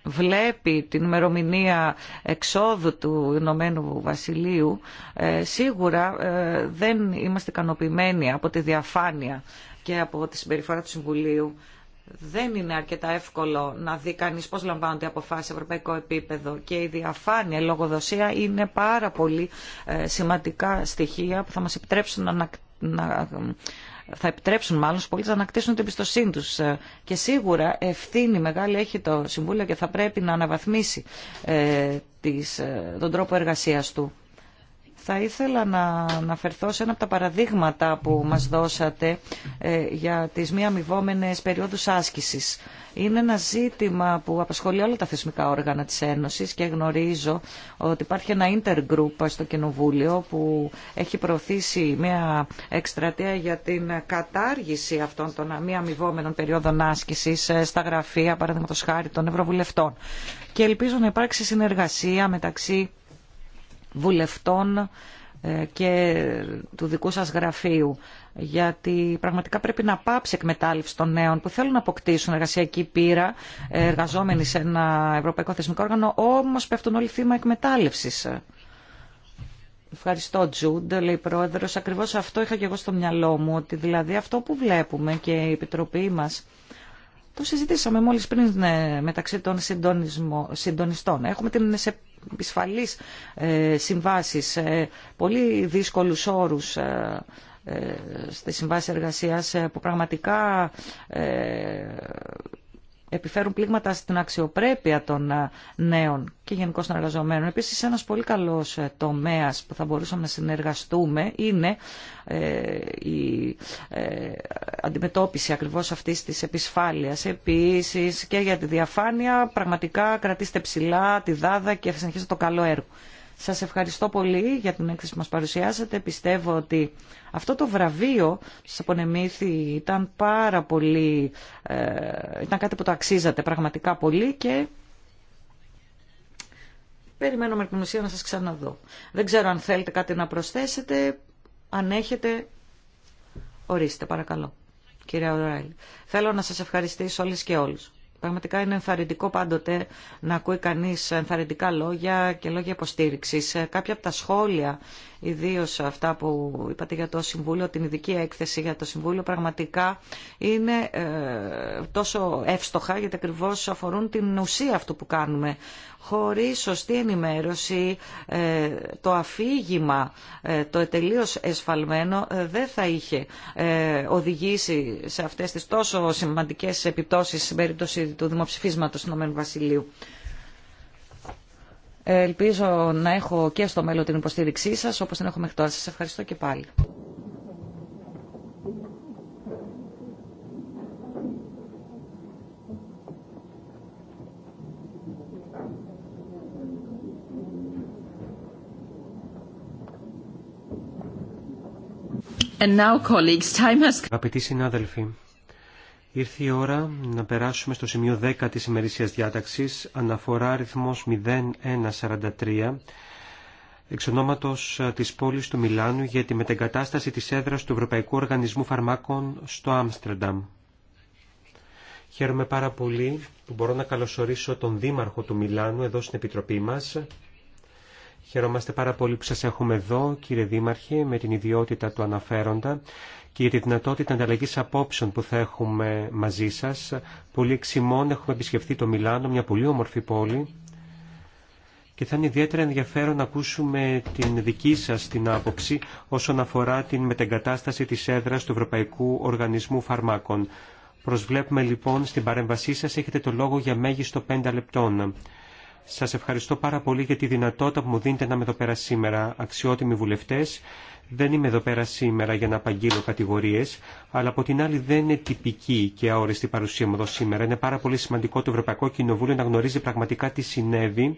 βλέπει την ημερομηνία εξόδου του Ηνωμένου Βασιλείου, ε, σίγουρα ε, δεν είμαστε ικανοποιημένοι από τη διαφάνεια και από τη συμπεριφορά του Συμβουλίου. Δεν είναι αρκετά εύκολο να δει κανείς πώς λαμβάνονται αποφάσεις σε ευρωπαϊκό επίπεδο και η διαφάνεια, η λογοδοσία είναι πάρα πολύ ε, σημαντικά στοιχεία που θα μας επιτρέψουν να θα επιτρέψουν μάλλον στους πολίτες να ανακτήσουν την εμπιστοσύνη τους. Ε, και σίγουρα ευθύνη μεγάλη έχει το Συμβούλιο και θα πρέπει να αναβαθμίσει ε, ε, τον τρόπο εργασίας του. Θα ήθελα να αναφερθώ σε ένα από τα παραδείγματα που μας δώσατε ε, για τις μη αμοιβόμενες περιόδους άσκησης. Είναι ένα ζήτημα που απασχολεί όλα τα θεσμικά όργανα της Ένωσης και γνωρίζω ότι υπάρχει ένα intergroup στο Κοινοβούλιο που έχει προωθήσει μια εκστρατεία για την κατάργηση αυτών των μη αμοιβόμενων περιόδων άσκησης ε, στα γραφεία, παραδείγματος χάρη των Ευρωβουλευτών. Και ελπίζω να υπάρξει συνεργασία μεταξύ βουλευτών ε, και του δικού σας γραφείου γιατί πραγματικά πρέπει να πάψει εκμετάλλευση των νέων που θέλουν να αποκτήσουν εργασιακή πείρα ε, εργαζόμενοι σε ένα ευρωπαϊκό θεσμικό όργανο όμως πέφτουν όλοι θύμα εκμετάλλευσης. Ευχαριστώ Τζούντ, λέει πρόεδρος. Ακριβώς αυτό είχα και εγώ στο μυαλό μου, ότι δηλαδή αυτό που βλέπουμε και η Επιτροπή μας το συζητήσαμε μόλις πριν ναι, μεταξύ των συντονιστών. Έχουμε την σε ε, συμβάση πολύ δύσκολους όρου ε, ε, στη συμβάση εργασίας που πραγματικά επιφέρουν πλήγματα στην αξιοπρέπεια των ε, νέων και γενικώ των εργαζομένων. Επίσης ένας πολύ καλός ε, τομέας που θα μπορούσαμε να συνεργαστούμε είναι ε, η αντιμετώπιση ακριβώς αυτής της επισφάλειας. Επίσης και για τη διαφάνεια πραγματικά κρατήστε ψηλά τη δάδα και θα συνεχίσετε το καλό έργο. Σας ευχαριστώ πολύ για την έκθεση που μας παρουσιάσατε. Πιστεύω ότι αυτό το βραβείο σας απονεμήθη ήταν πάρα πολύ, ε, ήταν κάτι που το αξίζατε πραγματικά πολύ και περιμένω με ουσία να σας ξαναδώ. Δεν ξέρω αν θέλετε κάτι να προσθέσετε, αν έχετε, ορίστε παρακαλώ. Κυρία Οράιλ, θέλω να σας ευχαριστήσω όλες και όλους Πραγματικά είναι ενθαρρυντικό πάντοτε να ακούει κανείς ενθαρρυντικά λόγια και λόγια υποστήριξης. Ε, κάποια από τα σχόλια Ιδίω αυτά που είπατε για το Συμβούλιο, την ειδική έκθεση για το Συμβούλιο, πραγματικά είναι ε, τόσο εύστοχα, γιατί ακριβώ αφορούν την ουσία αυτού που κάνουμε. Χωρίς σωστή ενημέρωση, ε, το αφήγημα, ε, το τελείως εσφαλμένο, δεν θα είχε οδηγήσει σε αυτές τις τόσο σημαντικές επιπτώσεις στην περίπτωση του δημοψηφίσματο του Ηνωμένου Βασιλείου. Ελπίζω να έχω και στο μέλλον την υποστήριξή σας, όπως την έχω μέχρι τώρα. Σας ευχαριστώ και πάλι. And now, colleagues, time has... συνάδελφοι, Ήρθε η ώρα να περάσουμε στο σημείο 10 της ημερήσιας διάταξης, αναφορά αριθμός 0143, εξ ονόματος ε, της πόλης του Μιλάνου για τη μετεγκατάσταση της έδρας του Ευρωπαϊκού Οργανισμού Φαρμάκων στο Άμστερνταμ. Χαίρομαι πάρα πολύ που μπορώ να καλωσορίσω τον Δήμαρχο του Μιλάνου εδώ στην Επιτροπή μας. Χαιρόμαστε πάρα πολύ που σας έχουμε εδώ, κύριε Δήμαρχε, με την ιδιότητα του αναφέροντα και για τη δυνατότητα ανταλλαγή απόψεων που θα έχουμε μαζί σας. Πολύ εξημών έχουμε επισκεφθεί το Μιλάνο, μια πολύ όμορφη πόλη. Και θα είναι ιδιαίτερα ενδιαφέρον να ακούσουμε την δική σας την άποψη όσον αφορά την μετεγκατάσταση της έδρας του Ευρωπαϊκού Οργανισμού Φαρμάκων. Προσβλέπουμε λοιπόν στην παρέμβασή σας έχετε το λόγο για μέγιστο 5 λεπτών. Σας ευχαριστώ πάρα πολύ για τη δυνατότητα που μου δίνετε να είμαι εδώ πέρα σήμερα, αξιότιμοι βουλευτές. Δεν είμαι εδώ πέρα σήμερα για να απαγγείλω κατηγορίες, αλλά από την άλλη δεν είναι τυπική και αόριστη παρουσία μου εδώ σήμερα. Είναι πάρα πολύ σημαντικό το Ευρωπαϊκό Κοινοβούλιο να γνωρίζει πραγματικά τι συνέβη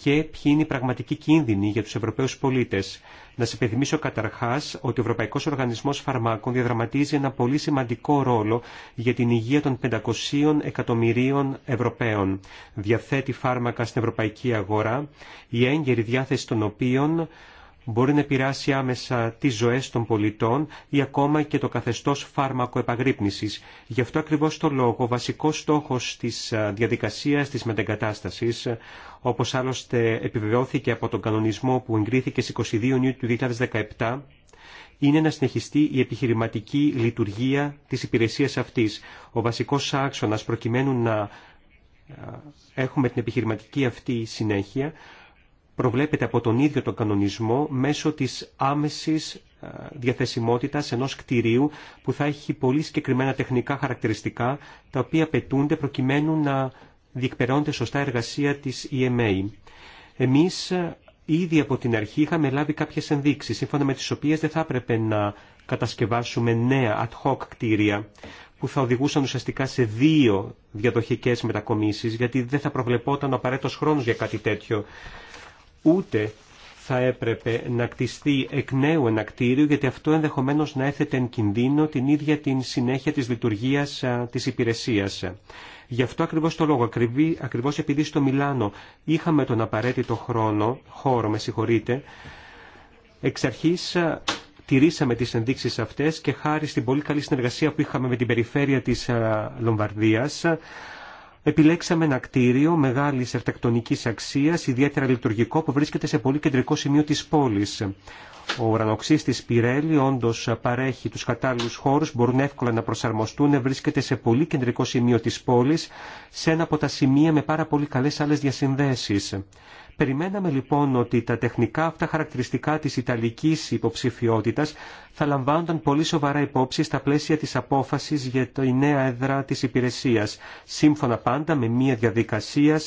και ποιοι είναι οι πραγματικοί κίνδυνοι για τους Ευρωπαίους πολίτες. Να σας υπενθυμίσω καταρχάς ότι ο Ευρωπαϊκός Οργανισμός Φαρμάκων διαδραματίζει ένα πολύ σημαντικό ρόλο για την υγεία των 500 εκατομμυρίων Ευρωπαίων. Διαθέτει φάρμακα στην ευρωπαϊκή αγορά, η έγκαιρη διάθεση των οποίων μπορεί να επηρεάσει άμεσα τις ζωές των πολιτών ή ακόμα και το καθεστώς επαγρύπνησης. Γι' αυτό ακριβώς το λόγο, ο βασικός στόχος της διαδικασίας της μετεγκατάστασης, όπως άλλωστε επιβεβαιώθηκε από τον κανονισμό που εγκρίθηκε στις 22 Ιουνίου του 2017, είναι να συνεχιστεί η επιχειρηματική λειτουργία της υπηρεσίας αυτής. Ο βασικός άξονας προκειμένου να έχουμε την επιχειρηματική αυτή συνέχεια προβλέπεται από τον ίδιο τον κανονισμό μέσω της άμεσης ε, διαθεσιμότητας ενός κτηρίου που θα έχει πολύ συγκεκριμένα τεχνικά χαρακτηριστικά τα οποία απαιτούνται προκειμένου να διεκπερώνεται σωστά εργασία της EMA. Εμείς ε, ήδη από την αρχή είχαμε λάβει κάποιες ενδείξεις σύμφωνα με τις οποίες δεν θα έπρεπε να κατασκευάσουμε νέα ad hoc κτίρια που θα οδηγούσαν ουσιαστικά σε δύο διαδοχικές μετακομίσεις γιατί δεν θα προβλεπόταν ο απαραίτητος χρόνος για κάτι τέτοιο ούτε θα έπρεπε να κτιστεί εκ νέου ένα κτίριο, γιατί αυτό ενδεχομένως να έθετε εν κινδύνο την ίδια την συνέχεια της λειτουργίας της υπηρεσίας. Γι' αυτό ακριβώς το λόγο, ακριβώς επειδή στο Μιλάνο είχαμε τον απαραίτητο χρόνο, χώρο με συγχωρείτε, εξ αρχής τηρήσαμε τις ενδείξεις αυτές και χάρη στην πολύ καλή συνεργασία που είχαμε με την περιφέρεια της Λομβαρδίας, επιλέξαμε ένα κτίριο μεγάλης ερτεκτονικής αξίας, ιδιαίτερα λειτουργικό, που βρίσκεται σε πολύ κεντρικό σημείο της πόλης. Ο ουρανοξύστης Πιρέλη όντως παρέχει τους κατάλληλους χώρους, μπορούν εύκολα να προσαρμοστούν, βρίσκεται σε πολύ κεντρικό σημείο της πόλης, σε ένα από τα σημεία με πάρα πολύ καλές άλλες διασυνδέσεις. Περιμέναμε λοιπόν ότι τα τεχνικά αυτά χαρακτηριστικά της Ιταλικής υποψηφιότητας θα λαμβάνονταν πολύ σοβαρά υπόψη στα πλαίσια της απόφασης για τη νέα έδρα της υπηρεσίας, σύμφωνα πάντα με μια διαδικασία,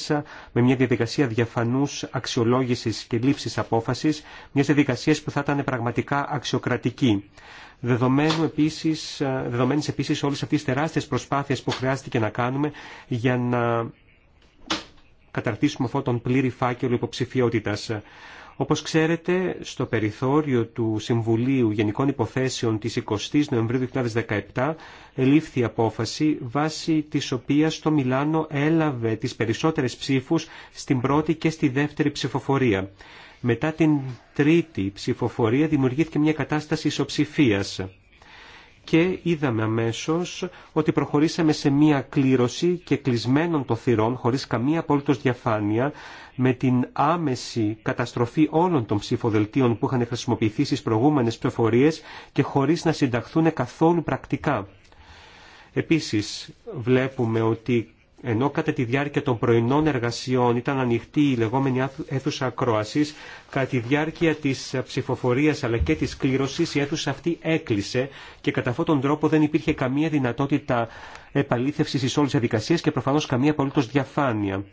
με μια διαδικασία διαφανούς αξιολόγησης και λήψης απόφασης, μιας διαδικασίας που θα ήταν πραγματικά αξιοκρατική. Δεδομένου επίσης, δεδομένης επίσης όλες αυτές τις που χρειάστηκε να κάνουμε για να καταρτήσουμε αυτόν τον πλήρη φάκελο υποψηφιότητα. Όπως ξέρετε, στο περιθώριο του Συμβουλίου Γενικών Υποθέσεων της 20 Νοεμβρίου 2017 ελήφθη απόφαση βάσει της οποίας το Μιλάνο έλαβε τις περισσότερες ψήφους στην πρώτη και στη δεύτερη ψηφοφορία. Μετά την τρίτη ψηφοφορία δημιουργήθηκε μια κατάσταση ισοψηφίας και είδαμε αμέσως ότι προχωρήσαμε σε μία κλήρωση και κλεισμένων των θυρών χωρίς καμία απόλυτος διαφάνεια με την άμεση καταστροφή όλων των ψηφοδελτίων που είχαν χρησιμοποιηθεί στις προηγούμενες πληροφορίες και χωρίς να συνταχθούν καθόλου πρακτικά. Επίσης βλέπουμε ότι ενώ κατά τη διάρκεια των πρωινών εργασιών ήταν ανοιχτή η λεγόμενη αίθουσα ακρόαση, κατά τη διάρκεια τη ψηφοφορία αλλά και τη κλήρωση η αίθουσα αυτή έκλεισε και κατά αυτόν τον τρόπο δεν υπήρχε καμία δυνατότητα επαλήθευση τη όλη διαδικασία και προφανώ καμία απολύτω διαφάνεια.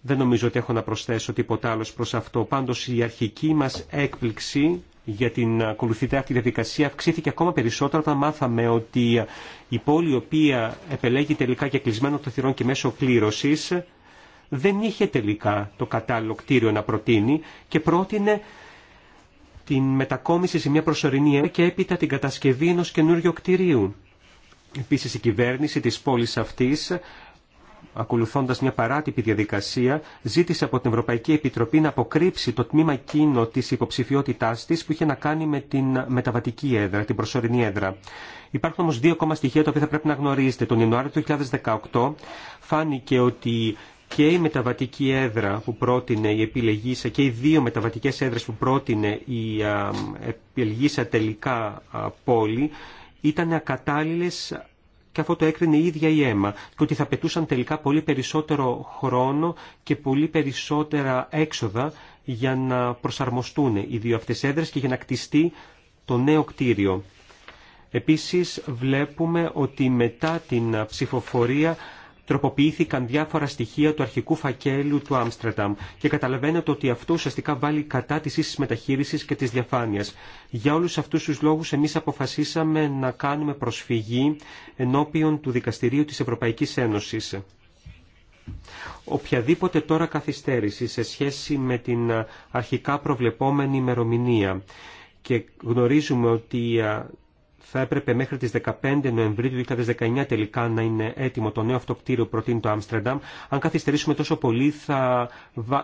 Δεν νομίζω ότι έχω να προσθέσω τίποτα άλλο προ αυτό. Πάντω η αρχική μα έκπληξη για την ακολουθητή αυτή διαδικασία αυξήθηκε ακόμα περισσότερο όταν μάθαμε ότι η πόλη η οποία επελέγει τελικά για κλεισμένο των θυρών και μέσω κλήρωσης δεν είχε τελικά το κατάλληλο κτίριο να προτείνει και πρότεινε την μετακόμιση σε μια προσωρινή και έπειτα την κατασκευή ενός καινούριου κτίριου. Επίσης η κυβέρνηση της πόλης αυτής ακολουθώντας μια παράτυπη διαδικασία, ζήτησε από την Ευρωπαϊκή Επιτροπή να αποκρύψει το τμήμα εκείνο της υποψηφιότητάς της που είχε να κάνει με την μεταβατική έδρα, την προσωρινή έδρα. Υπάρχουν όμως δύο ακόμα στοιχεία τα οποία θα πρέπει να γνωρίζετε. Τον Ιανουάριο του 2018 φάνηκε ότι και η μεταβατική έδρα που πρότεινε η επιλεγήσα και οι δύο μεταβατικές έδρες που πρότεινε η επιλεγήσα τελικά πόλη ήταν ακατάλληλες και αυτό το έκρινε η ίδια η αίμα και ότι θα πετούσαν τελικά πολύ περισσότερο χρόνο και πολύ περισσότερα έξοδα για να προσαρμοστούν οι δύο αυτές έδρες και για να κτιστεί το νέο κτίριο. Επίσης βλέπουμε ότι μετά την ψηφοφορία τροποποιήθηκαν διάφορα στοιχεία του αρχικού φακέλου του Άμστερνταμ και καταλαβαίνετε ότι αυτό ουσιαστικά βάλει κατά τη ίση μεταχείριση και τη διαφάνεια. Για όλου αυτού του λόγου, εμεί αποφασίσαμε να κάνουμε προσφυγή ενώπιον του Δικαστηρίου τη Ευρωπαϊκή Ένωση. Οποιαδήποτε τώρα καθυστέρηση σε σχέση με την αρχικά προβλεπόμενη ημερομηνία και γνωρίζουμε ότι θα έπρεπε μέχρι τις 15 Νοεμβρίου του 2019 τελικά να είναι έτοιμο το νέο αυτοκτήριο κτίριο προτείνει το Άμστερνταμ. Αν καθυστερήσουμε τόσο πολύ θα,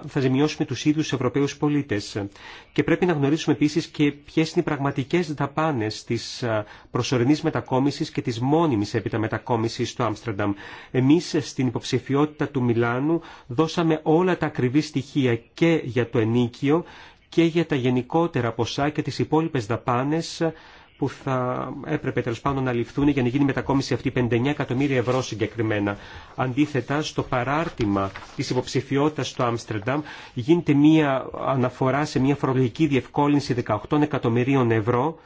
θα ζημιώσουμε τους ίδιους Ευρωπαίους πολίτες. Και πρέπει να γνωρίσουμε επίσης και ποιες είναι οι πραγματικές δαπάνες της προσωρινής μετακόμισης και της μόνιμης έπειτα μετακόμισης στο Άμστερνταμ. Εμείς στην υποψηφιότητα του Μιλάνου δώσαμε όλα τα ακριβή στοιχεία και για το ενίκιο και για τα γενικότερα ποσά και τις υπόλοιπες δαπάνες που θα έπρεπε τέλο πάντων να ληφθούν για να γίνει μετακόμιση αυτή 59 εκατομμύρια ευρώ συγκεκριμένα. Αντίθετα, στο παράρτημα τη υποψηφιότητα στο Άμστερνταμ γίνεται μία αναφορά σε μία φορολογική διευκόλυνση 18 εκατομμυρίων ευρώ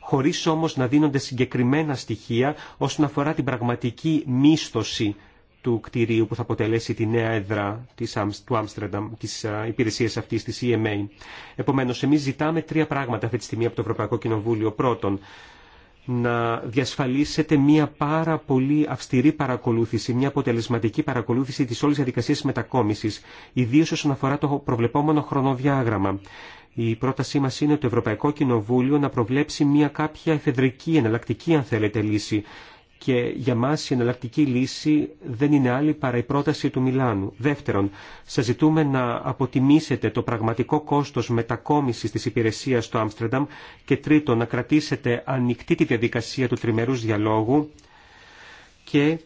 χωρίς όμως να δίνονται συγκεκριμένα στοιχεία όσον αφορά την πραγματική μίσθωση του κτηρίου που θα αποτελέσει τη νέα έδρα της, του Άμστερνταμ, τη υπηρεσία αυτής τη EMA. Επομένω, εμεί ζητάμε τρία πράγματα αυτή τη στιγμή από το Ευρωπαϊκό Κοινοβούλιο. Πρώτον, να διασφαλίσετε μια πάρα πολύ αυστηρή παρακολούθηση, μια αποτελεσματική παρακολούθηση της όλης διαδικασίας μετακόμισης, ιδίως όσον αφορά το προβλεπόμενο χρονοδιάγραμμα. Η πρότασή μας είναι το Ευρωπαϊκό Κοινοβούλιο να προβλέψει μια κάποια εφεδρική, εναλλακτική αν θέλετε λύση και για μας η εναλλακτική λύση δεν είναι άλλη παρά η πρόταση του Μιλάνου. Δεύτερον, σας ζητούμε να αποτιμήσετε το πραγματικό κόστος μετακόμισης της υπηρεσίας στο Άμστερνταμ και τρίτον, να κρατήσετε ανοιχτή τη διαδικασία του τριμερούς διαλόγου και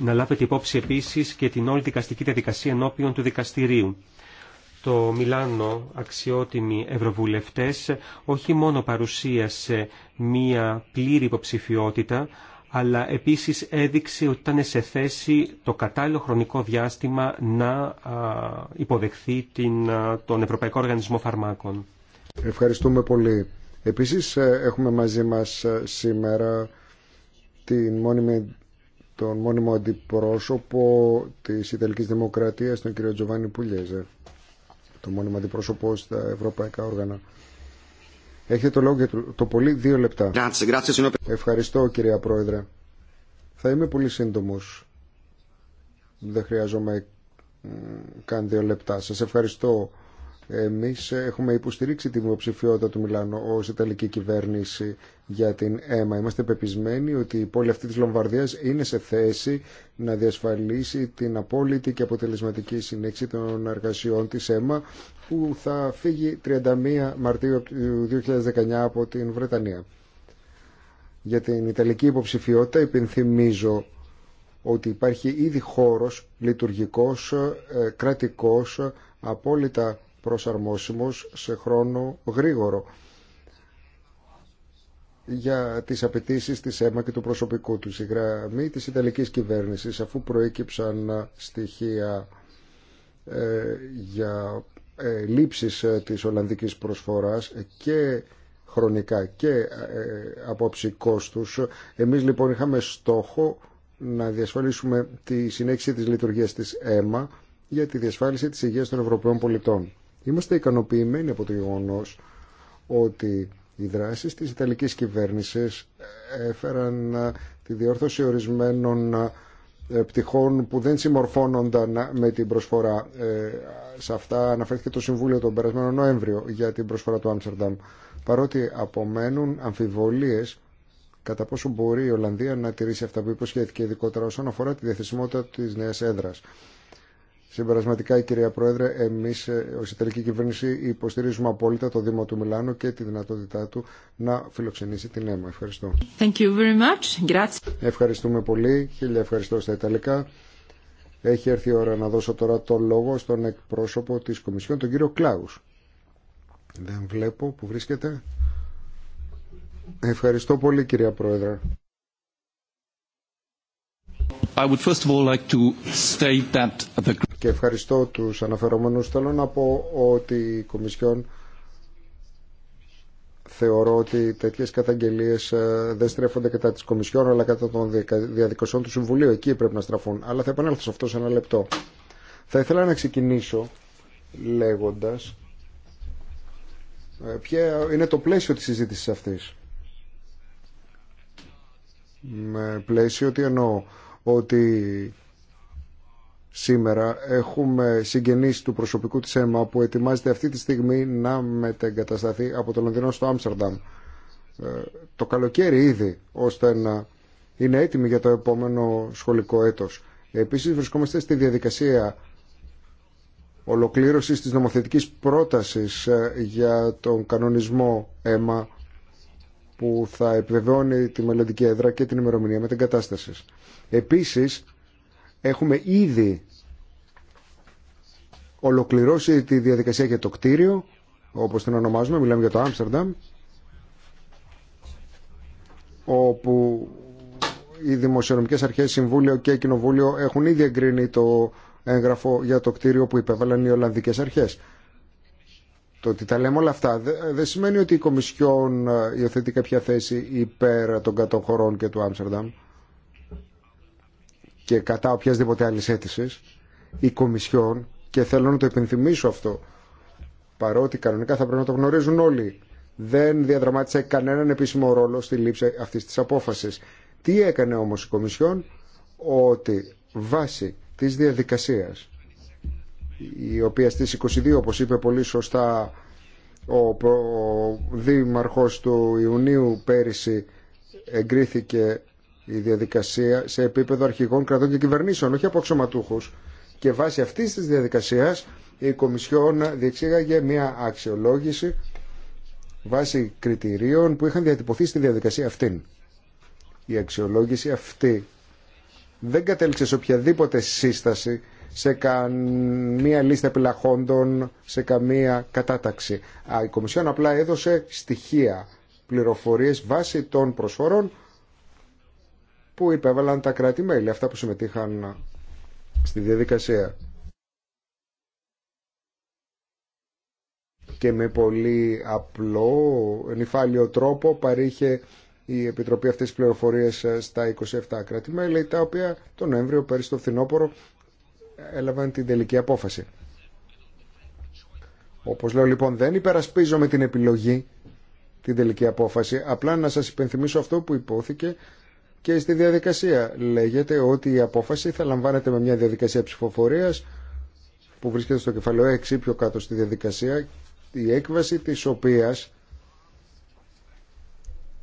να λάβετε υπόψη επίσης και την όλη δικαστική διαδικασία ενώπιον του δικαστηρίου. Το Μιλάνο αξιότιμοι ευρωβουλευτές όχι μόνο παρουσίασε μία πλήρη υποψηφιότητα, αλλά επίσης έδειξε ότι ήταν σε θέση το κατάλληλο χρονικό διάστημα να υποδεχθεί την, τον Ευρωπαϊκό Οργανισμό Φαρμάκων. Ευχαριστούμε πολύ. Επίσης ε, έχουμε μαζί μας ε, σήμερα την μόνιμη, τον μόνιμο αντιπρόσωπο της Ιταλικής Δημοκρατίας, τον κύριο Τζοβάνι Πουλιέζερ το μόνιμο αντιπρόσωπο στα ευρωπαϊκά όργανα. Έχετε το λόγο για το πολύ δύο λεπτά. Ευχαριστώ κυρία Πρόεδρε. Θα είμαι πολύ σύντομος. Δεν χρειάζομαι καν δύο λεπτά. Σας ευχαριστώ εμείς έχουμε υποστηρίξει την υποψηφιότητα του Μιλάνου ως Ιταλική κυβέρνηση για την αίμα. Είμαστε πεπισμένοι ότι η πόλη αυτή τη Λομβαρδίας είναι σε θέση να διασφαλίσει την απόλυτη και αποτελεσματική συνέχιση των εργασιών της αίμα που θα φύγει 31 Μαρτίου 2019 από την Βρετανία. Για την Ιταλική υποψηφιότητα υπενθυμίζω ότι υπάρχει ήδη χώρος λειτουργικός, ε, κρατικός, απόλυτα προσαρμόσιμος σε χρόνο γρήγορο για τις απαιτήσει της ΕΜΑ και του προσωπικού του. Η γραμμή της Ιταλικής κυβέρνησης αφού προέκυψαν στοιχεία ε, για ε, λήψεις ε, της Ολλανδικής προσφοράς και χρονικά και ε, απόψη κόστους. Εμείς λοιπόν είχαμε στόχο να διασφαλίσουμε τη συνέχιση της λειτουργίας της ΕΜΑ για τη διασφάλιση της υγείας των Ευρωπαίων πολιτών. Είμαστε ικανοποιημένοι από το γεγονό ότι οι δράσεις της Ιταλικής κυβέρνησης έφεραν ε, τη διόρθωση ορισμένων ε, πτυχών που δεν συμμορφώνονταν ε, με την προσφορά. Σε αυτά αναφέρθηκε το Συμβούλιο τον περασμένο Νοέμβριο για την προσφορά του Άμστερνταμ. Παρότι απομένουν αμφιβολίες κατά πόσο μπορεί η Ολλανδία να τηρήσει αυτά που υποσχέθηκε ειδικότερα όσον αφορά τη διαθεσιμότητα της νέας έδρας. Συμπερασματικά, κυρία Πρόεδρε, εμεί ε, ω Ιταλική Κυβέρνηση υποστηρίζουμε απόλυτα το Δήμο του Μιλάνου και τη δυνατότητά του να φιλοξενήσει την ΕΜΑ. Ευχαριστώ. Thank you very much. Ευχαριστούμε πολύ. Χίλια ευχαριστώ στα Ιταλικά. Έχει έρθει η ώρα να δώσω τώρα το λόγο στον εκπρόσωπο τη Κομισιόν, τον κύριο Κλάου. Δεν βλέπω που βρίσκεται. Ευχαριστώ πολύ, κυρία Πρόεδρε. I would first of all like to state that the και ευχαριστώ τους αναφερόμενους. Θέλω να πω ότι η Κομισιόν θεωρώ ότι τέτοιες καταγγελίες ε, δεν στρέφονται κατά της Κομισιόν αλλά κατά των διαδικασιών του Συμβουλίου. Εκεί πρέπει να στραφούν. Αλλά θα επανέλθω σε αυτό σε ένα λεπτό. Θα ήθελα να ξεκινήσω λέγοντας ε, ποια είναι το πλαίσιο της συζήτησης αυτής. Με πλαίσιο ότι εννοώ ότι σήμερα. Έχουμε συγγενείς του προσωπικού της ΕΜΑ που ετοιμάζεται αυτή τη στιγμή να μετεγκατασταθεί από το Λονδινό στο Άμστερνταμ ε, το καλοκαίρι ήδη ώστε να είναι έτοιμοι για το επόμενο σχολικό έτος. Επίσης βρισκόμαστε στη διαδικασία ολοκλήρωσης της νομοθετικής πρότασης ε, για τον κανονισμό αίμα που θα επιβεβαιώνει τη μελλοντική έδρα και την ημερομηνία με Επίσης, Έχουμε ήδη ολοκληρώσει τη διαδικασία για το κτίριο, όπως την ονομάζουμε, μιλάμε για το Άμστερνταμ, όπου οι δημοσιονομικές αρχές, Συμβούλιο και Κοινοβούλιο έχουν ήδη εγκρίνει το έγγραφο για το κτίριο που υπέβαλαν οι Ολλανδικές αρχές. Το ότι τα λέμε όλα αυτά δεν σημαίνει ότι η Κομισιόν ε, υιοθετεί κάποια θέση υπέρ των κατοχωρών και του Άμστερνταμ και κατά οποιασδήποτε άλλη αίτηση, η Κομισιόν και θέλω να το υπενθυμίσω αυτό παρότι κανονικά θα πρέπει να το γνωρίζουν όλοι δεν διαδραμάτισε κανέναν επίσημο ρόλο στη λήψη αυτή τη απόφαση. Τι έκανε όμω η Κομισιόν ότι βάσει τη διαδικασία, η οποία στις 22 όπω είπε πολύ σωστά ο, Δήμαρχο ο δήμαρχος του Ιουνίου πέρυσι εγκρίθηκε η διαδικασία σε επίπεδο αρχηγών κρατών και κυβερνήσεων, όχι από αξιωματούχου. Και βάσει αυτή της διαδικασίας η Κομισιόν διεξήγαγε μια αξιολόγηση βάσει κριτηρίων που είχαν διατυπωθεί στη διαδικασία αυτήν. Η αξιολόγηση αυτή δεν κατέληξε σε οποιαδήποτε σύσταση, σε καμία λίστα επιλαχόντων, σε καμία κατάταξη. Η Κομισιόν απλά έδωσε στοιχεία, πληροφορίες βάσει των προσφορών που υπέβαλαν τα κράτη-μέλη, αυτά που συμμετείχαν στη διαδικασία. Και με πολύ απλό, νυφάλιο τρόπο παρήχε η Επιτροπή αυτές τις πληροφορίες στα 27 κράτη-μέλη, τα οποία τον Νοέμβριο πέρυσι το φθινόπωρο έλαβαν την τελική απόφαση. Όπως λέω λοιπόν δεν υπερασπίζομαι την επιλογή την τελική απόφαση. Απλά να σας υπενθυμίσω αυτό που υπόθηκε και στη διαδικασία. Λέγεται ότι η απόφαση θα λαμβάνεται με μια διαδικασία ψηφοφορίας που βρίσκεται στο κεφαλαίο 6 πιο κάτω στη διαδικασία η έκβαση της οποίας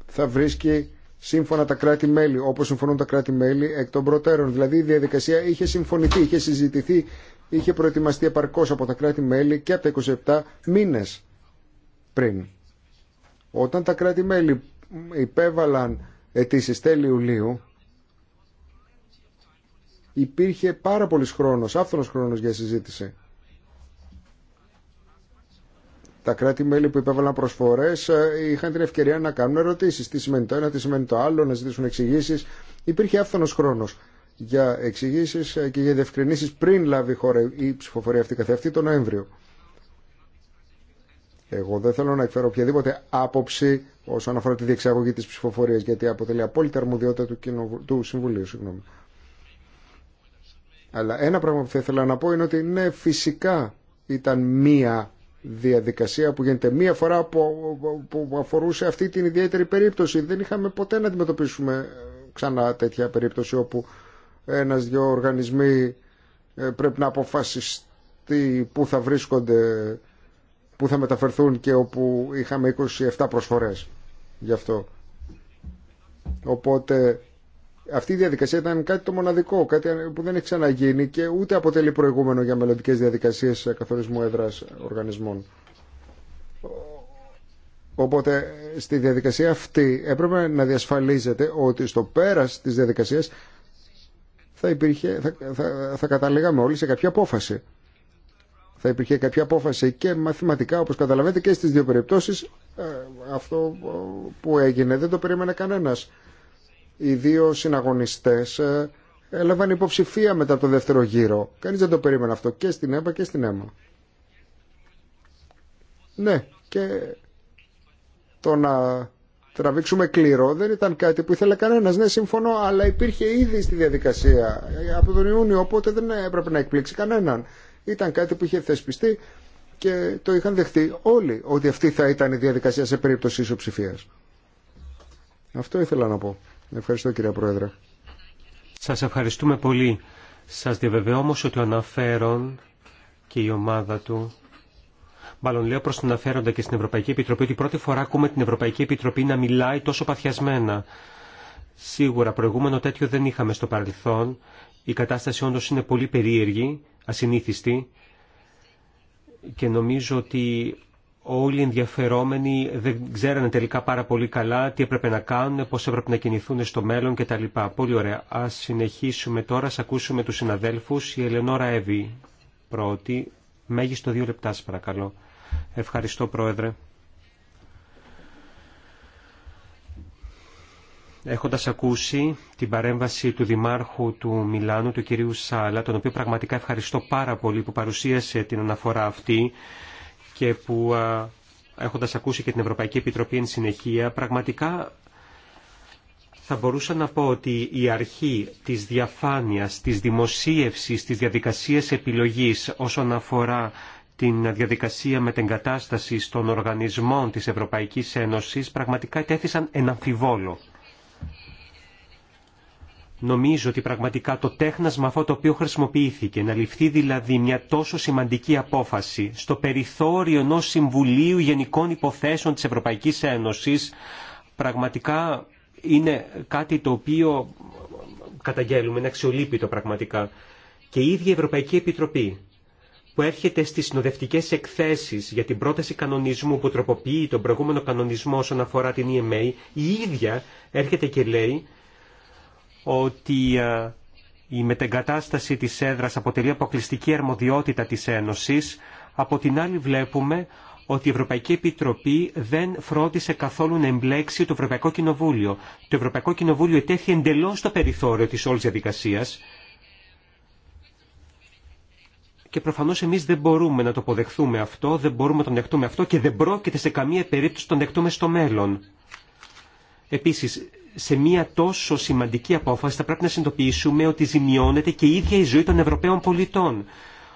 θα βρίσκει σύμφωνα τα κράτη-μέλη όπως συμφωνούν τα κράτη-μέλη εκ των προτέρων. Δηλαδή η διαδικασία είχε συμφωνηθεί, είχε συζητηθεί, είχε προετοιμαστεί επαρκώς από τα κράτη-μέλη και από τα 27 μήνες πριν. Όταν τα κράτη-μέλη υπέβαλαν Ετήσεις τέλη Ιουλίου υπήρχε πάρα πολύς χρόνος, άφθονος χρόνος για συζήτηση. Τα κράτη-μέλη που υπέβαλαν προσφορέ ε, είχαν την ευκαιρία να κάνουν ερωτήσει. Τι σημαίνει το ένα, τι σημαίνει το άλλο, να ζητήσουν εξηγήσει. Υπήρχε άφθονο χρόνο για εξηγήσει ε, και για διευκρινήσει πριν λάβει η χώρα η ψηφοφορία αυτή καθεαυτή τον Νοέμβριο. Εγώ δεν θέλω να εκφέρω οποιαδήποτε άποψη όσον αφορά τη διεξαγωγή τη ψηφοφορία γιατί αποτελεί απόλυτη αρμοδιότητα του, του Συμβουλίου. Συγγνώμη. Αλλά ένα πράγμα που θα ήθελα να πω είναι ότι ναι, φυσικά ήταν μία διαδικασία που γίνεται μία φορά που, αφορούσε αυτή την ιδιαίτερη περίπτωση. Δεν είχαμε ποτέ να αντιμετωπίσουμε ε, ξανά τέτοια περίπτωση όπου ένας-δυο οργανισμοί ε, πρέπει να αποφασιστεί πού θα βρίσκονται που θα μεταφερθούν και όπου είχαμε 27 προσφορές γι' αυτό. Οπότε αυτή η διαδικασία ήταν κάτι το μοναδικό, κάτι που δεν έχει ξαναγίνει και ούτε αποτελεί προηγούμενο για μελλοντικέ διαδικασίες καθορισμού έδρας οργανισμών. Οπότε στη διαδικασία αυτή έπρεπε να διασφαλίζεται ότι στο πέρας της διαδικασίας θα, θα, θα, θα καταλήγαμε όλοι σε κάποια απόφαση θα υπήρχε κάποια απόφαση και μαθηματικά όπως καταλαβαίνετε και στις δύο περιπτώσεις ε, αυτό ε, που έγινε δεν το περίμενε κανένας. Οι δύο συναγωνιστές ε, έλαβαν υποψηφία μετά από το δεύτερο γύρο. Κανείς δεν το περίμενε αυτό και στην ΕΜΑ και στην ΕΜΑ. Ναι, και το να τραβήξουμε κλήρο δεν ήταν κάτι που ήθελε κανένας Ναι, συμφωνώ, αλλά υπήρχε ήδη στη διαδικασία από τον Ιούνιο, οπότε δεν έπρεπε να εκπλήξει κανέναν. Ήταν κάτι που είχε θεσπιστεί και το είχαν δεχτεί όλοι ότι αυτή θα ήταν η διαδικασία σε περίπτωση ισοψηφία. Αυτό ήθελα να πω. Ευχαριστώ κύριε Πρόεδρε. Σας ευχαριστούμε πολύ. Σας διαβεβαιώ όμως ότι ο αναφέρον και η ομάδα του Μάλλον λέω προ τον αναφέροντα και στην Ευρωπαϊκή Επιτροπή ότι πρώτη φορά ακούμε την Ευρωπαϊκή Επιτροπή να μιλάει τόσο παθιασμένα. Σίγουρα προηγούμενο τέτοιο δεν είχαμε στο παρελθόν. Η κατάσταση όντω είναι πολύ περίεργη ασυνήθιστη και νομίζω ότι όλοι οι ενδιαφερόμενοι δεν ξέρανε τελικά πάρα πολύ καλά τι έπρεπε να κάνουν, πώς έπρεπε να κινηθούν στο μέλλον κτλ. Πολύ ωραία. Ας συνεχίσουμε τώρα, ας ακούσουμε τους συναδέλφους. Η Ελενόρα Εύη πρώτη. Μέγιστο δύο λεπτά, σας παρακαλώ. Ευχαριστώ, Πρόεδρε. έχοντας ακούσει την παρέμβαση του Δημάρχου του Μιλάνου, του κυρίου Σάλα, τον οποίο πραγματικά ευχαριστώ πάρα πολύ που παρουσίασε την αναφορά αυτή και που έχοντας ακούσει και την Ευρωπαϊκή Επιτροπή εν συνεχεία, πραγματικά θα μπορούσα να πω ότι η αρχή της διαφάνειας, της δημοσίευσης, της διαδικασίας επιλογής όσον αφορά την διαδικασία κατάσταση των οργανισμών της Ευρωπαϊκής Ένωσης πραγματικά τέθησαν εν αμφιβόλο. Νομίζω ότι πραγματικά το τέχνασμα αυτό το οποίο χρησιμοποιήθηκε, να ληφθεί δηλαδή μια τόσο σημαντική απόφαση στο περιθώριο ενός Συμβουλίου Γενικών Υποθέσεων της Ευρωπαϊκής Ένωσης, πραγματικά είναι κάτι το οποίο καταγγέλουμε, είναι αξιολύπητο πραγματικά. Και η ίδια η Ευρωπαϊκή Επιτροπή που έρχεται στις συνοδευτικές εκθέσεις για την πρόταση κανονισμού που τροποποιεί τον προηγούμενο κανονισμό όσον αφορά την EMA, η ίδια έρχεται και λέει ότι ε, η μετεγκατάσταση της έδρας αποτελεί αποκλειστική αρμοδιότητα της Ένωσης. Από την άλλη βλέπουμε ότι η Ευρωπαϊκή Επιτροπή δεν φρόντισε καθόλου να εμπλέξει το Ευρωπαϊκό Κοινοβούλιο. Το Ευρωπαϊκό Κοινοβούλιο ετέθη εντελώς στο περιθώριο της όλης διαδικασίας και προφανώς εμείς δεν μπορούμε να το αποδεχθούμε αυτό, δεν μπορούμε να το δεχτούμε αυτό και δεν πρόκειται σε καμία περίπτωση να το δεχτούμε στο μέλλον. Επίση σε μια τόσο σημαντική απόφαση θα πρέπει να συνειδητοποιήσουμε ότι ζημιώνεται και η ίδια η ζωή των Ευρωπαίων πολιτών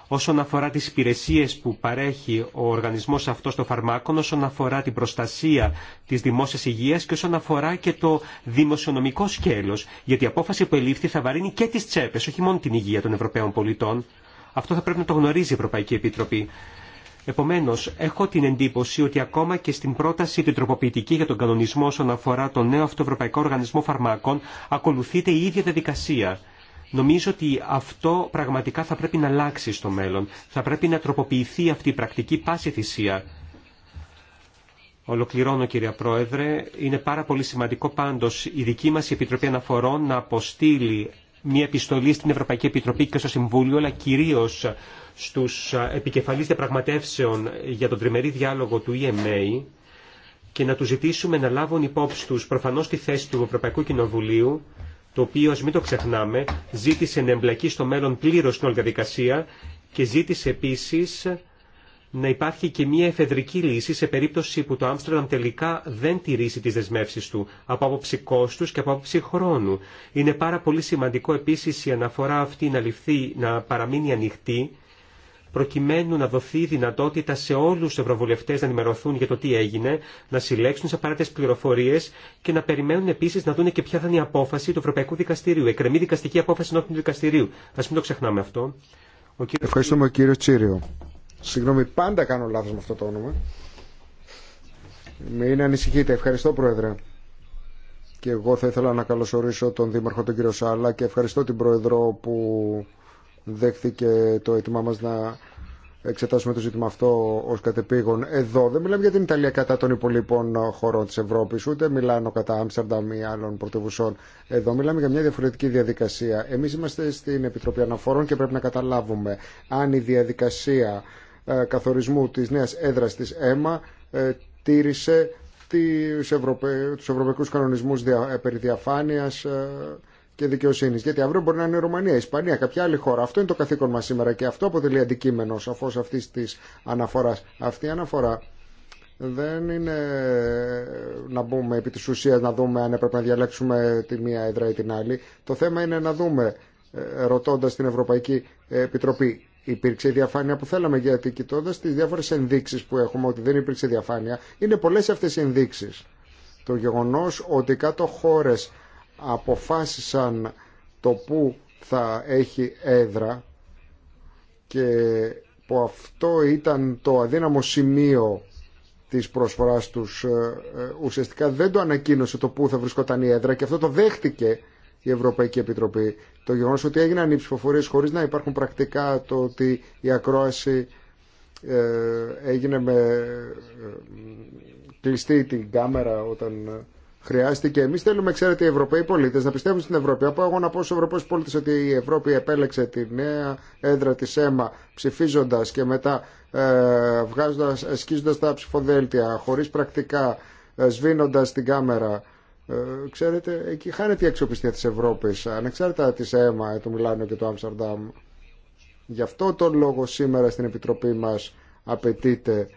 όσον αφορά τις υπηρεσίες που παρέχει ο οργανισμός αυτός των φαρμάκων, όσον αφορά την προστασία της δημόσιας υγείας και όσον αφορά και το δημοσιονομικό σκέλος, γιατί η απόφαση που ελήφθη θα βαρύνει και τις τσέπες, όχι μόνο την υγεία των Ευρωπαίων πολιτών. Αυτό θα πρέπει να το γνωρίζει η Ευρωπαϊκή Επίτροπη. Επομένω, έχω την εντύπωση ότι ακόμα και στην πρόταση την τροποποιητική για τον κανονισμό όσον αφορά τον νέο Αυτοευρωπαϊκό Οργανισμό Φαρμάκων ακολουθείται η ίδια διαδικασία. Νομίζω ότι αυτό πραγματικά θα πρέπει να αλλάξει στο μέλλον. Θα πρέπει να τροποποιηθεί αυτή η πρακτική πάση θυσία. Ολοκληρώνω κύριε Πρόεδρε. Είναι πάρα πολύ σημαντικό πάντως η δική μας Επιτροπή Αναφορών να αποστείλει μια επιστολή στην Ευρωπαϊκή Επιτροπή και στο Συμβούλιο, αλλά κυρίω στους επικεφαλείς διαπραγματεύσεων για τον τριμερή διάλογο του EMA και να τους ζητήσουμε να λάβουν υπόψη τους προφανώς τη θέση του Ευρωπαϊκού Κοινοβουλίου το οποίο, ας μην το ξεχνάμε, ζήτησε να εμπλακεί στο μέλλον πλήρως στην όλη διαδικασία και ζήτησε επίσης να υπάρχει και μια εφεδρική λύση σε περίπτωση που το Άμστερνταμ τελικά δεν τηρήσει τις δεσμεύσεις του από άποψη κόστου και από άποψη χρόνου. Είναι πάρα πολύ σημαντικό επίσης η αναφορά αυτή να, ληφθεί, να παραμείνει ανοιχτή προκειμένου να δοθεί η δυνατότητα σε όλου του ευρωβουλευτέ να ενημερωθούν για το τι έγινε, να συλλέξουν σε απαραίτητε πληροφορίε και να περιμένουν επίση να δουν και ποια θα είναι η απόφαση του Ευρωπαϊκού Δικαστηρίου. Εκκρεμεί δικαστική απόφαση ενώπιον του δικαστηρίου. Α μην το ξεχνάμε αυτό. Ο κύριος... Ευχαριστούμε, κύριο Τσίριο. Συγγνώμη, πάντα κάνω λάθο με αυτό το όνομα. Μην ανησυχείτε. Ευχαριστώ, Πρόεδρε. Και εγώ θα ήθελα να καλωσορίσω τον Δήμαρχο τον κύριο Σάλα και ευχαριστώ την Πρόεδρο που δέχθηκε το αίτημά μας να εξετάσουμε το ζήτημα αυτό ω κατεπήγον. Εδώ δεν μιλάμε για την Ιταλία κατά των υπολείπων χωρών τη Ευρώπη, ούτε Μιλάνο κατά Άμστερνταμ ή άλλων πρωτευουσών. Εδώ μιλάμε για μια διαφορετική διαδικασία. Εμεί είμαστε στην Επιτροπή Αναφορών και πρέπει να καταλάβουμε αν η διαδικασία ε, καθορισμού της νέας έδρας της ΕΜΑ ε, τήρησε τους ευρωπαϊκούς κανονισμούς περί διαφάνειας, ε, και δικαιοσύνη. Γιατί αύριο μπορεί να είναι η Ρουμανία, η Ισπανία, κάποια άλλη χώρα. Αυτό είναι το καθήκον μα σήμερα και αυτό αποτελεί αντικείμενο σαφώ αυτή τη αναφορά. Αυτή η αναφορά δεν είναι να μπούμε επί τη ουσία να δούμε αν έπρεπε να διαλέξουμε τη μία έδρα ή την άλλη. Το θέμα είναι να δούμε, ε, ρωτώντας την Ευρωπαϊκή Επιτροπή, υπήρξε η διαφάνεια που θέλαμε, γιατί κοιτώντας τις διάφορες ενδείξεις που έχουμε ότι δεν υπήρξε διαφάνεια, είναι πολλές αυτές οι ενδείξεις. Το θεμα ειναι να δουμε ρωτώντα την ευρωπαικη επιτροπη υπηρξε η διαφανεια που θελαμε γιατι κοιτώντα τι διάφορε ενδείξει που εχουμε οτι δεν υπηρξε διαφανεια ειναι πολλέ αυτέ οι ενδείξει. το γεγονό οτι κατω χώρε αποφάσισαν το που θα έχει έδρα και που αυτό ήταν το αδύναμο σημείο της προσφοράς τους ε, ε, ουσιαστικά δεν το ανακοίνωσε το που θα βρισκόταν η έδρα και αυτό το δέχτηκε η Ευρωπαϊκή Επιτροπή. Το γεγονός ότι έγιναν οι ψηφοφορίες χωρίς να υπάρχουν πρακτικά, το ότι η ακρόαση ε, έγινε με κλειστή την κάμερα όταν Χρειάστηκε. Εμεί θέλουμε, ξέρετε, οι Ευρωπαίοι πολίτε να πιστεύουν στην Ευρώπη. Από εγώ να πω στου Ευρωπαίου πολίτε ότι η Ευρώπη επέλεξε τη νέα έδρα τη ΕΜΑ ψηφίζοντα και μετά ε, τα ψηφοδέλτια, χωρί πρακτικά, ε, σβήνοντα την κάμερα. Ε, ξέρετε, εκεί χάνεται η αξιοπιστία τη Ευρώπη, ανεξάρτητα τη ΕΜΑ, ε, του Μιλάνου και του Άμστερνταμ. Γι' αυτό τον λόγο σήμερα στην Επιτροπή μα απαιτείται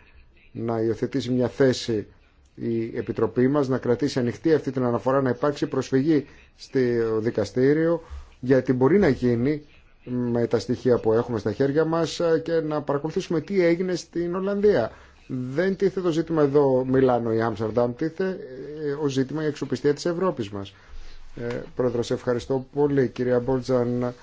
να υιοθετήσει μια θέση η Επιτροπή μας να κρατήσει ανοιχτή αυτή την αναφορά να υπάρξει προσφυγή στο δικαστήριο γιατί μπορεί να γίνει με τα στοιχεία που έχουμε στα χέρια μας και να παρακολουθήσουμε τι έγινε στην Ολλανδία. Δεν τίθε το ζήτημα εδώ Μιλάνο ή Άμστερνταμ, τίθε ε, ο ζήτημα η αμστερνταμ τιθε ο ζητημα η εξουπιστία της Ευρώπης μας. Ε, σε ευχαριστώ πολύ. Κυρία Μπόλτζαν,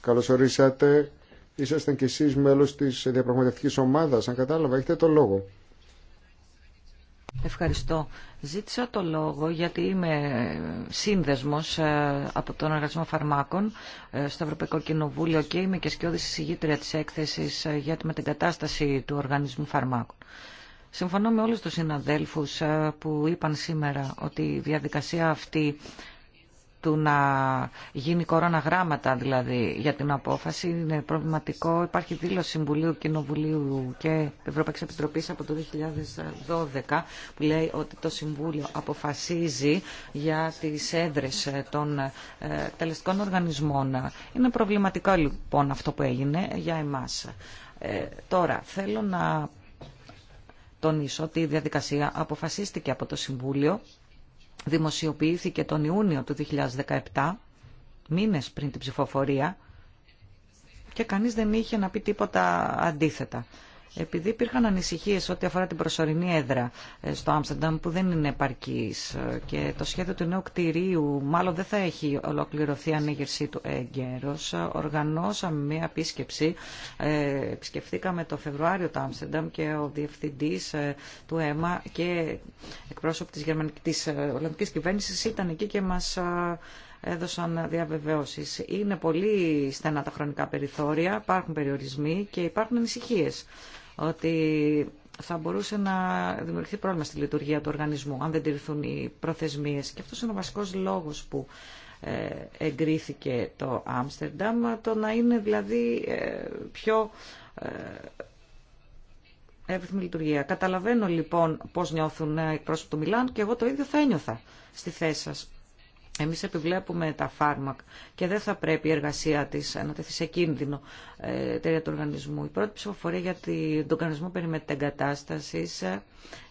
καλώς ορίσατε. Ήσασταν κι εσείς μέλος της διαπραγματευτικής ομάδας, αν κατάλαβα, έχετε το λόγο. Ευχαριστώ. Ζήτησα το λόγο γιατί είμαι σύνδεσμος ε, από τον Οργανισμό Φαρμάκων ε, στο Ευρωπαϊκό Κοινοβούλιο και είμαι και σκιώδης εισηγήτρια της έκθεσης ε, για την κατάσταση του Οργανισμού Φαρμάκων. Συμφωνώ με όλους τους συναδέλφους που είπαν σήμερα ότι η διαδικασία αυτή του να γίνει κορώνα γράμματα δηλαδή για την απόφαση είναι προβληματικό. Υπάρχει δήλωση Συμβουλίου Κοινοβουλίου και Ευρωπαϊκή Επιτροπή από το 2012 που λέει ότι το Συμβούλιο αποφασίζει για τι έδρε των ε, τελεστικών οργανισμών. Είναι προβληματικό λοιπόν αυτό που έγινε για εμάς. Ε, τώρα θέλω να τονίσω ότι η διαδικασία αποφασίστηκε από το Συμβούλιο δημοσιοποιήθηκε τον Ιούνιο του 2017, μήνες πριν την ψηφοφορία, και κανείς δεν είχε να πει τίποτα αντίθετα. Επειδή υπήρχαν ανησυχίε ό,τι αφορά την προσωρινή έδρα ε, στο Άμστερνταμ που δεν είναι επαρκή ε, και το σχέδιο του νέου κτηρίου μάλλον δεν θα έχει ολοκληρωθεί η ανήγερσή του έγκαιρο, ε, οργανώσαμε μια επίσκεψη. Επισκεφθήκαμε το Φεβρουάριο το Άμστερνταμ και ο διευθυντή του ΕΜΑ και εκπρόσωπο τη Ολλανδική κυβέρνηση ήταν εκεί και μα έδωσαν διαβεβαιώσεις. Είναι πολύ στενά τα χρονικά περιθώρια, υπάρχουν περιορισμοί και υπάρχουν ανησυχίες ότι θα μπορούσε να δημιουργηθεί πρόβλημα στη λειτουργία του οργανισμού αν δεν τηρηθούν οι προθεσμίες. Και αυτός είναι ο βασικός λόγος που ε, εγκρίθηκε το Άμστερνταμ, το να είναι δηλαδή ε, πιο ε, εύρυθμη λειτουργία. Καταλαβαίνω λοιπόν πώς νιώθουν οι πρόσωποι του Μιλάν και εγώ το ίδιο θα ένιωθα στη θέση σας. Εμείς επιβλέπουμε τα φάρμακα και δεν θα πρέπει η εργασία της να τεθεί σε κίνδυνο ε, εταιρεία του οργανισμού. Η πρώτη ψηφοφορία για τον οργανισμό περί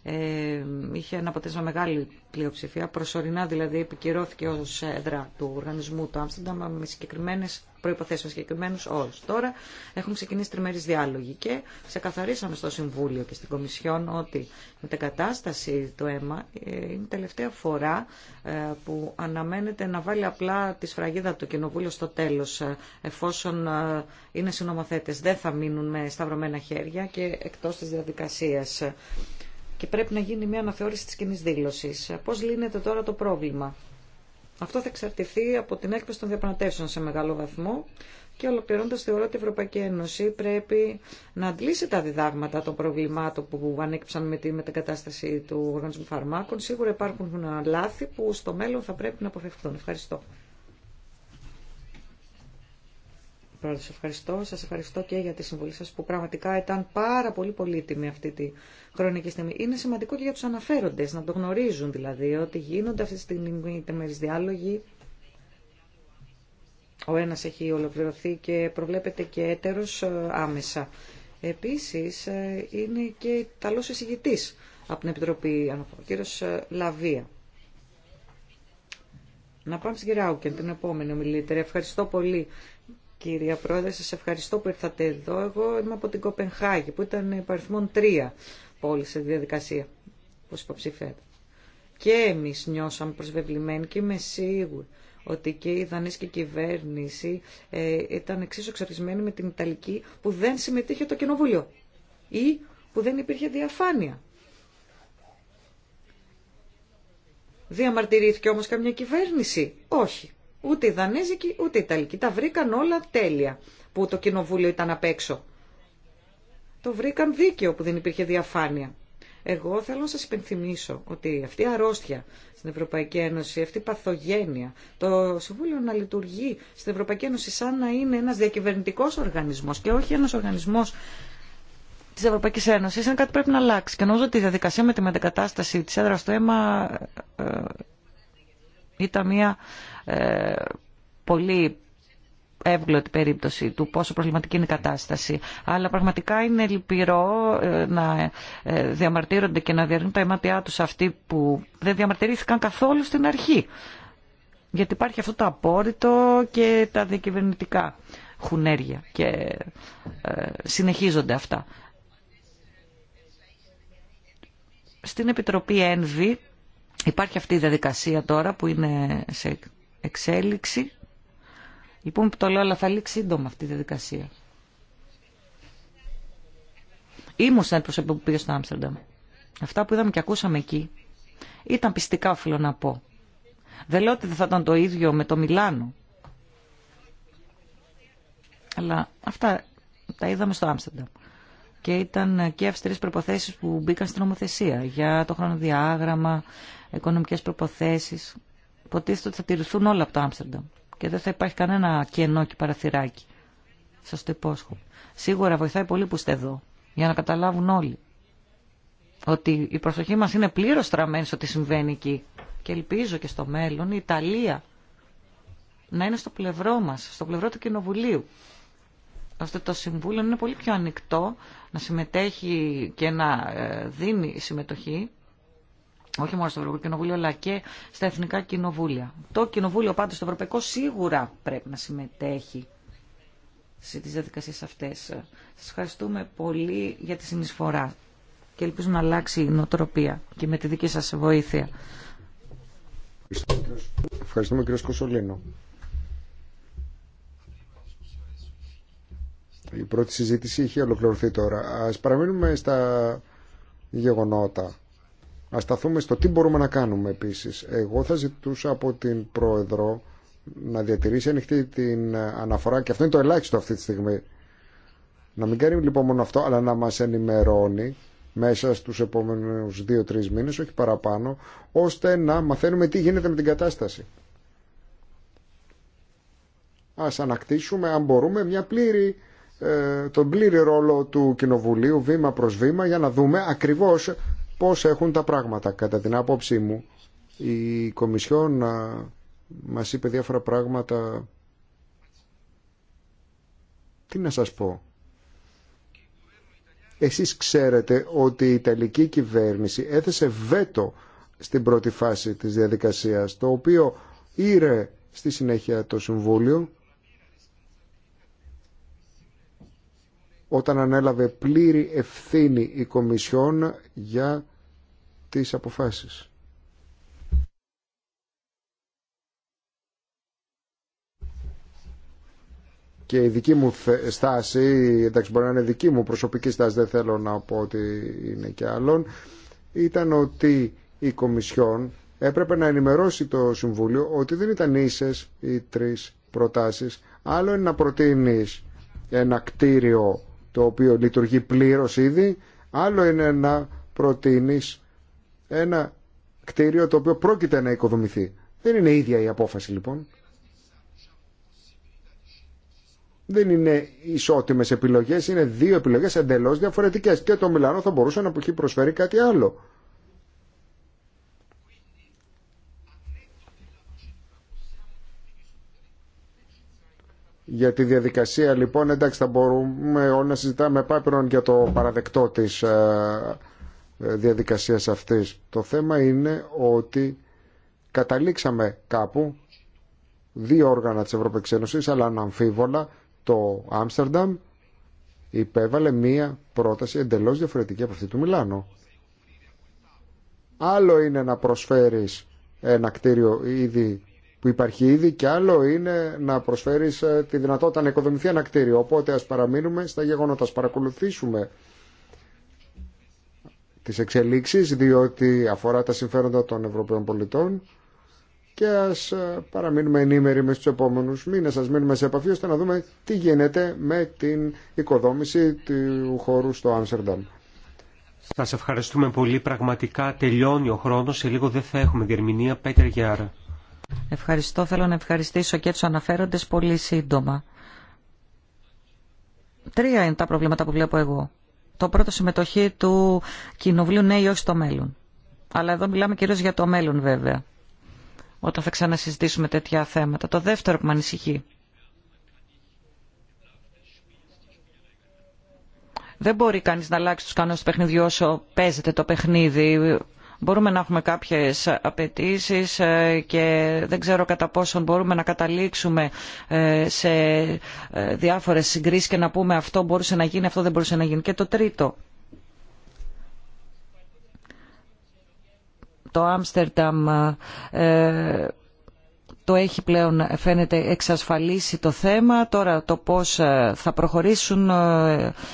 ε, είχε ένα αποτέλεσμα μεγάλη πλειοψηφία. Προσωρινά δηλαδή επικυρώθηκε ως έδρα του οργανισμού του Άμστερνταμ με συγκεκριμένε προϋποθέσεων συγκεκριμένου όρου. Τώρα έχουν ξεκινήσει τριμερείς διάλογοι και ξεκαθαρίσαμε στο Συμβούλιο και στην Κομισιόν ότι με την κατάσταση του αίμα ε, είναι η τελευταία φορά ε, που αναμένεται να βάλει απλά τη σφραγίδα του Κοινοβούλιο στο τέλος ε, εφόσον είναι συνομοθέτε, Δεν θα μείνουν με σταυρωμένα χέρια και εκτό τη διαδικασία. και πρέπει να γίνει μια αναθεώρηση της κοινή δήλωση. Πώς λύνεται τώρα το πρόβλημα. Αυτό θα εξαρτηθεί από την έκπληξη των διαπραγματεύσεων σε μεγάλο βαθμό και ολοκληρώνοντα θεωρώ ότι η Ευρωπαϊκή Ένωση πρέπει να αντλήσει τα διδάγματα των προβλημάτων που ανέκυψαν με την μετακατάσταση του οργανισμού φαρμάκων. Σίγουρα υπάρχουν λάθη που στο μέλλον θα πρέπει να αποφευχθούν. Ευχαριστώ. Πρόεδρε, ευχαριστώ. Σα ευχαριστώ και για τη συμβολή σα που πραγματικά ήταν πάρα πολύ πολύτιμη αυτή τη χρονική στιγμή. Είναι σημαντικό και για του αναφέροντε να το γνωρίζουν δηλαδή ότι γίνονται αυτή τη στιγμή οι τεμερεί διάλογοι. Ο ένα έχει ολοκληρωθεί και προβλέπεται και έτερο ε, άμεσα. Επίση ε, είναι και καλό εισηγητή από την Επιτροπή Αναφορών, κύριο ε, Λαβία. Να πάμε στην κυρία Άουκεν, την επόμενη ομιλήτρια. Ευχαριστώ πολύ κυρία Πρόεδρε, σας ευχαριστώ που ήρθατε εδώ. Εγώ είμαι από την Κοπενχάγη, που ήταν υπαριθμόν τρία πόλη σε διαδικασία, όπως υποψήφετε. Και εμείς νιώσαμε προσβεβλημένοι και είμαι σίγουρη ότι και η η κυβέρνηση ε, ήταν εξίσου εξαρτησμένη με την Ιταλική που δεν συμμετείχε το κοινοβούλιο ή που δεν υπήρχε διαφάνεια. Διαμαρτυρήθηκε όμως καμιά κυβέρνηση. Όχι ούτε η Δανέζικη ούτε η Ιταλική. Τα βρήκαν όλα τέλεια που το κοινοβούλιο ήταν απ' έξω. Το βρήκαν δίκαιο που δεν υπήρχε διαφάνεια. Εγώ θέλω να σας υπενθυμίσω ότι αυτή η αρρώστια στην Ευρωπαϊκή Ένωση, αυτή η παθογένεια, το Συμβούλιο να λειτουργεί στην Ευρωπαϊκή Ένωση σαν να είναι ένας διακυβερνητικός οργανισμός και όχι ένας οργανισμός της Ευρωπαϊκής Ένωσης, είναι κάτι που πρέπει να αλλάξει. Και νομίζω ότι η διαδικασία με τη μετακατάσταση της έδρας στο αίμα ε, ε ήταν μια ε, πολύ εύγλωτη περίπτωση του πόσο προβληματική είναι η κατάσταση. Αλλά πραγματικά είναι λυπηρό ε, να ε, διαμαρτύρονται και να διαρρύνουν τα αίματιά τους αυτοί που δεν διαμαρτυρήθηκαν καθόλου στην αρχή. Γιατί υπάρχει αυτό το απόρριτο και τα διακυβερνητικά χουνέρια και συνεχίζονται αυτά. Στην Επιτροπή ΕΝΒΗ υπάρχει αυτή η διαδικασία τώρα που είναι σε εξέλιξη. Λοιπόν που το λέω, αλλά θα λήξει σύντομα αυτή η διαδικασία. Ήμουν σαν προσωπικό που πήγε στο Άμστερνταμ. Αυτά που είδαμε και ακούσαμε εκεί ήταν πιστικά, οφείλω να πω. Δεν λέω ότι δεν θα ήταν το ίδιο με το Μιλάνο. Αλλά αυτά τα είδαμε στο Άμστερνταμ. Και ήταν και αυστηρές προποθέσεις που μπήκαν στην νομοθεσία για το χρονοδιάγραμμα, οικονομικές προποθέσεις. Υποτίθεται ότι θα τηρηθούν όλα από το Άμστερνταμ και δεν θα υπάρχει κανένα κενό και παραθυράκι. Σα το υπόσχομαι. Σίγουρα βοηθάει πολύ που είστε εδώ για να καταλάβουν όλοι ότι η προσοχή μα είναι πλήρω στραμμένη στο τι συμβαίνει εκεί. Και ελπίζω και στο μέλλον η Ιταλία να είναι στο πλευρό μα, στο πλευρό του Κοινοβουλίου. Ώστε το Συμβούλιο είναι πολύ πιο ανοιχτό να συμμετέχει και να ε, δίνει συμμετοχή όχι μόνο στο Ευρωπαϊκό Κοινοβούλιο, αλλά και στα Εθνικά Κοινοβούλια. Το Κοινοβούλιο πάντως το Ευρωπαϊκό σίγουρα πρέπει να συμμετέχει σε τις διαδικασίες αυτές. Σας ευχαριστούμε πολύ για τη συνεισφορά και ελπίζω να αλλάξει η νοοτροπία και με τη δική σας βοήθεια. Ευχαριστούμε κύριε Σκοσολίνο. Η πρώτη συζήτηση είχε ολοκληρωθεί τώρα. Ας παραμείνουμε στα γεγονότα να σταθούμε στο τι μπορούμε να κάνουμε επίσης. Εγώ θα ζητούσα από την Πρόεδρο να διατηρήσει ανοιχτή την αναφορά και αυτό είναι το ελάχιστο αυτή τη στιγμή. Να μην κάνει λοιπόν μόνο αυτό, αλλά να μας ενημερώνει μέσα στους επόμενους δύο-τρεις μήνες, όχι παραπάνω, ώστε να μαθαίνουμε τι γίνεται με την κατάσταση. Ας ανακτήσουμε, αν μπορούμε, μια πλήρη, ε, τον πλήρη ρόλο του Κοινοβουλίου, βήμα προς βήμα, για να δούμε ακριβώς πώς έχουν τα πράγματα. Κατά την άποψή μου, η Κομισιόν μας είπε διάφορα πράγματα. Τι να σας πω. Εσείς ξέρετε ότι η Ιταλική κυβέρνηση έθεσε βέτο στην πρώτη φάση της διαδικασίας, το οποίο ήρε στη συνέχεια το Συμβούλιο όταν ανέλαβε πλήρη ευθύνη η Κομισιόν για τις αποφάσεις. Και η δική μου στάση, εντάξει μπορεί να είναι δική μου προσωπική στάση, δεν θέλω να πω ότι είναι και άλλον. ήταν ότι η Κομισιόν έπρεπε να ενημερώσει το Συμβούλιο ότι δεν ήταν ίσες οι τρεις προτάσεις. Άλλο είναι να προτείνεις ένα κτίριο το οποίο λειτουργεί πλήρως ήδη, άλλο είναι να προτείνεις ένα κτίριο το οποίο πρόκειται να οικοδομηθεί. Δεν είναι ίδια η απόφαση λοιπόν. Δεν είναι ισότιμες επιλογές, είναι δύο επιλογές εντελώς διαφορετικές και το Μιλάνο θα μπορούσε να προσφέρει κάτι άλλο. Για τη διαδικασία λοιπόν εντάξει θα μπορούμε να συζητάμε πάπυρον για το παραδεκτό της ε, ε, διαδικασίας αυτής. Το θέμα είναι ότι καταλήξαμε κάπου δύο όργανα της Ευρωπαϊκής Ένωσης αλλά αναμφίβολα το Άμστερνταμ υπέβαλε μία πρόταση εντελώς διαφορετική από αυτή του Μιλάνου. Άλλο είναι να προσφέρεις ένα κτίριο ήδη που υπάρχει ήδη και άλλο είναι να προσφέρεις ε, τη δυνατότητα να οικοδομηθεί ένα κτίριο. Οπότε ας παραμείνουμε στα γεγονότα, ας παρακολουθήσουμε τις εξελίξεις διότι αφορά τα συμφέροντα των Ευρωπαίων πολιτών και ας ε, παραμείνουμε ενήμεροι με στους επόμενους μήνες, ας μείνουμε σε επαφή ώστε να δούμε τι γίνεται με την οικοδόμηση του χώρου στο Άμστερνταμ. Σας ευχαριστούμε πολύ. Πραγματικά τελειώνει ο χρόνος. Σε λίγο δεν θα έχουμε διερμηνία. Πέτερ Γιάρα. Ευχαριστώ. Θέλω να ευχαριστήσω και του αναφέροντες πολύ σύντομα. Τρία είναι τα προβλήματα που βλέπω εγώ. Το πρώτο συμμετοχή του κοινοβουλίου ναι ή όχι στο μέλλον. Αλλά εδώ μιλάμε κυρίως για το μέλλον βέβαια. Όταν θα ξανασυζητήσουμε τέτοια θέματα. Το δεύτερο που με ανησυχεί. Δεν μπορεί κανείς να αλλάξει τους κανόνες του παιχνιδιού όσο παίζεται το παιχνίδι. Μπορούμε να έχουμε κάποιες απαιτήσει ε, και δεν ξέρω κατά πόσον μπορούμε να καταλήξουμε ε, σε ε, διάφορες συγκρίσεις και να πούμε αυτό μπορούσε να γίνει, αυτό δεν μπορούσε να γίνει. Και το τρίτο, το Άμστερνταμ το έχει πλέον φαίνεται εξασφαλίσει το θέμα. Τώρα το πώς θα προχωρήσουν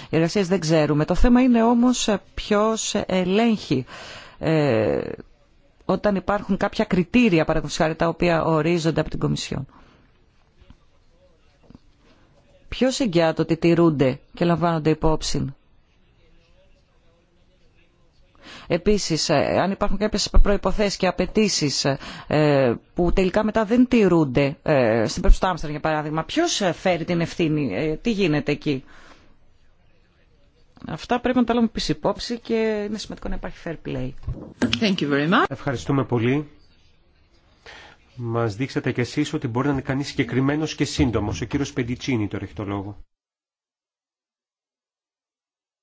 οι εργασίες δεν ξέρουμε. Το θέμα είναι όμως ποιος ελέγχει ε, όταν υπάρχουν κάποια κριτήρια παραδοσιακά τα οποία ορίζονται από την Κομισιόν. Ποιο εγγυάται ότι τηρούνται και λαμβάνονται υπόψη. Επίσης, ε, αν υπάρχουν κάποιες προϋποθέσεις και απαιτήσει ε, που τελικά μετά δεν τηρούνται, στην Πρέψη για παράδειγμα, ποιος φέρει την ευθύνη, τι γίνεται εκεί. Αυτά πρέπει να τα λέμε πίσω υπόψη και είναι σημαντικό να υπάρχει fair play. Ευχαριστούμε πολύ. Μας δείξατε κι εσείς ότι μπορεί να είναι κανείς συγκεκριμένο και σύντομος. Ο κύριος Πεντιτσίνη τώρα έχει το λόγο.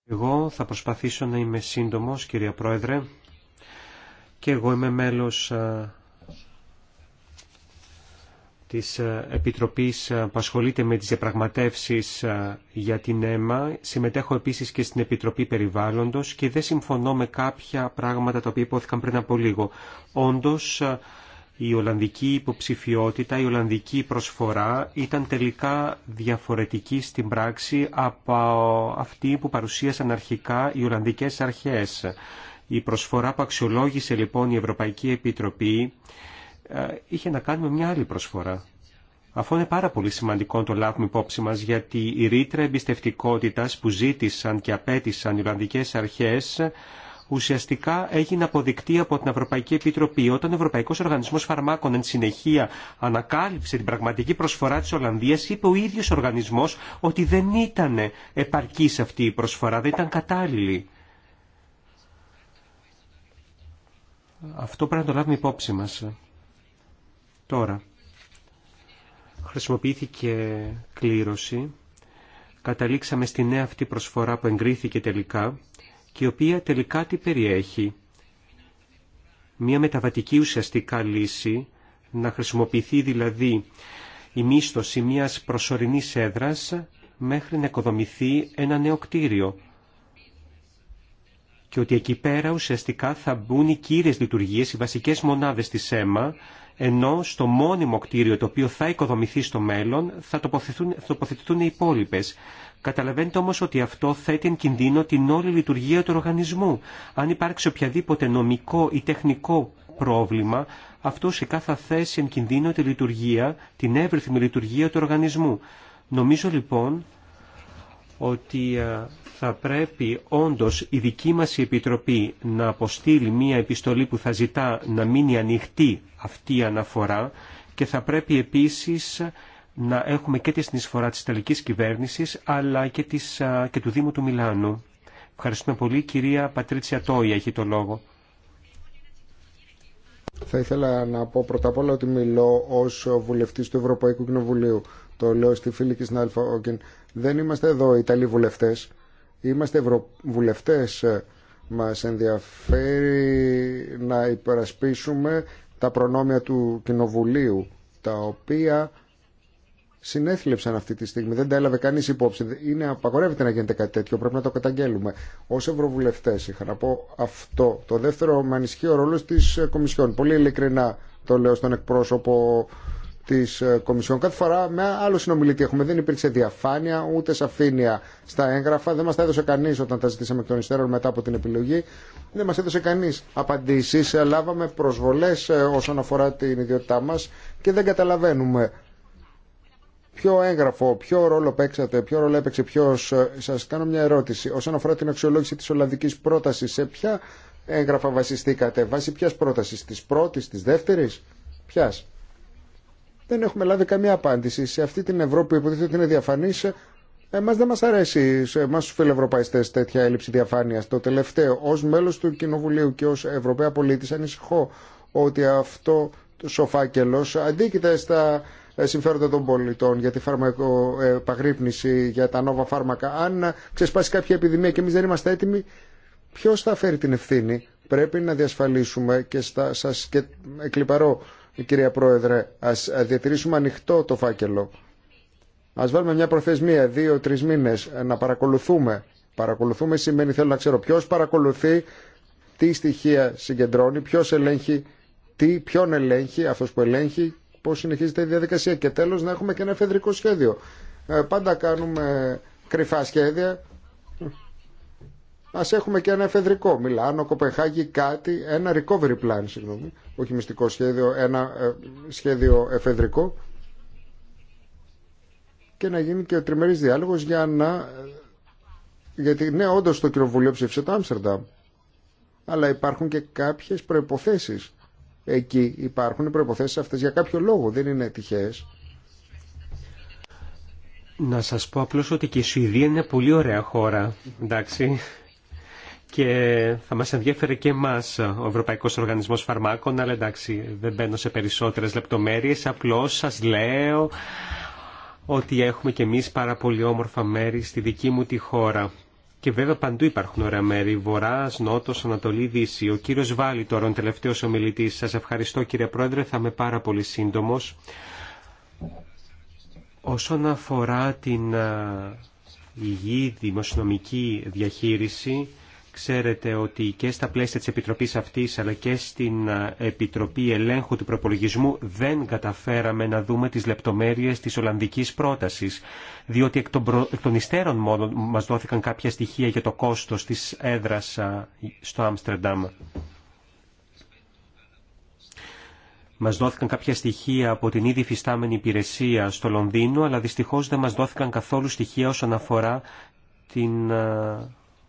Εγώ θα προσπαθήσω να είμαι σύντομος, κυρία Πρόεδρε. Και εγώ είμαι μέλος της ε, Επιτροπής ε, που ασχολείται με τις διαπραγματεύσει ε, για την αίμα. Συμμετέχω επίσης και στην Επιτροπή Περιβάλλοντος και δεν συμφωνώ με κάποια πράγματα τα οποία υπόθηκαν πριν από λίγο. Όντως, η Ολλανδική υποψηφιότητα, η Ολλανδική προσφορά ήταν τελικά διαφορετική στην πράξη από αυτή που παρουσίασαν αρχικά οι Ολλανδικές αρχές. Η προσφορά που αξιολόγησε λοιπόν η Ευρωπαϊκή Επιτροπή ε, είχε να κάνει με μια άλλη προσφορά. Αυτό είναι πάρα πολύ σημαντικό να το λάβουμε υπόψη μας, γιατί η ρήτρα εμπιστευτικότητα που ζήτησαν και απέτησαν οι Ολλανδικές αρχές ουσιαστικά έγινε αποδεικτή από την Ευρωπαϊκή Επιτροπή. Όταν ο Ευρωπαϊκός Οργανισμός Φαρμάκων εν συνεχεία ανακάλυψε την πραγματική προσφορά της Ολλανδίας, είπε ο ίδιος οργανισμός ότι δεν ήταν επαρκής αυτή η προσφορά, δεν ήταν κατάλληλη. Αυτό πρέπει να το λάβουμε υπόψη μας. Τώρα, χρησιμοποιήθηκε κλήρωση, καταλήξαμε στη νέα αυτή προσφορά που εγκρίθηκε τελικά και η οποία τελικά τι περιέχει. Μία μεταβατική ουσιαστικά λύση, να χρησιμοποιηθεί δηλαδή η μίσθωση μιας προσωρινής έδρας μέχρι να οικοδομηθεί ένα νέο κτίριο και ότι εκεί πέρα ουσιαστικά θα μπουν οι κύριες λειτουργίες, οι βασικές μονάδες της ΣΕΜΑ, ενώ στο μόνιμο κτίριο το οποίο θα οικοδομηθεί στο μέλλον θα τοποθετηθούν, θα τοποθετηθούν οι υπόλοιπε. Καταλαβαίνετε όμως ότι αυτό θέτει εν κινδύνο την όλη λειτουργία του οργανισμού. Αν υπάρξει οποιαδήποτε νομικό ή τεχνικό πρόβλημα, αυτό σε θα θέσει εν κινδύνο τη λειτουργία, την εύρυθμη λειτουργία του οργανισμού. Νομίζω λοιπόν ότι ε, θα πρέπει όντως η δική μας η Επιτροπή να αποστείλει μία επιστολή που θα ζητά να μείνει ανοιχτή αυτή η αναφορά και θα πρέπει επίσης να έχουμε και τη συνεισφορά της Ιταλικής κυβέρνησης αλλά και, της, ε, του Δήμου του Μιλάνου. Ευχαριστούμε πολύ. Κυρία Πατρίτσια Τόια έχει το λόγο. Θα ήθελα να πω πρώτα απ' όλα ότι μιλώ ως βουλευτής του Ευρωπαϊκού Κοινοβουλίου το λέω στη φίλη και στην Αλφα δεν είμαστε εδώ Ιταλοί βουλευτέ. Είμαστε ευρωβουλευτέ. Ε, Μα ενδιαφέρει να υπερασπίσουμε τα προνόμια του Κοινοβουλίου, τα οποία συνέθλεψαν αυτή τη στιγμή. Δεν τα έλαβε κανεί υπόψη. Είναι απαγορεύεται να γίνεται κάτι τέτοιο. Πρέπει να το καταγγέλουμε. Ω ευρωβουλευτέ είχα να πω αυτό. Το δεύτερο με ανισχύει ο ρόλο τη ε, Κομισιόν. Πολύ ειλικρινά το λέω στον εκπρόσωπο Τη ε, Κομισιόν. Κάθε φορά με άλλο συνομιλητή έχουμε. Δεν υπήρξε διαφάνεια ούτε σαφήνεια στα έγγραφα. Δεν μα τα έδωσε κανεί όταν τα ζητήσαμε εκ των υστέρων μετά από την επιλογή. Δεν μα έδωσε κανεί. Απαντήσει, ε, Λάβαμε προσβολέ ε, όσον αφορά την ιδιότητά μα και δεν καταλαβαίνουμε ποιο έγγραφο, ποιο ρόλο παίξατε, ποιο ρόλο έπαιξε ποιο. Σα κάνω μια ερώτηση. Όσον αφορά την αξιολόγηση τη Ολλανδική πρόταση, σε ποια έγγραφα βασιστήκατε, βάσει ποια πρόταση, τη πρώτη, τη δεύτερη, ποια δεν έχουμε λάβει καμία απάντηση. Σε αυτή την Ευρώπη που υποτίθεται ότι είναι διαφανή, εμά δεν μα αρέσει, σε εμά του φιλευρωπαϊστέ, τέτοια έλλειψη διαφάνεια. Το τελευταίο, ω μέλο του Κοινοβουλίου και ω Ευρωπαία πολίτη, ανησυχώ ότι αυτό το σοφάκελο αντίκειται στα συμφέροντα των πολιτών για τη φαρμακοπαγρύπνηση, για τα νόβα φάρμακα. Αν ξεσπάσει κάποια επιδημία και εμεί δεν είμαστε έτοιμοι, ποιο θα φέρει την ευθύνη. Πρέπει να διασφαλίσουμε και στα, σας και εκλυπαρώ κυρία Πρόεδρε. Ας διατηρήσουμε ανοιχτό το φάκελο. Ας βάλουμε μια προθεσμία, δύο-τρεις μήνες, να παρακολουθούμε. Παρακολουθούμε σημαίνει θέλω να ξέρω ποιος παρακολουθεί, τι στοιχεία συγκεντρώνει, ποιος ελέγχει, τι, ποιον ελέγχει, αυτός που ελέγχει, πώς συνεχίζεται η διαδικασία. Και τέλος να έχουμε και ένα εφεδρικό σχέδιο. Ε, πάντα κάνουμε κρυφά σχέδια ας έχουμε και ένα εφεδρικό Μιλάνο, κοπενχάγη κάτι, ένα recovery plan, συγγνώμη, όχι μυστικό σχέδιο, ένα ε, σχέδιο εφεδρικό και να γίνει και ο τριμερής διάλογο για να... Ε, γιατί ναι, όντω το κοινοβουλίο ψήφισε το Άμστερνταμ, αλλά υπάρχουν και κάποιες προποθέσει. Εκεί υπάρχουν προποθέσει προϋποθέσεις αυτές για κάποιο λόγο, δεν είναι τυχαίε. Να σας πω απλώς ότι και η Σουηδία είναι πολύ ωραία χώρα, εντάξει και θα μας ενδιέφερε και εμάς ο Ευρωπαϊκός Οργανισμός Φαρμάκων, αλλά εντάξει δεν μπαίνω σε περισσότερες λεπτομέρειες, απλώς σας λέω ότι έχουμε και εμείς πάρα πολύ όμορφα μέρη στη δική μου τη χώρα. Και βέβαια παντού υπάρχουν ωραία μέρη, βορράς, νότος, ανατολή, δύση. Ο κύριος Βάλλη τώρα, ο τελευταίος ομιλητής. Σας ευχαριστώ κύριε Πρόεδρε, θα είμαι πάρα πολύ σύντομο. Όσον αφορά την ε, υγιή δημοσιονομική διαχείριση, Ξέρετε ότι και στα πλαίσια της Επιτροπής αυτής αλλά και στην Επιτροπή Ελέγχου του Προπολογισμού δεν καταφέραμε να δούμε τις λεπτομέρειες της Ολλανδικής πρότασης διότι εκ των, προ... υστέρων μόνο μας δόθηκαν κάποια στοιχεία για το κόστος της έδρας στο Άμστερνταμ. Μας δόθηκαν κάποια στοιχεία από την ήδη φυστάμενη υπηρεσία στο Λονδίνο αλλά δυστυχώς δεν μας δόθηκαν καθόλου στοιχεία όσον αφορά την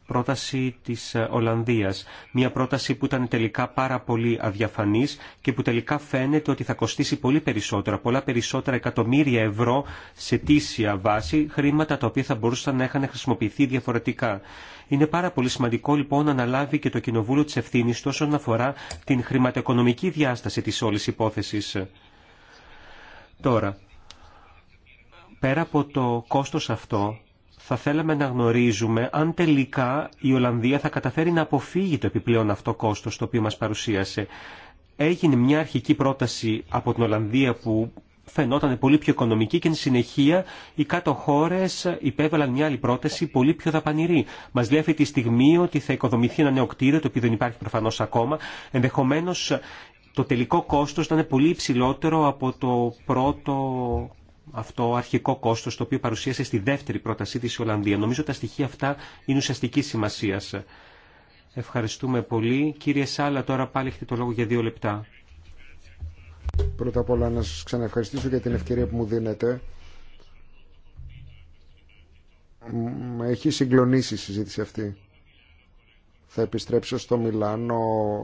πρόταση της ε, Ολλανδίας. Μια πρόταση που ήταν τελικά πάρα πολύ αδιαφανής και που τελικά φαίνεται ότι θα κοστίσει πολύ περισσότερα, πολλά περισσότερα εκατομμύρια ευρώ σε τήσια βάση, χρήματα τα οποία θα μπορούσαν να είχαν χρησιμοποιηθεί διαφορετικά. Είναι πάρα πολύ σημαντικό λοιπόν να αναλάβει και το Κοινοβούλιο της ευθύνη όσον αφορά την χρηματοοικονομική διάσταση της όλης υπόθεσης. Τώρα, πέρα από το κόστος αυτό, θα θέλαμε να γνωρίζουμε αν τελικά η Ολλανδία θα καταφέρει να αποφύγει το επιπλέον αυτό κόστος το οποίο μας παρουσίασε. Έγινε μια αρχική πρόταση από την Ολλανδία που φαινόταν πολύ πιο οικονομική και εν συνεχεία οι κάτω χώρε υπέβαλαν μια άλλη πρόταση πολύ πιο δαπανηρή. Μα λέει αυτή τη στιγμή ότι θα οικοδομηθεί ένα νέο κτίριο, το οποίο δεν υπάρχει προφανώ ακόμα. Ενδεχομένω το τελικό κόστο θα είναι πολύ υψηλότερο από το πρώτο αυτό αρχικό κόστος το οποίο παρουσίασε στη δεύτερη πρότασή της η Ολλανδία. Νομίζω τα στοιχεία αυτά είναι ουσιαστική σημασία. Ευχαριστούμε πολύ. Κύριε Σάλα, τώρα πάλι έχετε το λόγο για δύο λεπτά. Πρώτα απ' όλα να σας ξαναευχαριστήσω για την ευκαιρία που μου δίνετε. Με έχει συγκλονίσει η συζήτηση αυτή. Θα επιστρέψω στο Μιλάνο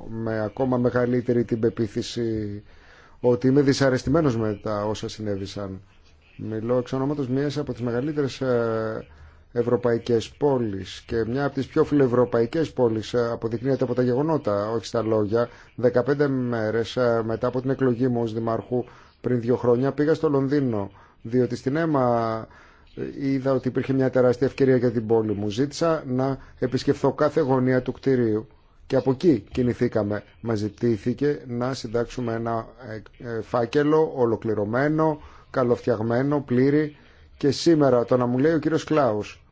με ακόμα μεγαλύτερη την πεποίθηση ότι είμαι δυσαρεστημένος με τα όσα συνέβησαν. Μιλώ εξ ονόματος μιας από τις μεγαλύτερες ε, ευρωπαϊκές πόλεις και μια από τις πιο φιλοευρωπαϊκές πόλεις ε, αποδεικνύεται από τα γεγονότα, όχι στα λόγια. 15 μέρες ε, μετά από την εκλογή μου ως δημαρχού πριν δύο χρόνια πήγα στο Λονδίνο, διότι στην αίμα είδα ότι υπήρχε μια τεράστια ευκαιρία για την πόλη μου. Ζήτησα να επισκεφθώ κάθε γωνία του κτηρίου και από εκεί κινηθήκαμε. μα ζητήθηκε να συντάξουμε ένα φάκελο ολοκληρωμένο καλοφτιαγμένο, πλήρη και σήμερα το να μου λέει ο κύριος Κλάους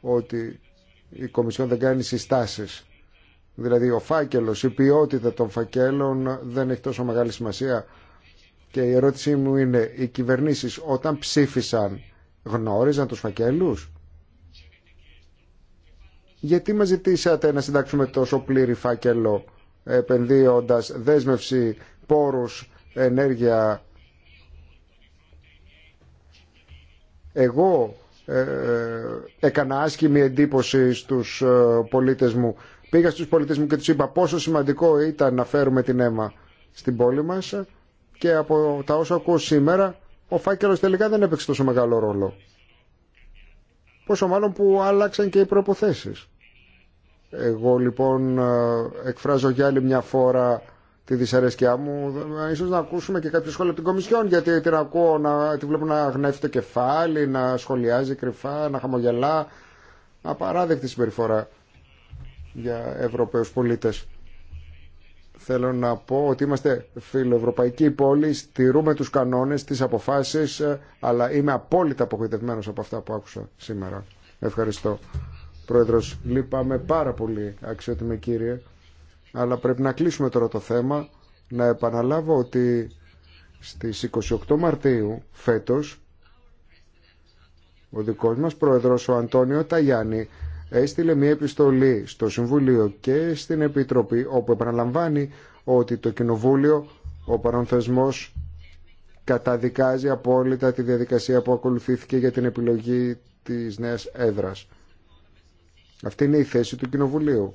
ότι η Κομισιόν δεν κάνει συστάσεις δηλαδή ο φάκελος, η ποιότητα των φακέλων δεν έχει τόσο μεγάλη σημασία και η ερώτησή μου είναι οι κυβερνήσεις όταν ψήφισαν γνώριζαν τους φακέλους γιατί μας ζητήσατε να συντάξουμε τόσο πλήρη φάκελο επενδύοντας δέσμευση πόρους, ενέργεια Εγώ ε, ε, έκανα άσχημη εντύπωση στους ε, πολίτες μου. Πήγα στους πολίτες μου και τους είπα πόσο σημαντικό ήταν να φέρουμε την αίμα στην πόλη μας και από τα όσα ακούω σήμερα ο φάκελος τελικά δεν έπαιξε τόσο μεγάλο ρόλο. Πόσο μάλλον που άλλαξαν και οι προποθέσεις. Εγώ λοιπόν ε, εκφράζω για άλλη μια φορά τη δυσαρέσκειά μου. Ίσως να ακούσουμε και κάποιο σχόλια από την Κομισιόν, γιατί την ακούω, να, τη βλέπω να γνέφει το κεφάλι, να σχολιάζει κρυφά, να χαμογελά. Απαράδεκτη συμπεριφορά για Ευρωπαίους πολίτες. Θέλω να πω ότι είμαστε φιλοευρωπαϊκή πόλη, στηρούμε τους κανόνες, τις αποφάσεις, αλλά είμαι απόλυτα απογοητευμένος από αυτά που άκουσα σήμερα. Ευχαριστώ. Πρόεδρος, λείπαμε πάρα πολύ, αξιότιμε κύριε αλλά πρέπει να κλείσουμε τώρα το θέμα. Να επαναλάβω ότι στις 28 Μαρτίου φέτος ο δικός μας πρόεδρος ο Αντώνιο Ταγιάννη έστειλε μια επιστολή στο Συμβουλίο και στην Επιτροπή όπου επαναλαμβάνει ότι το Κοινοβούλιο ο παρονθεσμός καταδικάζει απόλυτα τη διαδικασία που ακολουθήθηκε για την επιλογή της νέας έδρας. Αυτή είναι η θέση του Κοινοβουλίου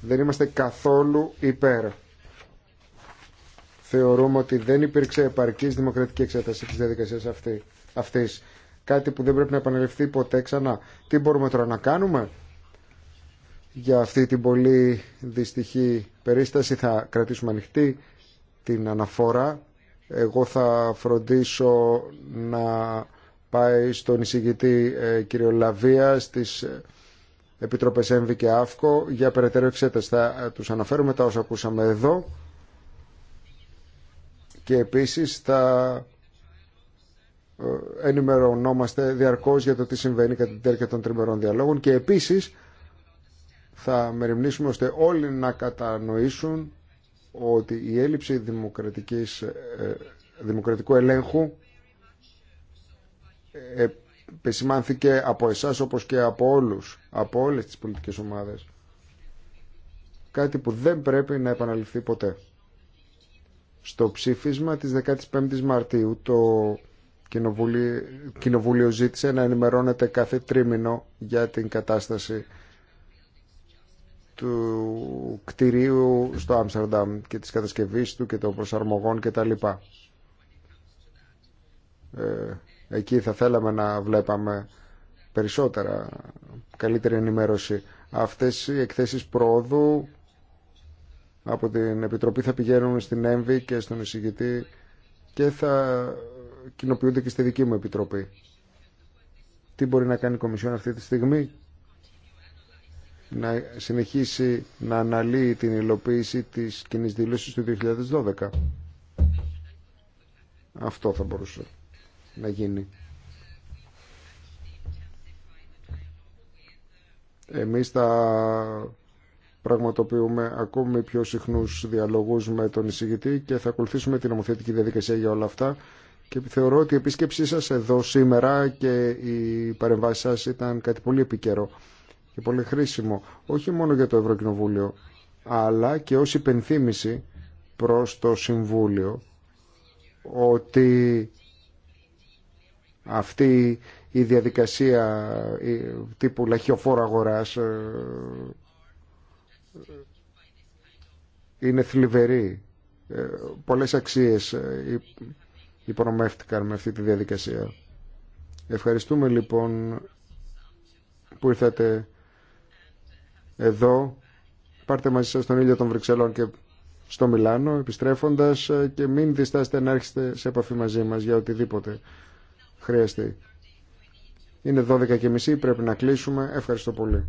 δεν είμαστε καθόλου υπέρ. Θεωρούμε ότι δεν υπήρξε επαρκή δημοκρατική εξέταση τη διαδικασία αυτή, αυτής. Κάτι που δεν πρέπει να επαναληφθεί ποτέ ξανά. Τι μπορούμε τώρα να κάνουμε για αυτή την πολύ δυστυχή περίσταση. Θα κρατήσουμε ανοιχτή την αναφορά. Εγώ θα φροντίσω να πάει στον εισηγητή ε, κύριο Λαβία στις ε, Επιτροπές ΕΜΒ και ΑΦΚΟ για περαιτέρω εξέταση. Θα τους αναφέρουμε τα όσα ακούσαμε εδώ και επίσης θα ε, ενημερωνόμαστε διαρκώς για το τι συμβαίνει κατά την διάρκεια των τριμερών διαλόγων και επίσης θα μεριμνήσουμε ώστε όλοι να κατανοήσουν ότι η έλλειψη δημοκρατικής, ε, δημοκρατικού ελέγχου ε, επισημάνθηκε από εσάς όπως και από όλους, από όλες τις πολιτικές ομάδες. Κάτι που δεν πρέπει να επαναληφθεί ποτέ. Στο ψήφισμα της 15ης Μαρτίου το Κοινοβούλιο, ζήτησε να ενημερώνεται κάθε τρίμηνο για την κατάσταση του κτηρίου στο Άμστερνταμ και της κατασκευής του και των προσαρμογών κτλ. Ε, Εκεί θα θέλαμε να βλέπαμε περισσότερα, καλύτερη ενημέρωση. Αυτές οι εκθέσεις πρόοδου από την Επιτροπή θα πηγαίνουν στην ΕΜΒΗ και στον εισηγητή και θα κοινοποιούνται και στη δική μου Επιτροπή. Τι μπορεί να κάνει η Κομισιόν αυτή τη στιγμή να συνεχίσει να αναλύει την υλοποίηση της κοινή δήλωση του 2012. Αυτό θα μπορούσε να γίνει. Εμείς θα πραγματοποιούμε ακόμη πιο συχνούς διαλογούς με τον εισηγητή και θα ακολουθήσουμε την νομοθετική διαδικασία για όλα αυτά και θεωρώ ότι η επίσκεψή σας εδώ σήμερα και η παρεμβάση σας ήταν κάτι πολύ επικαιρό και πολύ χρήσιμο όχι μόνο για το Ευρωκοινοβούλιο αλλά και ως υπενθύμηση προς το Συμβούλιο ότι αυτή η διαδικασία τύπου λαχιοφόρο αγοράς ε, είναι θλιβερή. Ε, πολλές αξίες ε, υπονομεύτηκαν με αυτή τη διαδικασία. Ευχαριστούμε λοιπόν που ήρθατε εδώ. Πάρτε μαζί σας τον ήλιο των Βρυξελών και στο Μιλάνο επιστρέφοντας και μην διστάσετε να έρχεστε σε επαφή μαζί μας για οτιδήποτε χρειαστεί. Είναι 12.30, πρέπει να κλείσουμε. Ευχαριστώ πολύ.